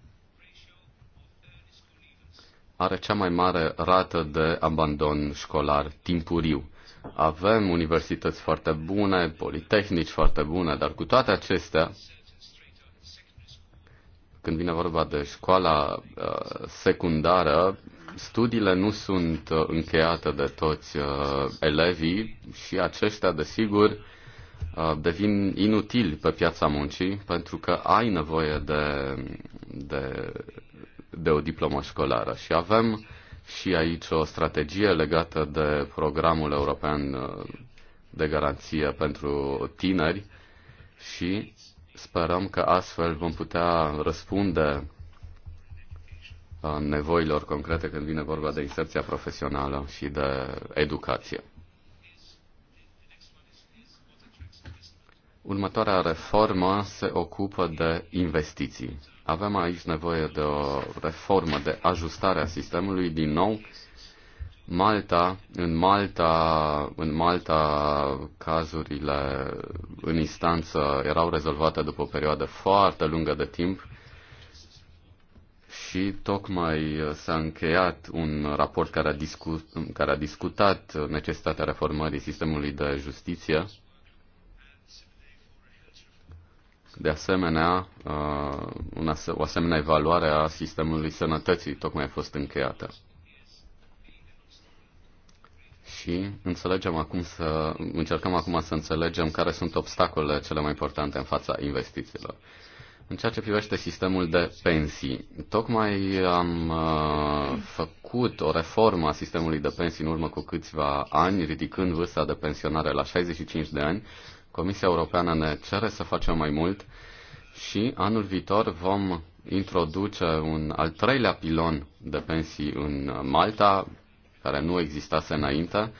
are cea mai mare rată de abandon școlar timpuriu. Avem universități foarte bune, politehnici foarte bune, dar cu toate acestea, când vine vorba de școala uh, secundară, studiile nu sunt uh, încheiate de toți uh, elevii și aceștia, desigur, uh, devin inutili pe piața muncii pentru că ai nevoie de, de, de o diplomă școlară. Și avem și aici o strategie legată de programul european de garanție pentru tineri și sperăm că astfel vom putea răspunde nevoilor concrete când vine vorba de inserția profesională și de educație. Următoarea reformă se ocupă de investiții. Avem aici nevoie de o reformă de ajustare a sistemului. Din nou, Malta, în Malta, în Malta cazurile în instanță erau rezolvate după o perioadă foarte lungă de timp și tocmai uh, s-a încheiat un raport care a, discu- care a discutat uh, necesitatea reformării sistemului de justiție. De asemenea, uh, una, o asemenea evaluare a sistemului sănătății tocmai a fost încheiată. Și înțelegem acum să, încercăm acum să înțelegem care sunt obstacolele cele mai importante în fața investițiilor. Uh, în ceea ce privește sistemul de pensii, tocmai am uh, făcut o reformă a sistemului de pensii în urmă cu câțiva ani, ridicând vârsta de pensionare la 65 de ani. Comisia Europeană ne cere să facem mai mult și anul viitor vom introduce un al treilea pilon de pensii în Malta, care nu existase înainte,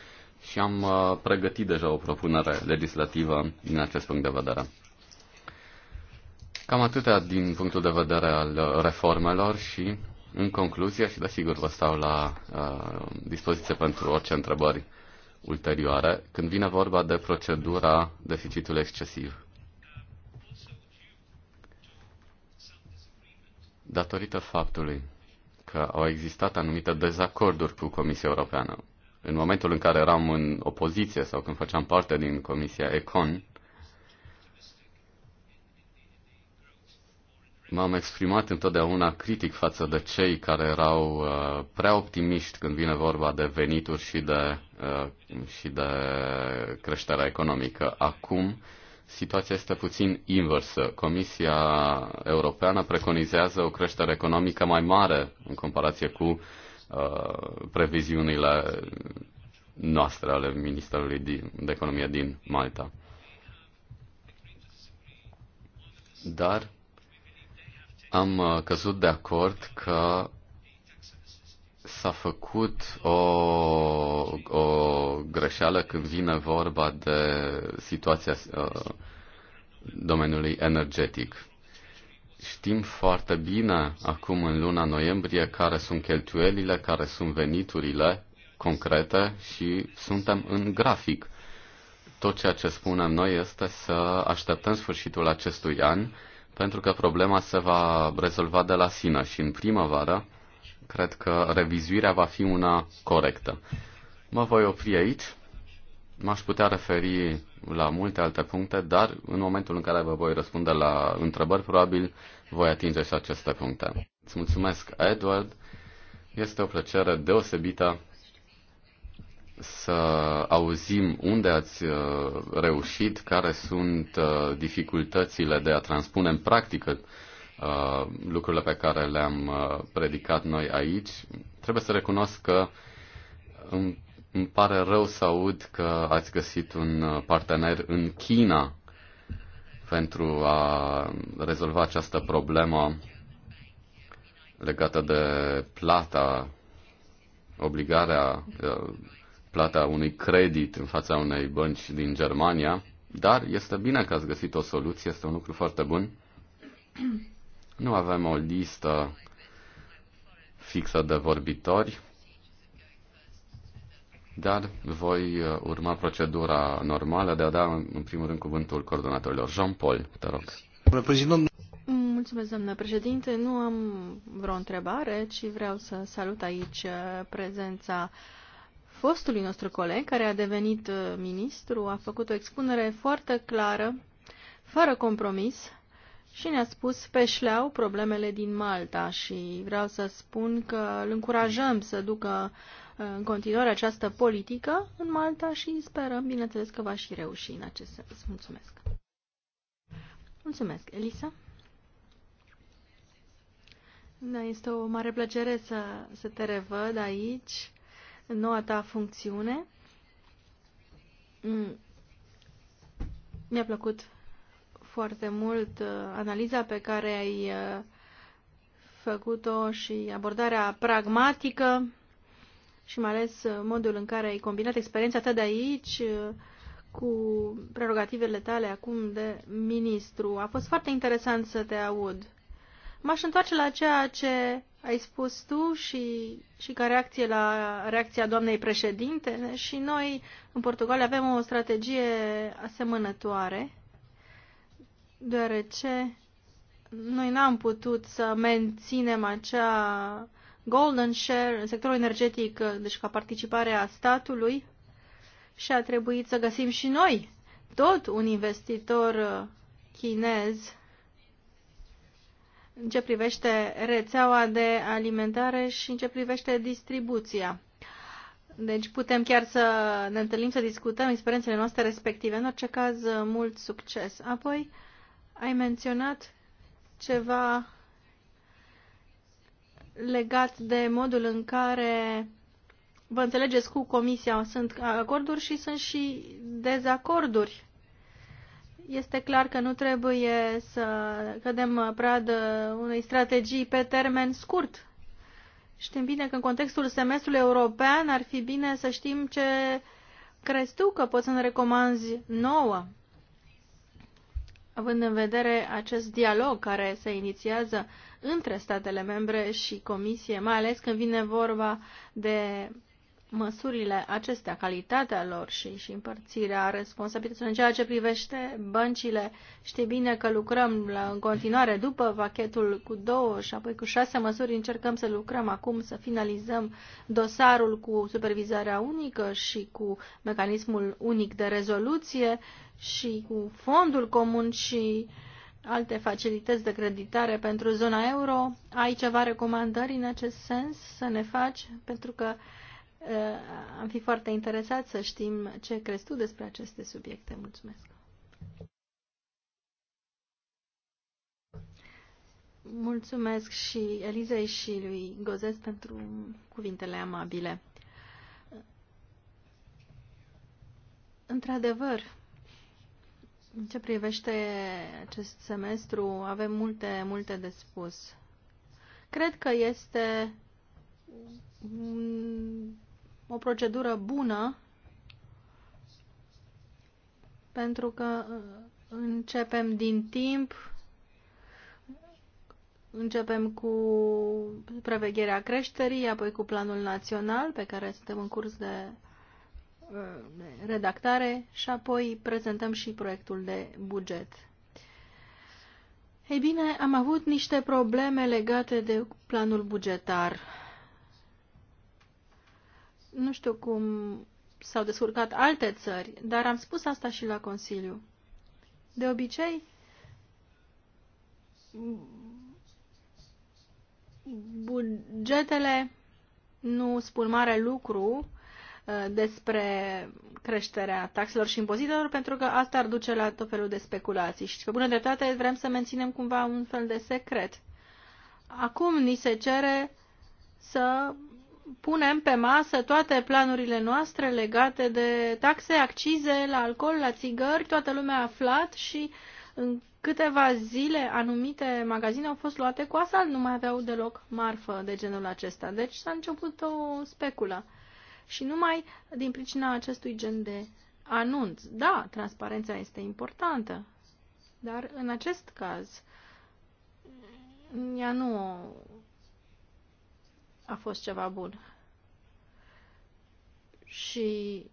și am uh, pregătit deja o propunere legislativă din acest punct de vedere. Cam atâtea din punctul de vedere al uh, reformelor și, în concluzie, și desigur vă stau la uh, dispoziție pentru orice întrebări ulterioare, când vine vorba de procedura deficitului excesiv. Datorită faptului că au existat anumite dezacorduri cu Comisia Europeană, în momentul în care eram în opoziție sau când făceam parte din Comisia Econ, M-am exprimat întotdeauna critic față de cei care erau uh, prea optimiști când vine vorba de venituri și de, uh, și de creșterea economică. Acum situația este puțin inversă. Comisia Europeană preconizează o creștere economică mai mare în comparație cu uh, previziunile noastre ale Ministerului de Economie din Malta. Dar am uh, căzut de acord că s-a făcut o, o greșeală când vine vorba de situația uh, domeniului energetic. Știm foarte bine acum în luna noiembrie care sunt cheltuielile, care sunt veniturile concrete și suntem în grafic. Tot ceea ce spunem noi este să așteptăm sfârșitul acestui an pentru că problema se va rezolva de la sine și în primăvară cred că revizuirea va fi una corectă. Mă voi opri aici. M-aș putea referi la multe alte puncte, dar în momentul în care vă voi răspunde la întrebări, probabil voi atinge și aceste puncte. Îți mulțumesc, Edward. Este o plăcere deosebită să auzim unde ați uh, reușit, care sunt uh, dificultățile de a transpune în practică uh, lucrurile pe care le-am predicat noi aici. Trebuie să recunosc că îmi, pare rău să aud că ați găsit un partener în China pentru a rezolva această problemă legată de plata, obligarea plata unui credit în fața unei bănci din Germania, dar este bine că ați găsit o soluție, este un lucru foarte bun. Nu avem o listă fixă de vorbitori, dar voi uh, urma procedura normală de a da în primul rând cuvântul coordonatorilor. Jean-Paul, te rog. Mulțumesc, doamnă președinte. Nu am vreo întrebare, ci vreau să salut aici uh, prezența uh, fostului nostru coleg, care a devenit uh, ministru, a făcut o expunere foarte clară, fără compromis, și ne-a spus pe șleau problemele din Malta și vreau să spun că îl încurajăm să ducă uh, în continuare această politică în Malta și sperăm, bineînțeles, că va și reuși în acest sens. Mulțumesc! Mulțumesc, Elisa! Da, este o mare plăcere să, să te revăd aici în noua ta funcțiune. Mm. Mi-a plăcut foarte mult uh, analiza pe care ai uh, făcut-o și abordarea pragmatică și mai ales uh, modul în care ai combinat experiența ta de aici cu prerogativele tale acum de ministru. A fost foarte interesant să te aud. M-aș întoarce la ceea ce ai spus tu și, și ca reacție la reacția doamnei președinte. Și noi, în Portugalia, avem o strategie asemănătoare, deoarece noi n-am putut să menținem acea golden share în sectorul energetic, deci ca participare a statului, și a trebuit să găsim și noi tot un investitor chinez în ce privește rețeaua de alimentare și în ce privește distribuția. Deci putem chiar să ne întâlnim, să discutăm experiențele noastre respective. În orice caz, mult succes. Apoi, ai menționat ceva legat de modul în care vă înțelegeți cu Comisia. Sunt acorduri și sunt și dezacorduri este clar că nu trebuie să cădem pradă uh, unei strategii pe termen scurt. Știm bine că în contextul semestrului european ar fi bine să știm ce crezi tu că poți să ne recomanzi nouă, având în vedere acest dialog care se inițiază între statele membre și Comisie, mai ales când vine vorba de măsurile acestea, calitatea lor și, și împărțirea responsabilităților în ceea ce privește băncile. Știi bine că lucrăm la, în continuare după pachetul cu două și apoi cu șase măsuri încercăm să lucrăm acum, să finalizăm dosarul cu supervizarea unică și cu mecanismul unic de rezoluție și cu fondul comun și alte facilități de creditare pentru zona euro. Ai ceva recomandări în acest sens să ne faci? Pentru că Uh, am fi foarte interesat să știm ce crezi tu despre aceste subiecte. Mulțumesc! Mulțumesc și Elizei și lui Gozes pentru cuvintele amabile. Într-adevăr, în ce privește acest semestru, avem multe, multe de spus. Cred că este o procedură bună pentru că uh, începem din timp, începem cu prevegherea creșterii, apoi cu planul național pe care suntem în curs uh, de redactare și apoi prezentăm și proiectul de buget. Ei bine, am avut niște probleme legate de planul bugetar nu știu cum s-au descurcat alte țări, dar am spus asta și la Consiliu. De obicei, bugetele nu spun mare lucru uh, despre creșterea taxelor și impozitelor, pentru că asta ar duce la tot felul de speculații. Și pe bună dreptate vrem să menținem cumva un fel de secret. Acum ni se cere să punem pe masă toate planurile noastre legate de taxe, accize la alcool, la țigări, toată lumea a aflat și în câteva zile anumite magazine au fost luate cu asalt, nu mai aveau deloc marfă de genul acesta. Deci s-a început o speculă. Și numai din pricina acestui gen de anunț. Da, transparența este importantă, dar în acest caz ea nu a fost ceva bun. Și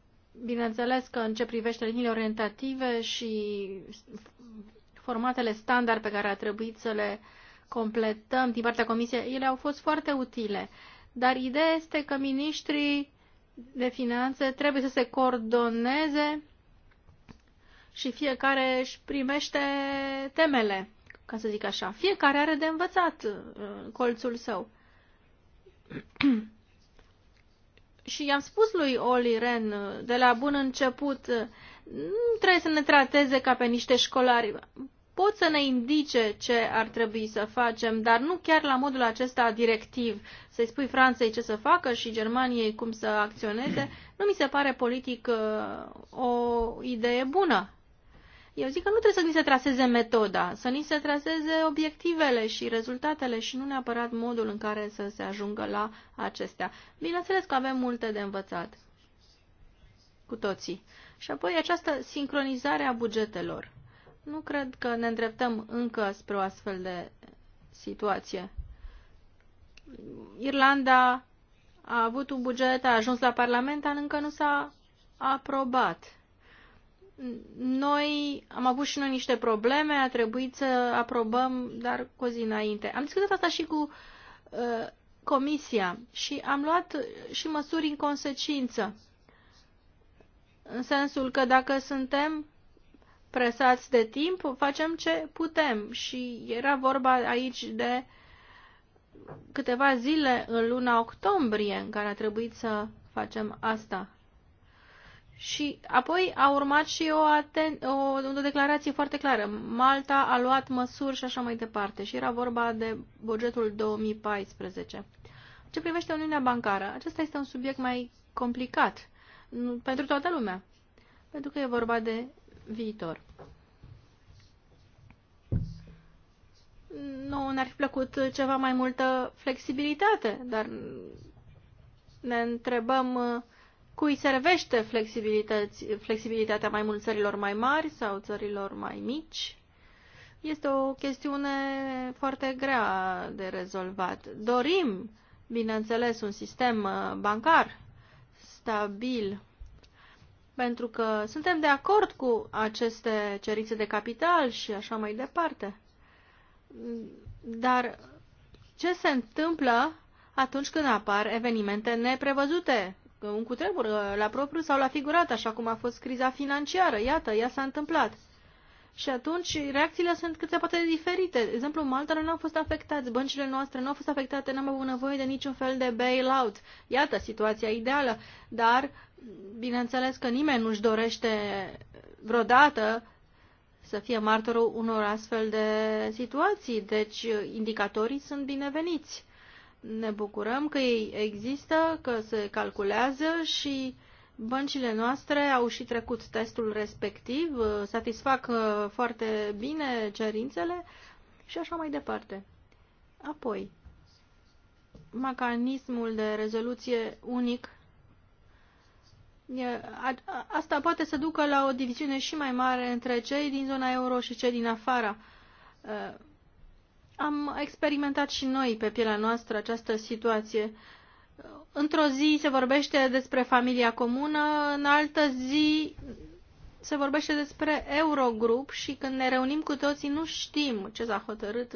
bineînțeles că în ce privește liniile orientative și formatele standard pe care a trebuit să le completăm din partea Comisiei, ele au fost foarte utile. Dar ideea este că ministrii de finanțe trebuie să se coordoneze și fiecare își primește temele, ca să zic așa. Fiecare are de învățat uh, colțul său. și i-am spus lui Oli Ren de la bun început, nu trebuie să ne trateze ca pe niște școlari. Pot să ne indice ce ar trebui să facem, dar nu chiar la modul acesta directiv. Să-i spui Franței ce să facă și Germaniei cum să acționeze, nu mi se pare politic uh, o idee bună. Eu zic că nu trebuie să ni se traseze metoda, să ni se traseze obiectivele și rezultatele și nu neapărat modul în care să se ajungă la acestea. Bineînțeles că avem multe de învățat cu toții. Și apoi această sincronizare a bugetelor. Nu cred că ne îndreptăm încă spre o astfel de situație. Irlanda a avut un buget, a ajuns la Parlament, dar încă nu s-a aprobat noi am avut și noi niște probleme, a trebuit să aprobăm, dar cu o zi înainte. Am discutat asta și cu uh, comisia și am luat și măsuri în consecință. În sensul că dacă suntem presați de timp, facem ce putem. Și era vorba aici de câteva zile în luna octombrie în care a trebuit să facem asta. Și apoi a urmat și o, aten- o, o declarație foarte clară. Malta a luat măsuri și așa mai departe. Și era vorba de bugetul 2014. Ce privește Uniunea Bancară, acesta este un subiect mai complicat pentru toată lumea. Pentru că e vorba de viitor. Nu, ne-ar fi plăcut ceva mai multă flexibilitate, dar ne întrebăm uh, cui servește flexibilitatea mai mult țărilor mai mari sau țărilor mai mici. Este o chestiune foarte grea de rezolvat. Dorim, bineînțeles, un sistem uh, bancar stabil, pentru că suntem de acord cu aceste cerințe de capital și așa mai departe. Dar ce se întâmplă atunci când apar evenimente neprevăzute, un cutremur uh, la propriu sau la figurat, așa cum a fost criza financiară. Iată, ea s-a întâmplat. Și atunci reacțiile sunt cât se poate de diferite. De exemplu, în Malta nu au fost afectați, băncile noastre nu au fost afectate, n-am avut nevoie de niciun fel de bailout. Iată, situația ideală. Dar, bineînțeles că nimeni nu-și dorește vreodată să fie martorul unor astfel de situații, deci indicatorii sunt bineveniți ne bucurăm că ei există, că se calculează și băncile noastre au și trecut testul respectiv, uh, satisfac uh, foarte bine cerințele și așa mai departe. Apoi, mecanismul de rezoluție unic Asta poate să ducă la o diviziune și mai mare între cei din zona euro și cei din afara uh, am experimentat și noi pe pielea noastră această situație. Într-o zi se vorbește despre familia comună, în altă zi se vorbește despre Eurogrup și când ne reunim cu toții nu știm ce s-a hotărât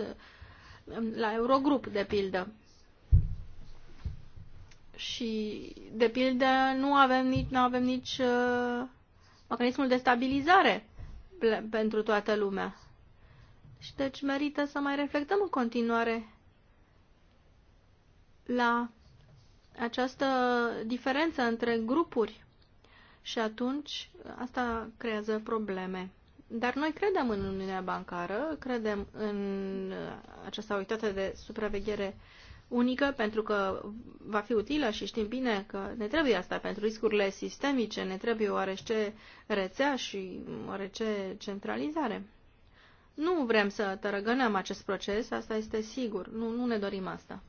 um, la Eurogrup, de pildă. Și, de pildă, nu avem nici, nu avem nici uh, mecanismul de stabilizare pentru toată lumea. Și deci merită să mai reflectăm în continuare la această diferență între grupuri și atunci asta creează probleme. Dar noi credem în Uniunea Bancară, credem în această unitate de supraveghere unică pentru că va fi utilă și știm bine că ne trebuie asta pentru riscurile sistemice, ne trebuie oarește rețea și oarece centralizare. Nu vrem să tărăgănăm acest proces, asta este sigur, nu, nu ne dorim asta.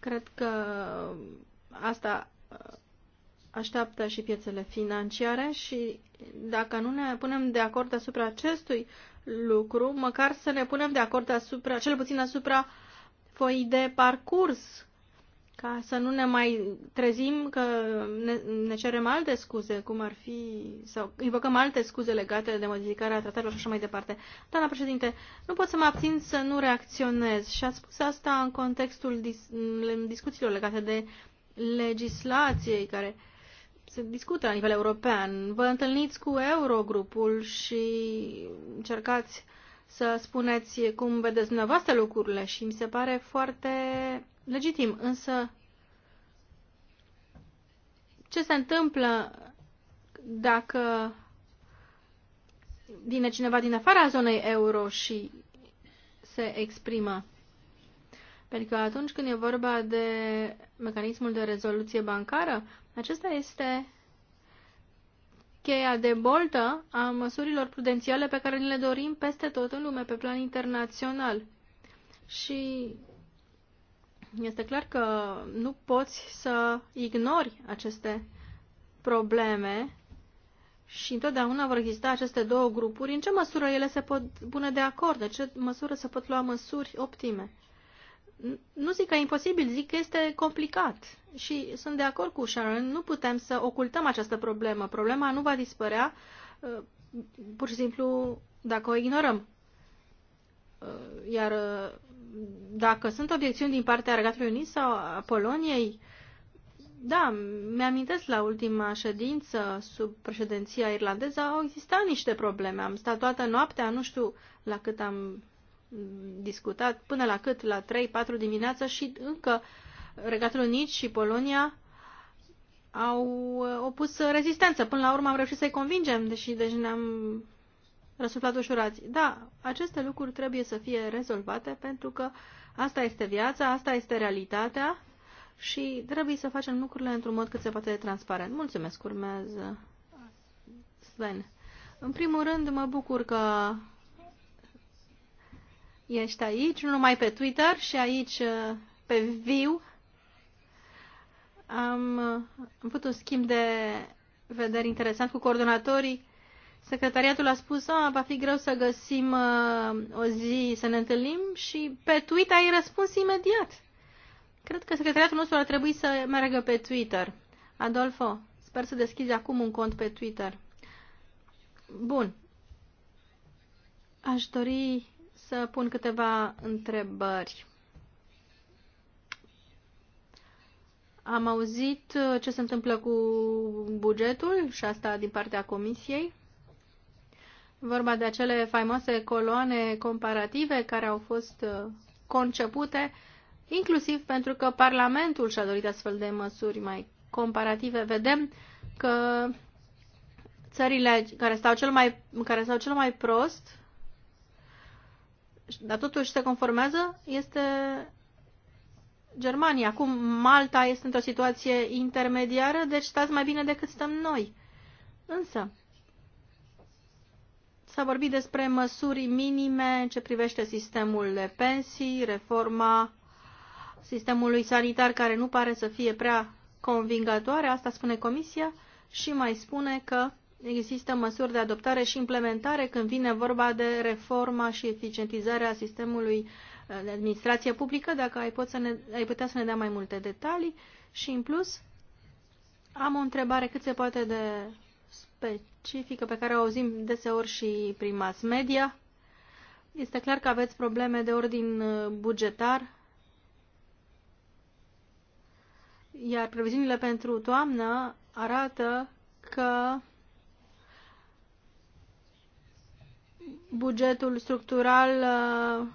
Cred că asta uh, așteaptă și piețele financiare și dacă nu ne punem de acord asupra acestui lucru, măcar să ne punem de acord asupra, cel puțin asupra foii de parcurs ca să nu ne mai trezim că ne, ne cerem alte scuze, cum ar fi, sau invocăm alte scuze legate de modificarea tratatelor și așa mai departe. Doamna președinte, nu pot să mă abțin să nu reacționez și a spus asta în contextul dis, discuțiilor legate de legislației care se discută la nivel european. Vă întâlniți cu Eurogrupul și încercați să spuneți cum vedeți dumneavoastră lucrurile și mi se pare foarte legitim. Însă, ce se întâmplă dacă vine cineva din afara zonei euro și se exprimă? Pentru că atunci când e vorba de mecanismul de rezoluție bancară, acesta este cheia de boltă a măsurilor prudențiale pe care ni le dorim peste tot în lume, pe plan internațional. Și este clar că nu poți să ignori aceste probleme și întotdeauna vor exista aceste două grupuri. În ce măsură ele se pot pune de acord? De ce măsură se pot lua măsuri optime? nu zic că e imposibil, zic că este complicat. Și sunt de acord cu Sharon, nu putem să ocultăm această problemă. Problema nu va dispărea uh, pur și simplu dacă o ignorăm. Uh, iar uh, dacă sunt obiecțiuni din partea Regatului Unit sau a Poloniei, da, mi-amintesc la ultima ședință sub președinția irlandeză au existat niște probleme. Am stat toată noaptea, nu știu la cât am discutat până la cât? La 3-4 dimineața și încă Regatul Unit și Polonia au opus rezistență. Până la urmă am reușit să-i convingem, deși deci ne-am răsuflat ușurați. Da, aceste lucruri trebuie să fie rezolvate pentru că asta este viața, asta este realitatea și trebuie să facem lucrurile într-un mod cât se poate de transparent. Mulțumesc, urmează Sven. În primul rând, mă bucur că Ești aici, nu numai pe Twitter și aici uh, pe viu. Am, uh, am avut un schimb de vedere interesant cu coordonatorii. Secretariatul a spus, a, ah, va fi greu să găsim a, uh, o zi să ne întâlnim și pe Twitter ai răspuns imediat. Cred că secretariatul nostru ar trebui să meargă pe Twitter. Adolfo, sper să deschizi acum un cont pe Twitter. Bun. Aș dori să pun câteva întrebări. Am auzit uh, ce se întâmplă cu bugetul și asta din partea Comisiei. Vorba de acele faimoase coloane comparative care au fost uh, concepute, inclusiv pentru că Parlamentul și-a dorit astfel de măsuri mai comparative. Vedem că țările care stau cel mai, care stau cel mai prost dar totuși se conformează, este Germania. Acum Malta este într-o situație intermediară, deci stați mai bine decât stăm noi. Însă, s-a vorbit despre măsuri minime în ce privește sistemul de pensii, reforma sistemului sanitar care nu pare să fie prea convingătoare, asta spune Comisia, și mai spune că există măsuri de adoptare și implementare când vine vorba de reforma și eficientizarea sistemului uh, de administrație publică, dacă ai, pot să ne, ai putea să ne dea mai multe detalii. Și în plus, am o întrebare cât se poate de specifică pe care o auzim deseori și prin mass media. Este clar că aveți probleme de ordin uh, bugetar, iar previziunile pentru toamnă arată că bugetul structural uh,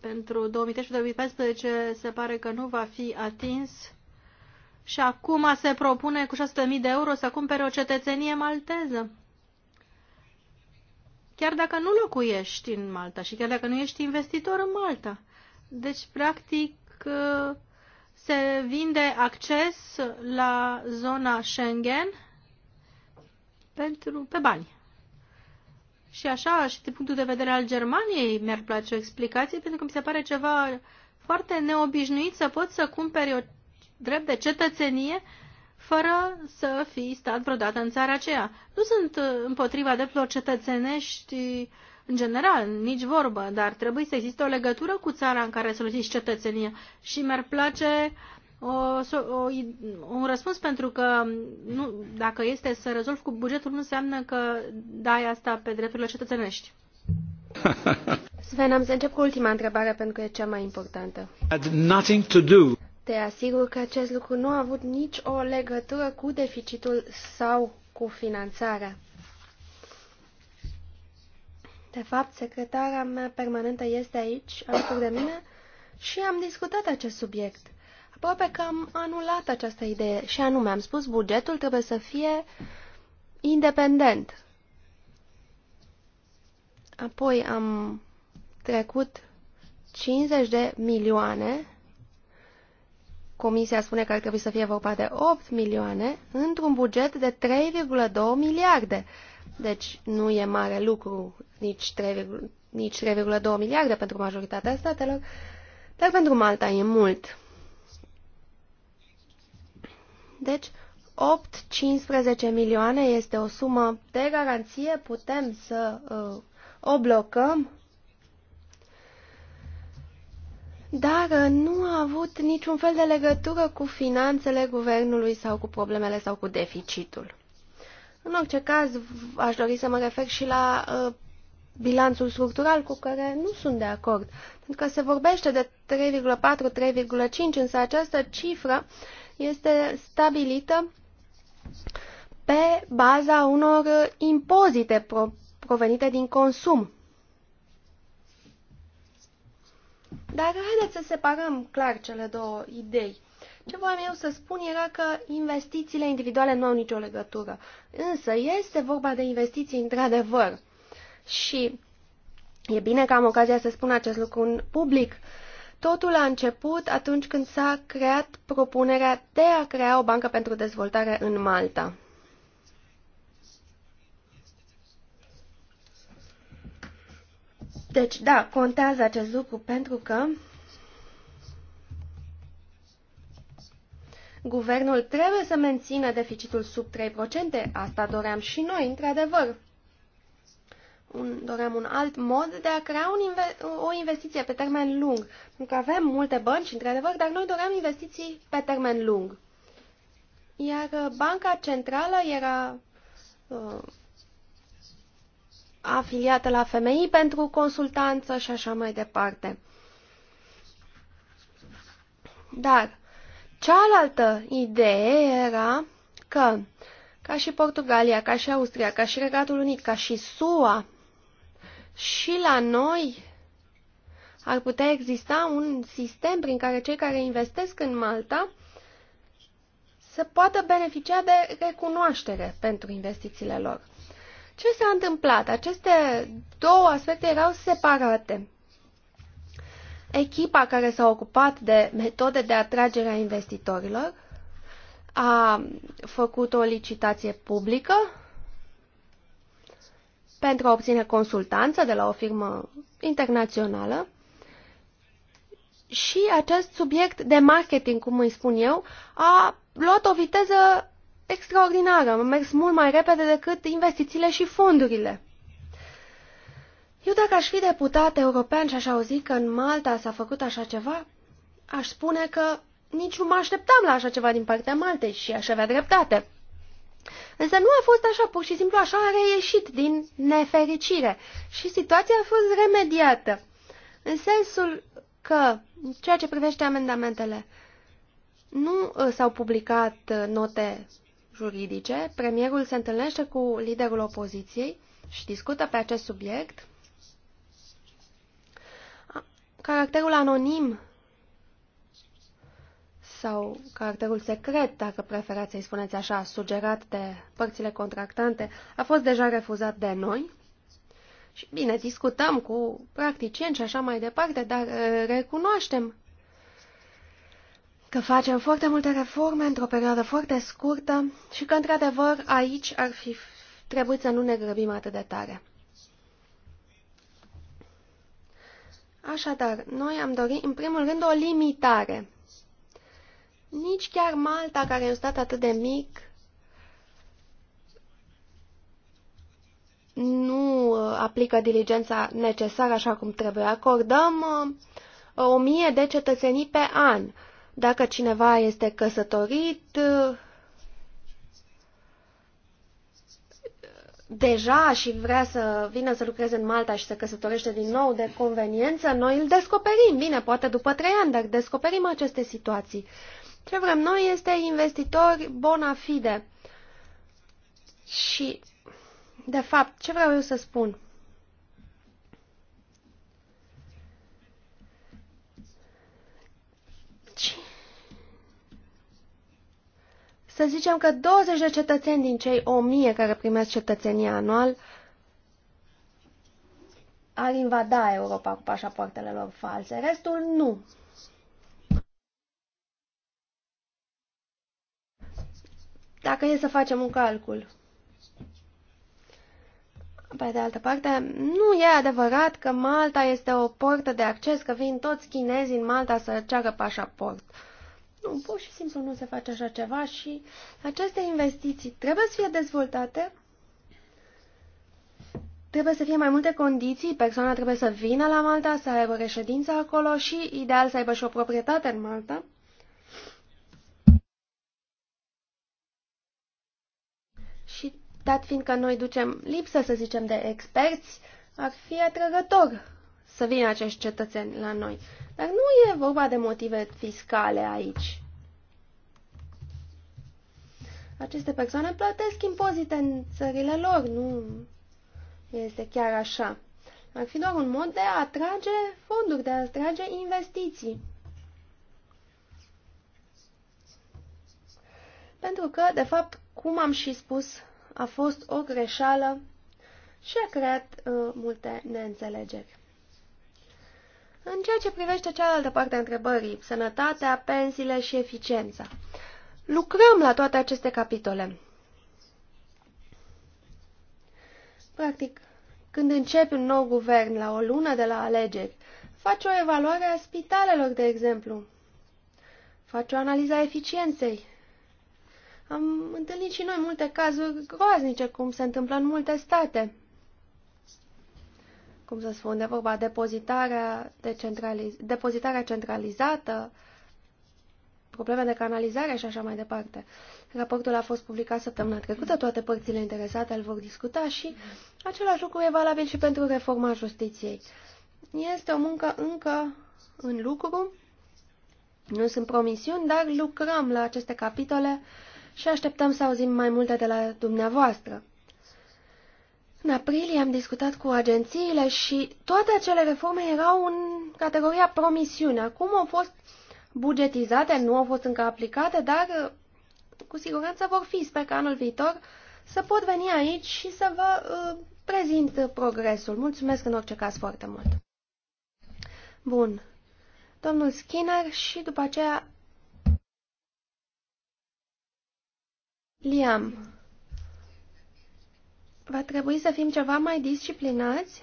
pentru 2013-2014 se pare că nu va fi atins și acum se propune cu 600.000 de euro să cumpere o cetățenie malteză. Chiar dacă nu locuiești în Malta și chiar dacă nu ești investitor în Malta. Deci, practic, uh, se vinde acces la zona Schengen pentru, pe bani. Și așa, și din punctul de vedere al Germaniei, mi-ar place o explicație, pentru că mi se pare ceva foarte neobișnuit să poți să cumperi o drept de cetățenie fără să fii stat vreodată în țara aceea. Nu sunt uh, împotriva drepturilor cetățenești uh, în general, nici vorbă, dar trebuie să existe o legătură cu țara în care soliciți cetățenie. Și mi-ar place uh, o, o, un răspuns pentru că nu, dacă este să rezolv cu bugetul, nu înseamnă că dai asta pe drepturile cetățenești. Sven, am să încep cu ultima întrebare pentru că e cea mai importantă. Te asigur că acest lucru nu a avut nici o legătură cu deficitul sau cu finanțarea. De fapt, secretara mea permanentă este aici, alături de mine, și am discutat acest subiect aproape că am anulat această idee și anume am spus bugetul trebuie să fie independent. Apoi am trecut 50 de milioane, comisia spune că ar trebui să fie vorba de 8 milioane, într-un buget de 3,2 miliarde. Deci nu e mare lucru, nici 3,2 nici 3 miliarde pentru majoritatea statelor, dar pentru Malta e mult. Deci, 8-15 milioane este o sumă de garanție, putem să uh, o blocăm, dar uh, nu a avut niciun fel de legătură cu finanțele guvernului sau cu problemele sau cu deficitul. În orice caz, aș dori să mă refer și la uh, bilanțul structural cu care nu sunt de acord, pentru că se vorbește de 3,4-3,5, însă această cifră uh, este stabilită pe baza unor impozite pro provenite din consum. Dar haideți să separăm clar cele două idei. Ce voiam eu să spun era că investițiile individuale nu au nicio legătură. Însă este vorba de investiții într-adevăr. Și e bine că am ocazia să spun acest lucru în public, Totul a început atunci când s-a creat propunerea de a crea o bancă pentru dezvoltare în Malta. Deci, da, contează acest lucru pentru că guvernul trebuie să mențină deficitul sub 3%. Asta doream și noi, într-adevăr un, doream un alt mod de a crea un inve o investiție pe termen lung. Pentru că avem multe bănci, într-adevăr, dar noi doream investiții pe termen lung. Iar uh, Banca Centrală era uh, afiliată la FMI pentru consultanță și așa mai departe. Dar cealaltă idee era că, ca și Portugalia, ca și Austria, ca și Regatul Unit, ca și SUA, și la noi ar putea exista un sistem prin care cei care investesc în Malta să poată beneficia de recunoaștere pentru investițiile lor. Ce s-a întâmplat? Aceste două aspecte erau separate. Echipa care s-a ocupat de metode de atragere a investitorilor a făcut o licitație publică pentru a obține consultanță de la o firmă internațională și acest subiect de marketing, cum îi spun eu, a luat o viteză extraordinară, a mers mult mai repede decât investițiile și fondurile. Eu dacă aș fi deputat european și aș auzi că în Malta s-a făcut așa ceva, aș spune că nici nu mă așteptam la așa ceva din partea Maltei și aș avea dreptate. Însă nu a fost așa, pur și simplu așa a reieșit din nefericire și situația a fost remediată. În sensul că, ceea ce privește amendamentele, nu uh, s-au publicat uh, note juridice, premierul se întâlnește cu liderul opoziției și discută pe acest subiect. Caracterul anonim sau caracterul secret, dacă preferați să-i spuneți așa, sugerat de părțile contractante, a fost deja refuzat de noi. Și bine, discutăm cu practicieni și așa mai departe, dar uh, recunoaștem că facem foarte multe reforme într-o perioadă foarte scurtă și că, într-adevăr, aici ar fi trebuit să nu ne grăbim atât de tare. Așadar, noi am dorit, în primul rând, o limitare nici chiar Malta, care e un stat atât de mic, nu uh, aplică diligența necesară așa cum trebuie. Acordăm uh, o mie de cetățenii pe an. Dacă cineva este căsătorit, uh, deja și vrea să vină să lucreze în Malta și să căsătorește din nou de conveniență, noi îl descoperim. Bine, poate după trei ani, dar descoperim aceste situații. Ce vrem noi este investitori bona fide. Și, de fapt, ce vreau eu să spun? Să zicem că 20 de cetățeni din cei 1000 care primesc cetățenia anual ar invada Europa cu pașapoartele lor false. Restul nu. Dacă e să facem un calcul. Pe de altă parte, nu e adevărat că Malta este o portă de acces, că vin toți chinezii în Malta să ceară pașaport. Nu, pur și simplu nu se face așa ceva și aceste investiții trebuie să fie dezvoltate Trebuie să fie mai multe condiții, persoana trebuie să vină la Malta, să aibă reședință acolo și, ideal, să aibă și o proprietate în Malta. dat fiindcă noi ducem lipsă, să zicem, de experți, ar fi atrăgător să vină acești cetățeni la noi. Dar nu e vorba de motive fiscale aici. Aceste persoane plătesc impozite în țările lor, nu este chiar așa. Ar fi doar un mod de a atrage fonduri, de a atrage investiții. Pentru că, de fapt, cum am și spus a fost o greșeală și a creat uh, multe neînțelegeri. În ceea ce privește cealaltă parte a întrebării, sănătatea, pensiile și eficiența, lucrăm la toate aceste capitole. Practic, când începi un nou guvern la o lună de la alegeri, faci o evaluare a spitalelor, de exemplu. Faci o analiză a eficienței am întâlnit și noi multe cazuri groaznice, cum se întâmplă în multe state. Cum să spun, de vorba depozitarea, de centraliz depozitarea centralizată, probleme de canalizare și așa mai departe. Raportul a fost publicat săptămâna trecută, toate părțile interesate îl vor discuta și același lucru e valabil și pentru reforma justiției. Este o muncă încă în lucru, nu sunt promisiuni, dar lucrăm la aceste capitole și așteptăm să auzim mai multe de la dumneavoastră. În aprilie am discutat cu agențiile și toate acele reforme erau în categoria promisiune. Acum au fost bugetizate, nu au fost încă aplicate, dar uh, cu siguranță vor fi. Sper că anul viitor să pot veni aici și să vă uh, prezint progresul. Mulțumesc în orice caz foarte mult. Bun. Domnul Skinner și după aceea Liam, va trebui să fim ceva mai disciplinați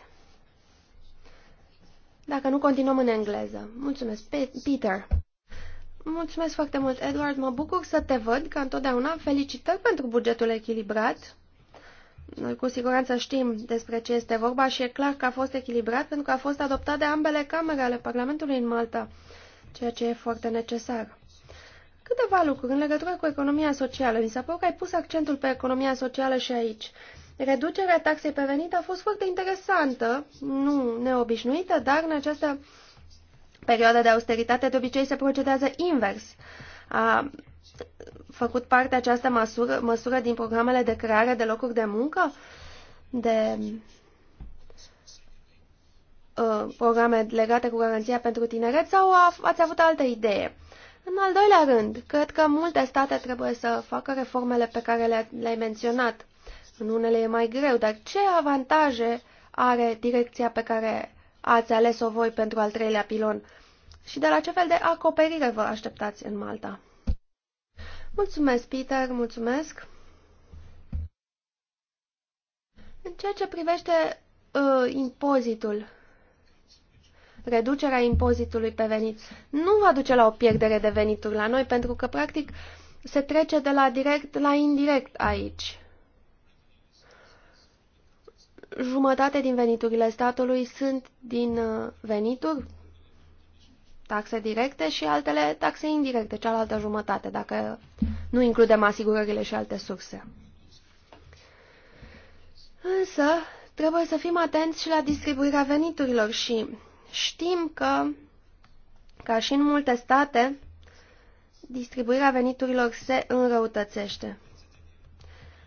dacă nu continuăm în engleză. Mulțumesc, Peter. Mulțumesc foarte mult, Edward. Mă bucur să te văd, ca întotdeauna. Felicitări pentru bugetul echilibrat. Noi cu siguranță știm despre ce este vorba și e clar că a fost echilibrat pentru că a fost adoptat de ambele camere ale Parlamentului în Malta, ceea ce e foarte necesar. Câteva lucruri în legătură cu economia socială. Mi s-a că ai pus accentul pe economia socială și aici. Reducerea taxei pe venit a fost foarte interesantă, nu neobișnuită, dar în această perioadă de austeritate de obicei se procedează invers. A făcut parte această măsură, măsură din programele de creare de locuri de muncă, de uh, programe legate cu garanția pentru tineret sau ați avut altă idee? În al doilea rând, cred că multe state trebuie să facă reformele pe care le-ai menționat. În unele e mai greu, dar ce avantaje are direcția pe care ați ales-o voi pentru al treilea pilon? Și de la ce fel de acoperire vă așteptați în Malta? Mulțumesc, Peter, mulțumesc. În ceea ce privește uh, impozitul, reducerea impozitului pe venit nu va duce la o pierdere de venituri la noi, pentru că, practic, se trece de la direct la indirect aici. Jumătate din veniturile statului sunt din uh, venituri, taxe directe și altele taxe indirecte, cealaltă jumătate, dacă nu includem asigurările și alte surse. Însă, trebuie să fim atenți și la distribuirea veniturilor și Știm că, ca și în multe state, distribuirea veniturilor se înrăutățește.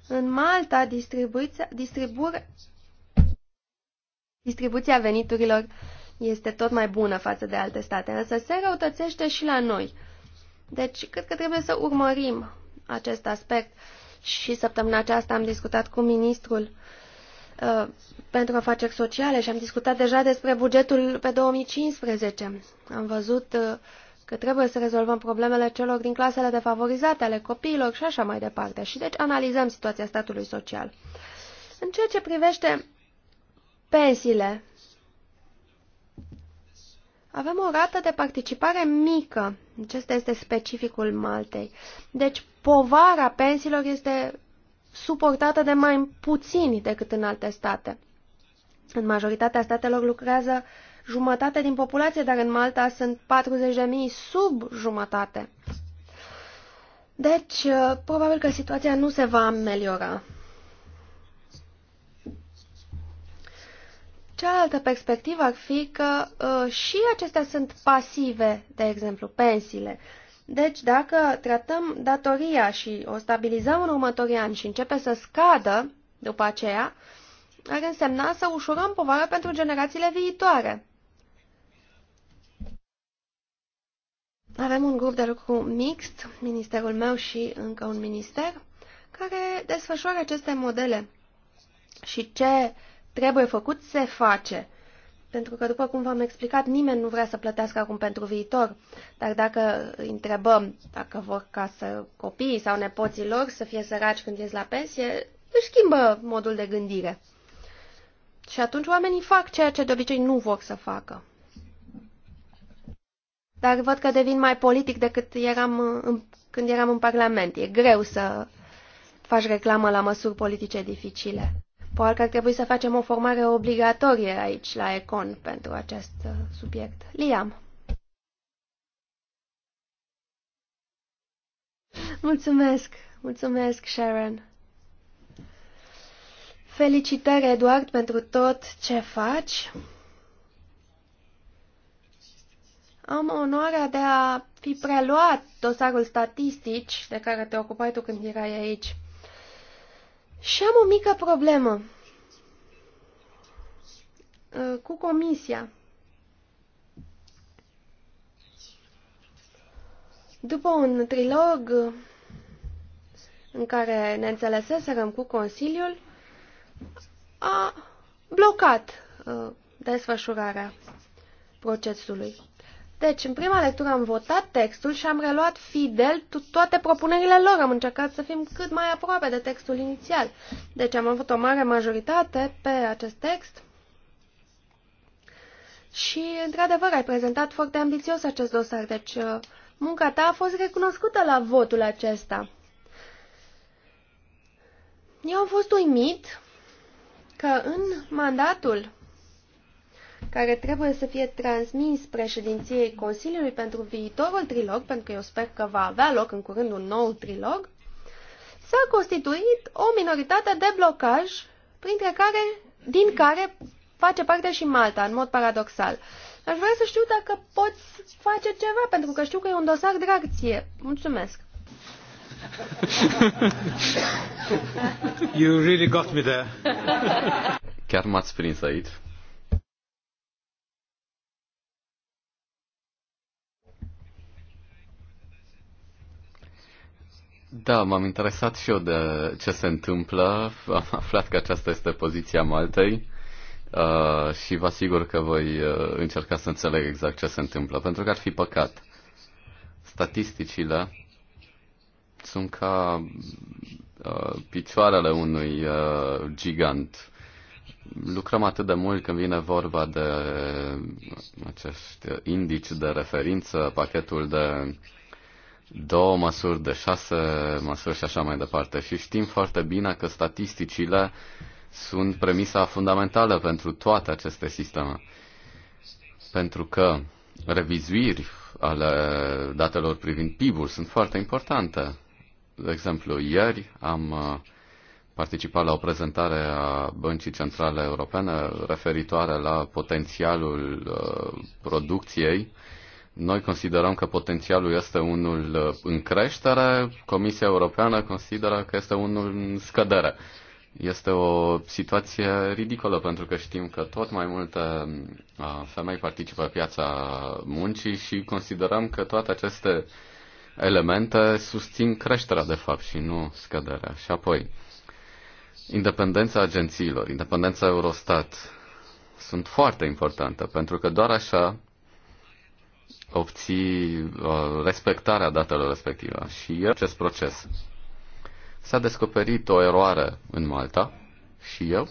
În Malta, distribuția, distribuția veniturilor este tot mai bună față de alte state, însă se răutățește și la noi. Deci, cred că trebuie să urmărim acest aspect. Și săptămâna aceasta am discutat cu ministrul uh, pentru afaceri sociale și am discutat deja despre bugetul pe 2015. Am văzut uh, că trebuie să rezolvăm problemele celor din clasele defavorizate, ale copiilor și așa mai departe. Și deci analizăm situația statului social. În ceea ce privește pensiile, avem o rată de participare mică. Acesta este specificul Maltei. Deci povara pensiilor este suportată de mai puțini decât în alte state. În majoritatea statelor lucrează jumătate din populație, dar în Malta sunt 40.000 sub jumătate. Deci, uh, probabil că situația nu se va ameliora. Cealaltă perspectivă ar fi că uh, și acestea sunt pasive, de exemplu, pensiile. Deci, dacă tratăm datoria și o stabilizăm în următorii ani și începe să scadă după aceea, uh, ar însemna să ușurăm povara pentru generațiile viitoare. Avem un grup de lucru mixt, ministerul meu și încă un minister, care desfășoară aceste modele. Și ce trebuie făcut se face. Pentru că, după cum v-am explicat, nimeni nu vrea să plătească acum pentru viitor. Dar dacă îi întrebăm dacă vor ca să copiii sau nepoții lor să fie săraci când ies la pensie, își schimbă modul de gândire. Și atunci oamenii fac ceea ce de obicei nu vor să facă. Dar văd că devin mai politic decât eram în, când eram în Parlament. E greu să faci reclamă la măsuri politice dificile. Poate că ar trebui să facem o formare obligatorie aici, la Econ, pentru acest uh, subiect. Liam. Mulțumesc, mulțumesc, Sharon. Felicitări, Eduard, pentru tot ce faci. Am onoarea de a fi preluat dosarul statistici de care te ocupai tu când erai aici. Și am o mică problemă uh, cu comisia. După un trilog în care ne înțeleseserăm cu Consiliul, a blocat uh, desfășurarea procesului. Deci, în prima lectură am votat textul și am reluat fidel toate propunerile lor. Am încercat să fim cât mai aproape de textul inițial. Deci am avut o mare majoritate pe acest text. Și, într-adevăr, ai prezentat foarte ambițios acest dosar, deci uh, munca ta a fost recunoscută la votul acesta. Eu am fost uimit că în mandatul care trebuie să fie transmis președinției Consiliului pentru viitorul trilog, pentru că eu sper că va avea loc în curând un nou trilog, s-a constituit o minoritate de blocaj, printre care, din care face parte și Malta, în mod paradoxal. Aș vrea să știu dacă poți face ceva, pentru că știu că e un dosar drag ție. Mulțumesc! you really got me there. Chiar m-ați prins aici. Da, m-am interesat și eu de ce se întâmplă. Am aflat că aceasta este poziția Maltei uh, și vă asigur că voi uh, încerca să înțeleg exact ce se întâmplă, pentru că ar fi păcat. Statisticile sunt ca uh, picioarele unui uh, gigant. Lucrăm atât de mult când vine vorba de acești indici de referință, pachetul de două măsuri, de șase măsuri și așa mai departe. Și știm foarte bine că statisticile sunt premisa fundamentală pentru toate aceste sisteme. Pentru că revizuiri ale datelor privind PIB-ul sunt foarte importante. De exemplu, ieri am uh, participat la o prezentare a Băncii Centrale Europene referitoare la potențialul uh, producției. Noi considerăm că potențialul este unul uh, în creștere, Comisia Europeană consideră că este unul în scădere. Este o situație ridicolă pentru că știm că tot mai multe femei participă pe piața muncii și considerăm că toate aceste uh, elemente susțin creșterea, de fapt, și nu scăderea. Și apoi, independența agențiilor, independența Eurostat sunt foarte importante, pentru că doar așa obții uh, respectarea datelor respective. Și acest proces s-a descoperit o eroare în Malta și eu,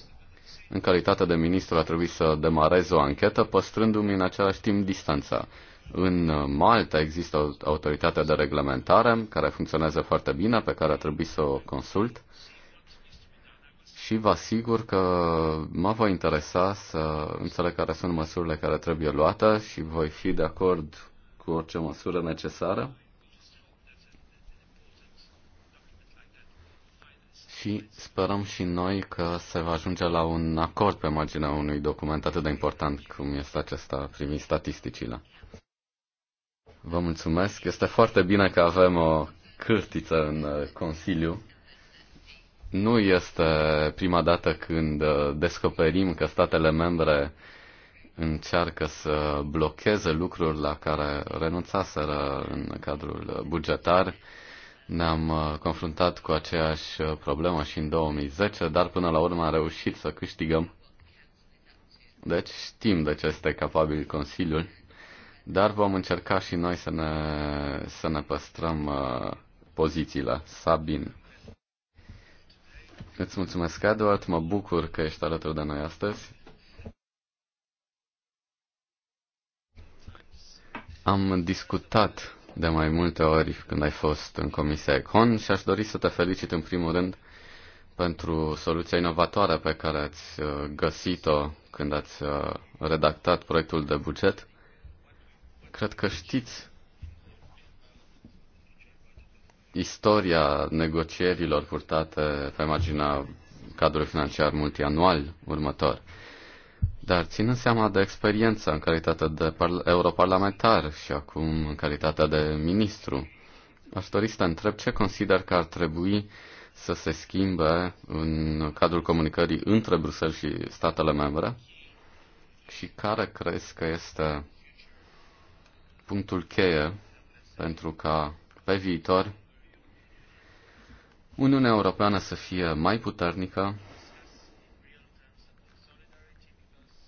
în calitate de ministru, a trebuit să demarez o anchetă, păstrându-mi în același timp distanța în uh, Malta există o autoritate de reglementare care funcționează foarte bine, pe care a trebuit să o consult și vă asigur că mă voi interesa să înțeleg care sunt măsurile care trebuie luate și voi fi de acord cu orice măsură necesară. Și sperăm și noi că se va ajunge la un acord pe marginea unui document atât de important cum este acesta privind statisticile. Vă mulțumesc. Este foarte bine că avem o cârtiță în uh, Consiliu. Nu este prima dată când uh, descoperim că statele membre încearcă să blocheze lucruri la care renunțaseră în cadrul bugetar. Ne-am uh, confruntat cu aceeași problemă și în 2010, dar până la urmă am reușit să câștigăm. Deci știm de ce este capabil Consiliul dar vom încerca și noi să ne, să ne păstrăm uh, pozițiile. Sabin. Îți mulțumesc, Eduard, mă bucur că ești alături de noi astăzi. Am discutat de mai multe ori când ai fost în Comisia Econ și aș dori să te felicit în primul rând pentru soluția inovatoare pe care ați uh, găsit-o când ați uh, redactat proiectul de buget cred că știți istoria negocierilor purtate pe imaginea cadrului financiar multianual următor. Dar ținând seama de experiența în calitate de europarlamentar și acum în calitate de ministru, aș dori să întreb ce consider că ar trebui să se schimbe în cadrul comunicării între Bruxelles și statele membre și care crezi că este punctul cheie pentru ca pe viitor Uniunea Europeană să fie mai puternică,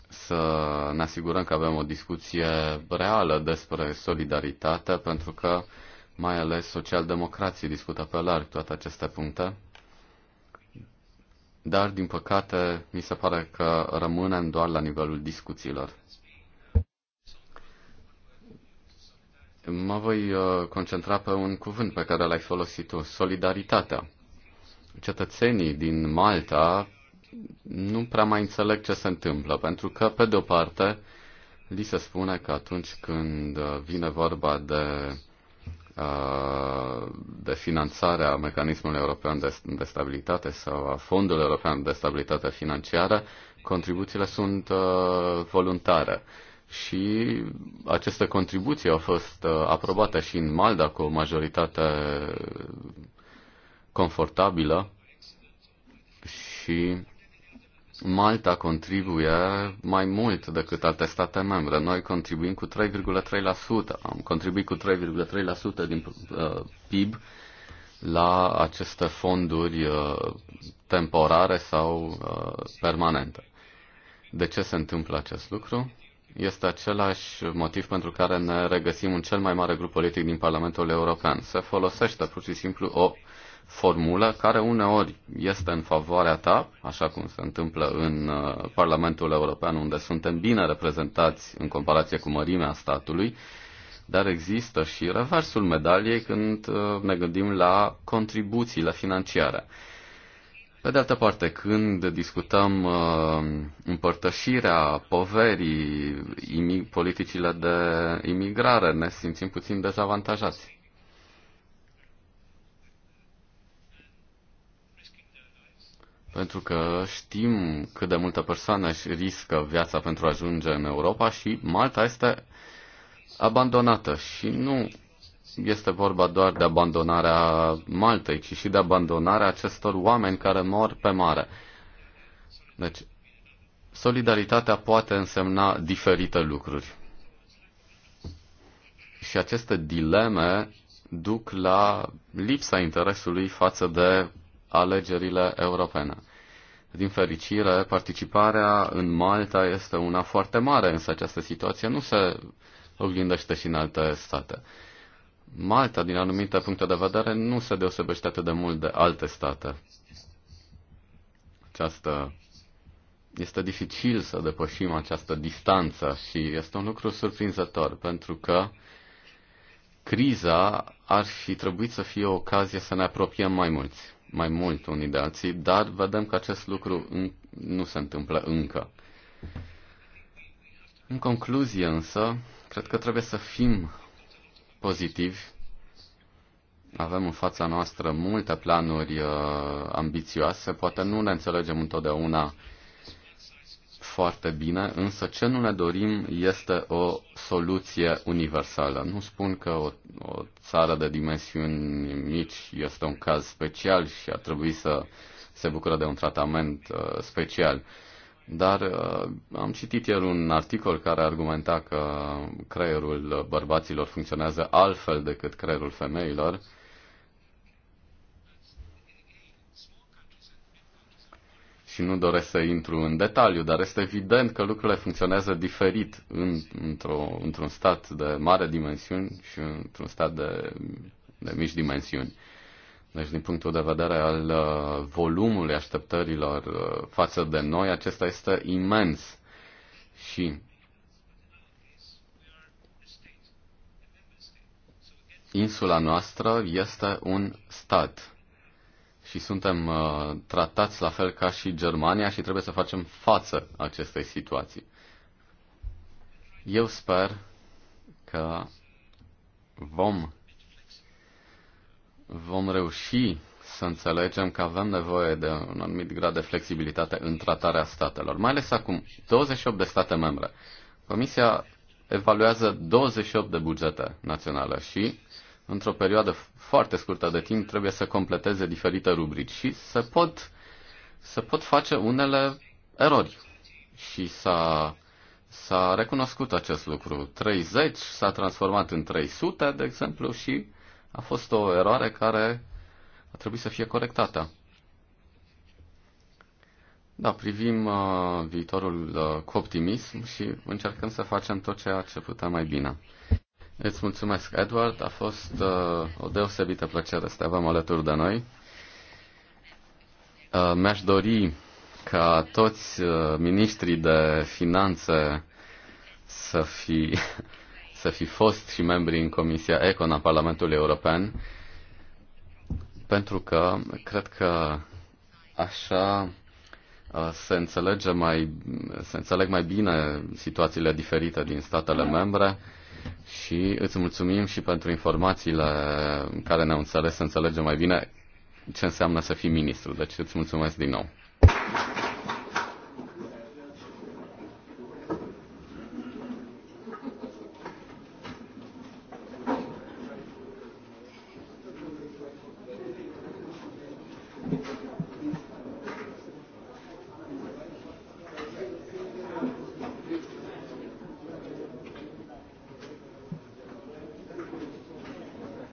să ne asigurăm că avem o discuție reală despre solidaritate, pentru că mai ales socialdemocrații discută pe larg toate aceste puncte. Dar, din păcate, mi se pare că rămânem doar la nivelul discuțiilor. Mă voi uh, concentra pe un cuvânt pe care l-ai folosit tu, solidaritatea. Cetățenii din Malta nu prea mai înțeleg ce se întâmplă, pentru că, pe de o parte, li se spune că atunci când uh, vine vorba de, uh, de finanțarea mecanismului european de stabilitate sau a fondului european de stabilitate financiară, contribuțiile sunt voluntare și această contribuție a fost uh, aprobată și în Malda cu o majoritate confortabilă și Malta contribuie mai mult decât alte state membre. Noi contribuim cu 3,3%. Am contribuit cu 3,3% din uh, PIB la aceste fonduri uh, temporare sau permanente. De ce se întâmplă acest lucru? este același motiv pentru care ne regăsim în cel mai mare grup politic din Parlamentul European. Se folosește pur și simplu o formulă care uneori este în favoarea ta, așa cum se întâmplă în uh, Parlamentul European, unde suntem bine reprezentați în comparație cu mărimea statului, dar există și reversul medaliei când uh, ne gândim la contribuțiile financiare. Pe de altă parte, când discutăm uh, împărtășirea poverii, imi- politicile de imigrare, ne simțim puțin dezavantajați. Pentru că știm cât de multă persoană își riscă viața pentru a ajunge în Europa și Malta este abandonată și nu este vorba doar de abandonarea Maltei, ci și de abandonarea acestor oameni care mor pe mare. Deci, solidaritatea poate însemna diferite lucruri. Și aceste dileme duc la lipsa interesului față de alegerile europene. Din fericire, participarea în Malta este una foarte mare, însă această situație nu se oglindește și în alte state. Malta, din anumite puncte de vedere, nu se deosebește atât de mult de alte state. Această... Este dificil să depășim această distanță și este un lucru surprinzător, pentru că criza ar fi trebuit să fie o ocazie să ne apropiem mai mulți, mai mult unii de alții, dar vedem că acest lucru nu se întâmplă încă. În concluzie însă, cred că trebuie să fim pozitivi. Avem în fața noastră multe planuri uh, ambițioase, poate nu le înțelegem întotdeauna foarte bine, însă ce nu ne dorim este o soluție universală. Nu spun că o, o țară de dimensiuni mici este un caz special și ar trebui să se bucură de un tratament uh, special. Uh, dar uh, am citit ieri un articol care argumenta că creierul bărbaților funcționează altfel decât creierul femeilor. și nu doresc să intru în detaliu, dar este evident că lucrurile funcționează diferit în, într-o, într-un stat de mare dimensiuni și într-un stat de, de mici dimensiuni. Deci, din punctul de vedere al uh, volumului așteptărilor uh, față de noi, acesta este imens. Și insula noastră este un stat și suntem uh, tratați la fel ca și Germania și trebuie să facem față acestei situații. Eu sper că vom vom reuși să înțelegem că avem nevoie de un anumit grad de flexibilitate în tratarea statelor, mai ales acum 28 de state membre. Comisia evaluează 28 de bugete naționale și într-o perioadă foarte scurtă de timp trebuie să completeze diferite rubrici și se pot, se pot face unele erori. Și s-a, s-a recunoscut acest lucru. 30 s-a transformat în 300, de exemplu, și a fost o eroare care a trebuit să fie corectată. Da, privim uh, viitorul uh, cu optimism și încercăm să facem tot ceea ce putem mai bine. Îți mulțumesc, Edward. A fost uh, o deosebită plăcere să te avem alături de noi. Uh, mi-aș dori ca toți uh, ministrii de finanțe să fie să fi fost și membri în Comisia ECON a Parlamentului European, pentru că cred că așa uh, se înțelege mai, se înțeleg mai bine situațiile diferite din statele membre și îți mulțumim și pentru informațiile care ne-au înțeles să înțelegem mai bine ce înseamnă să fii ministru. Deci îți mulțumesc din nou.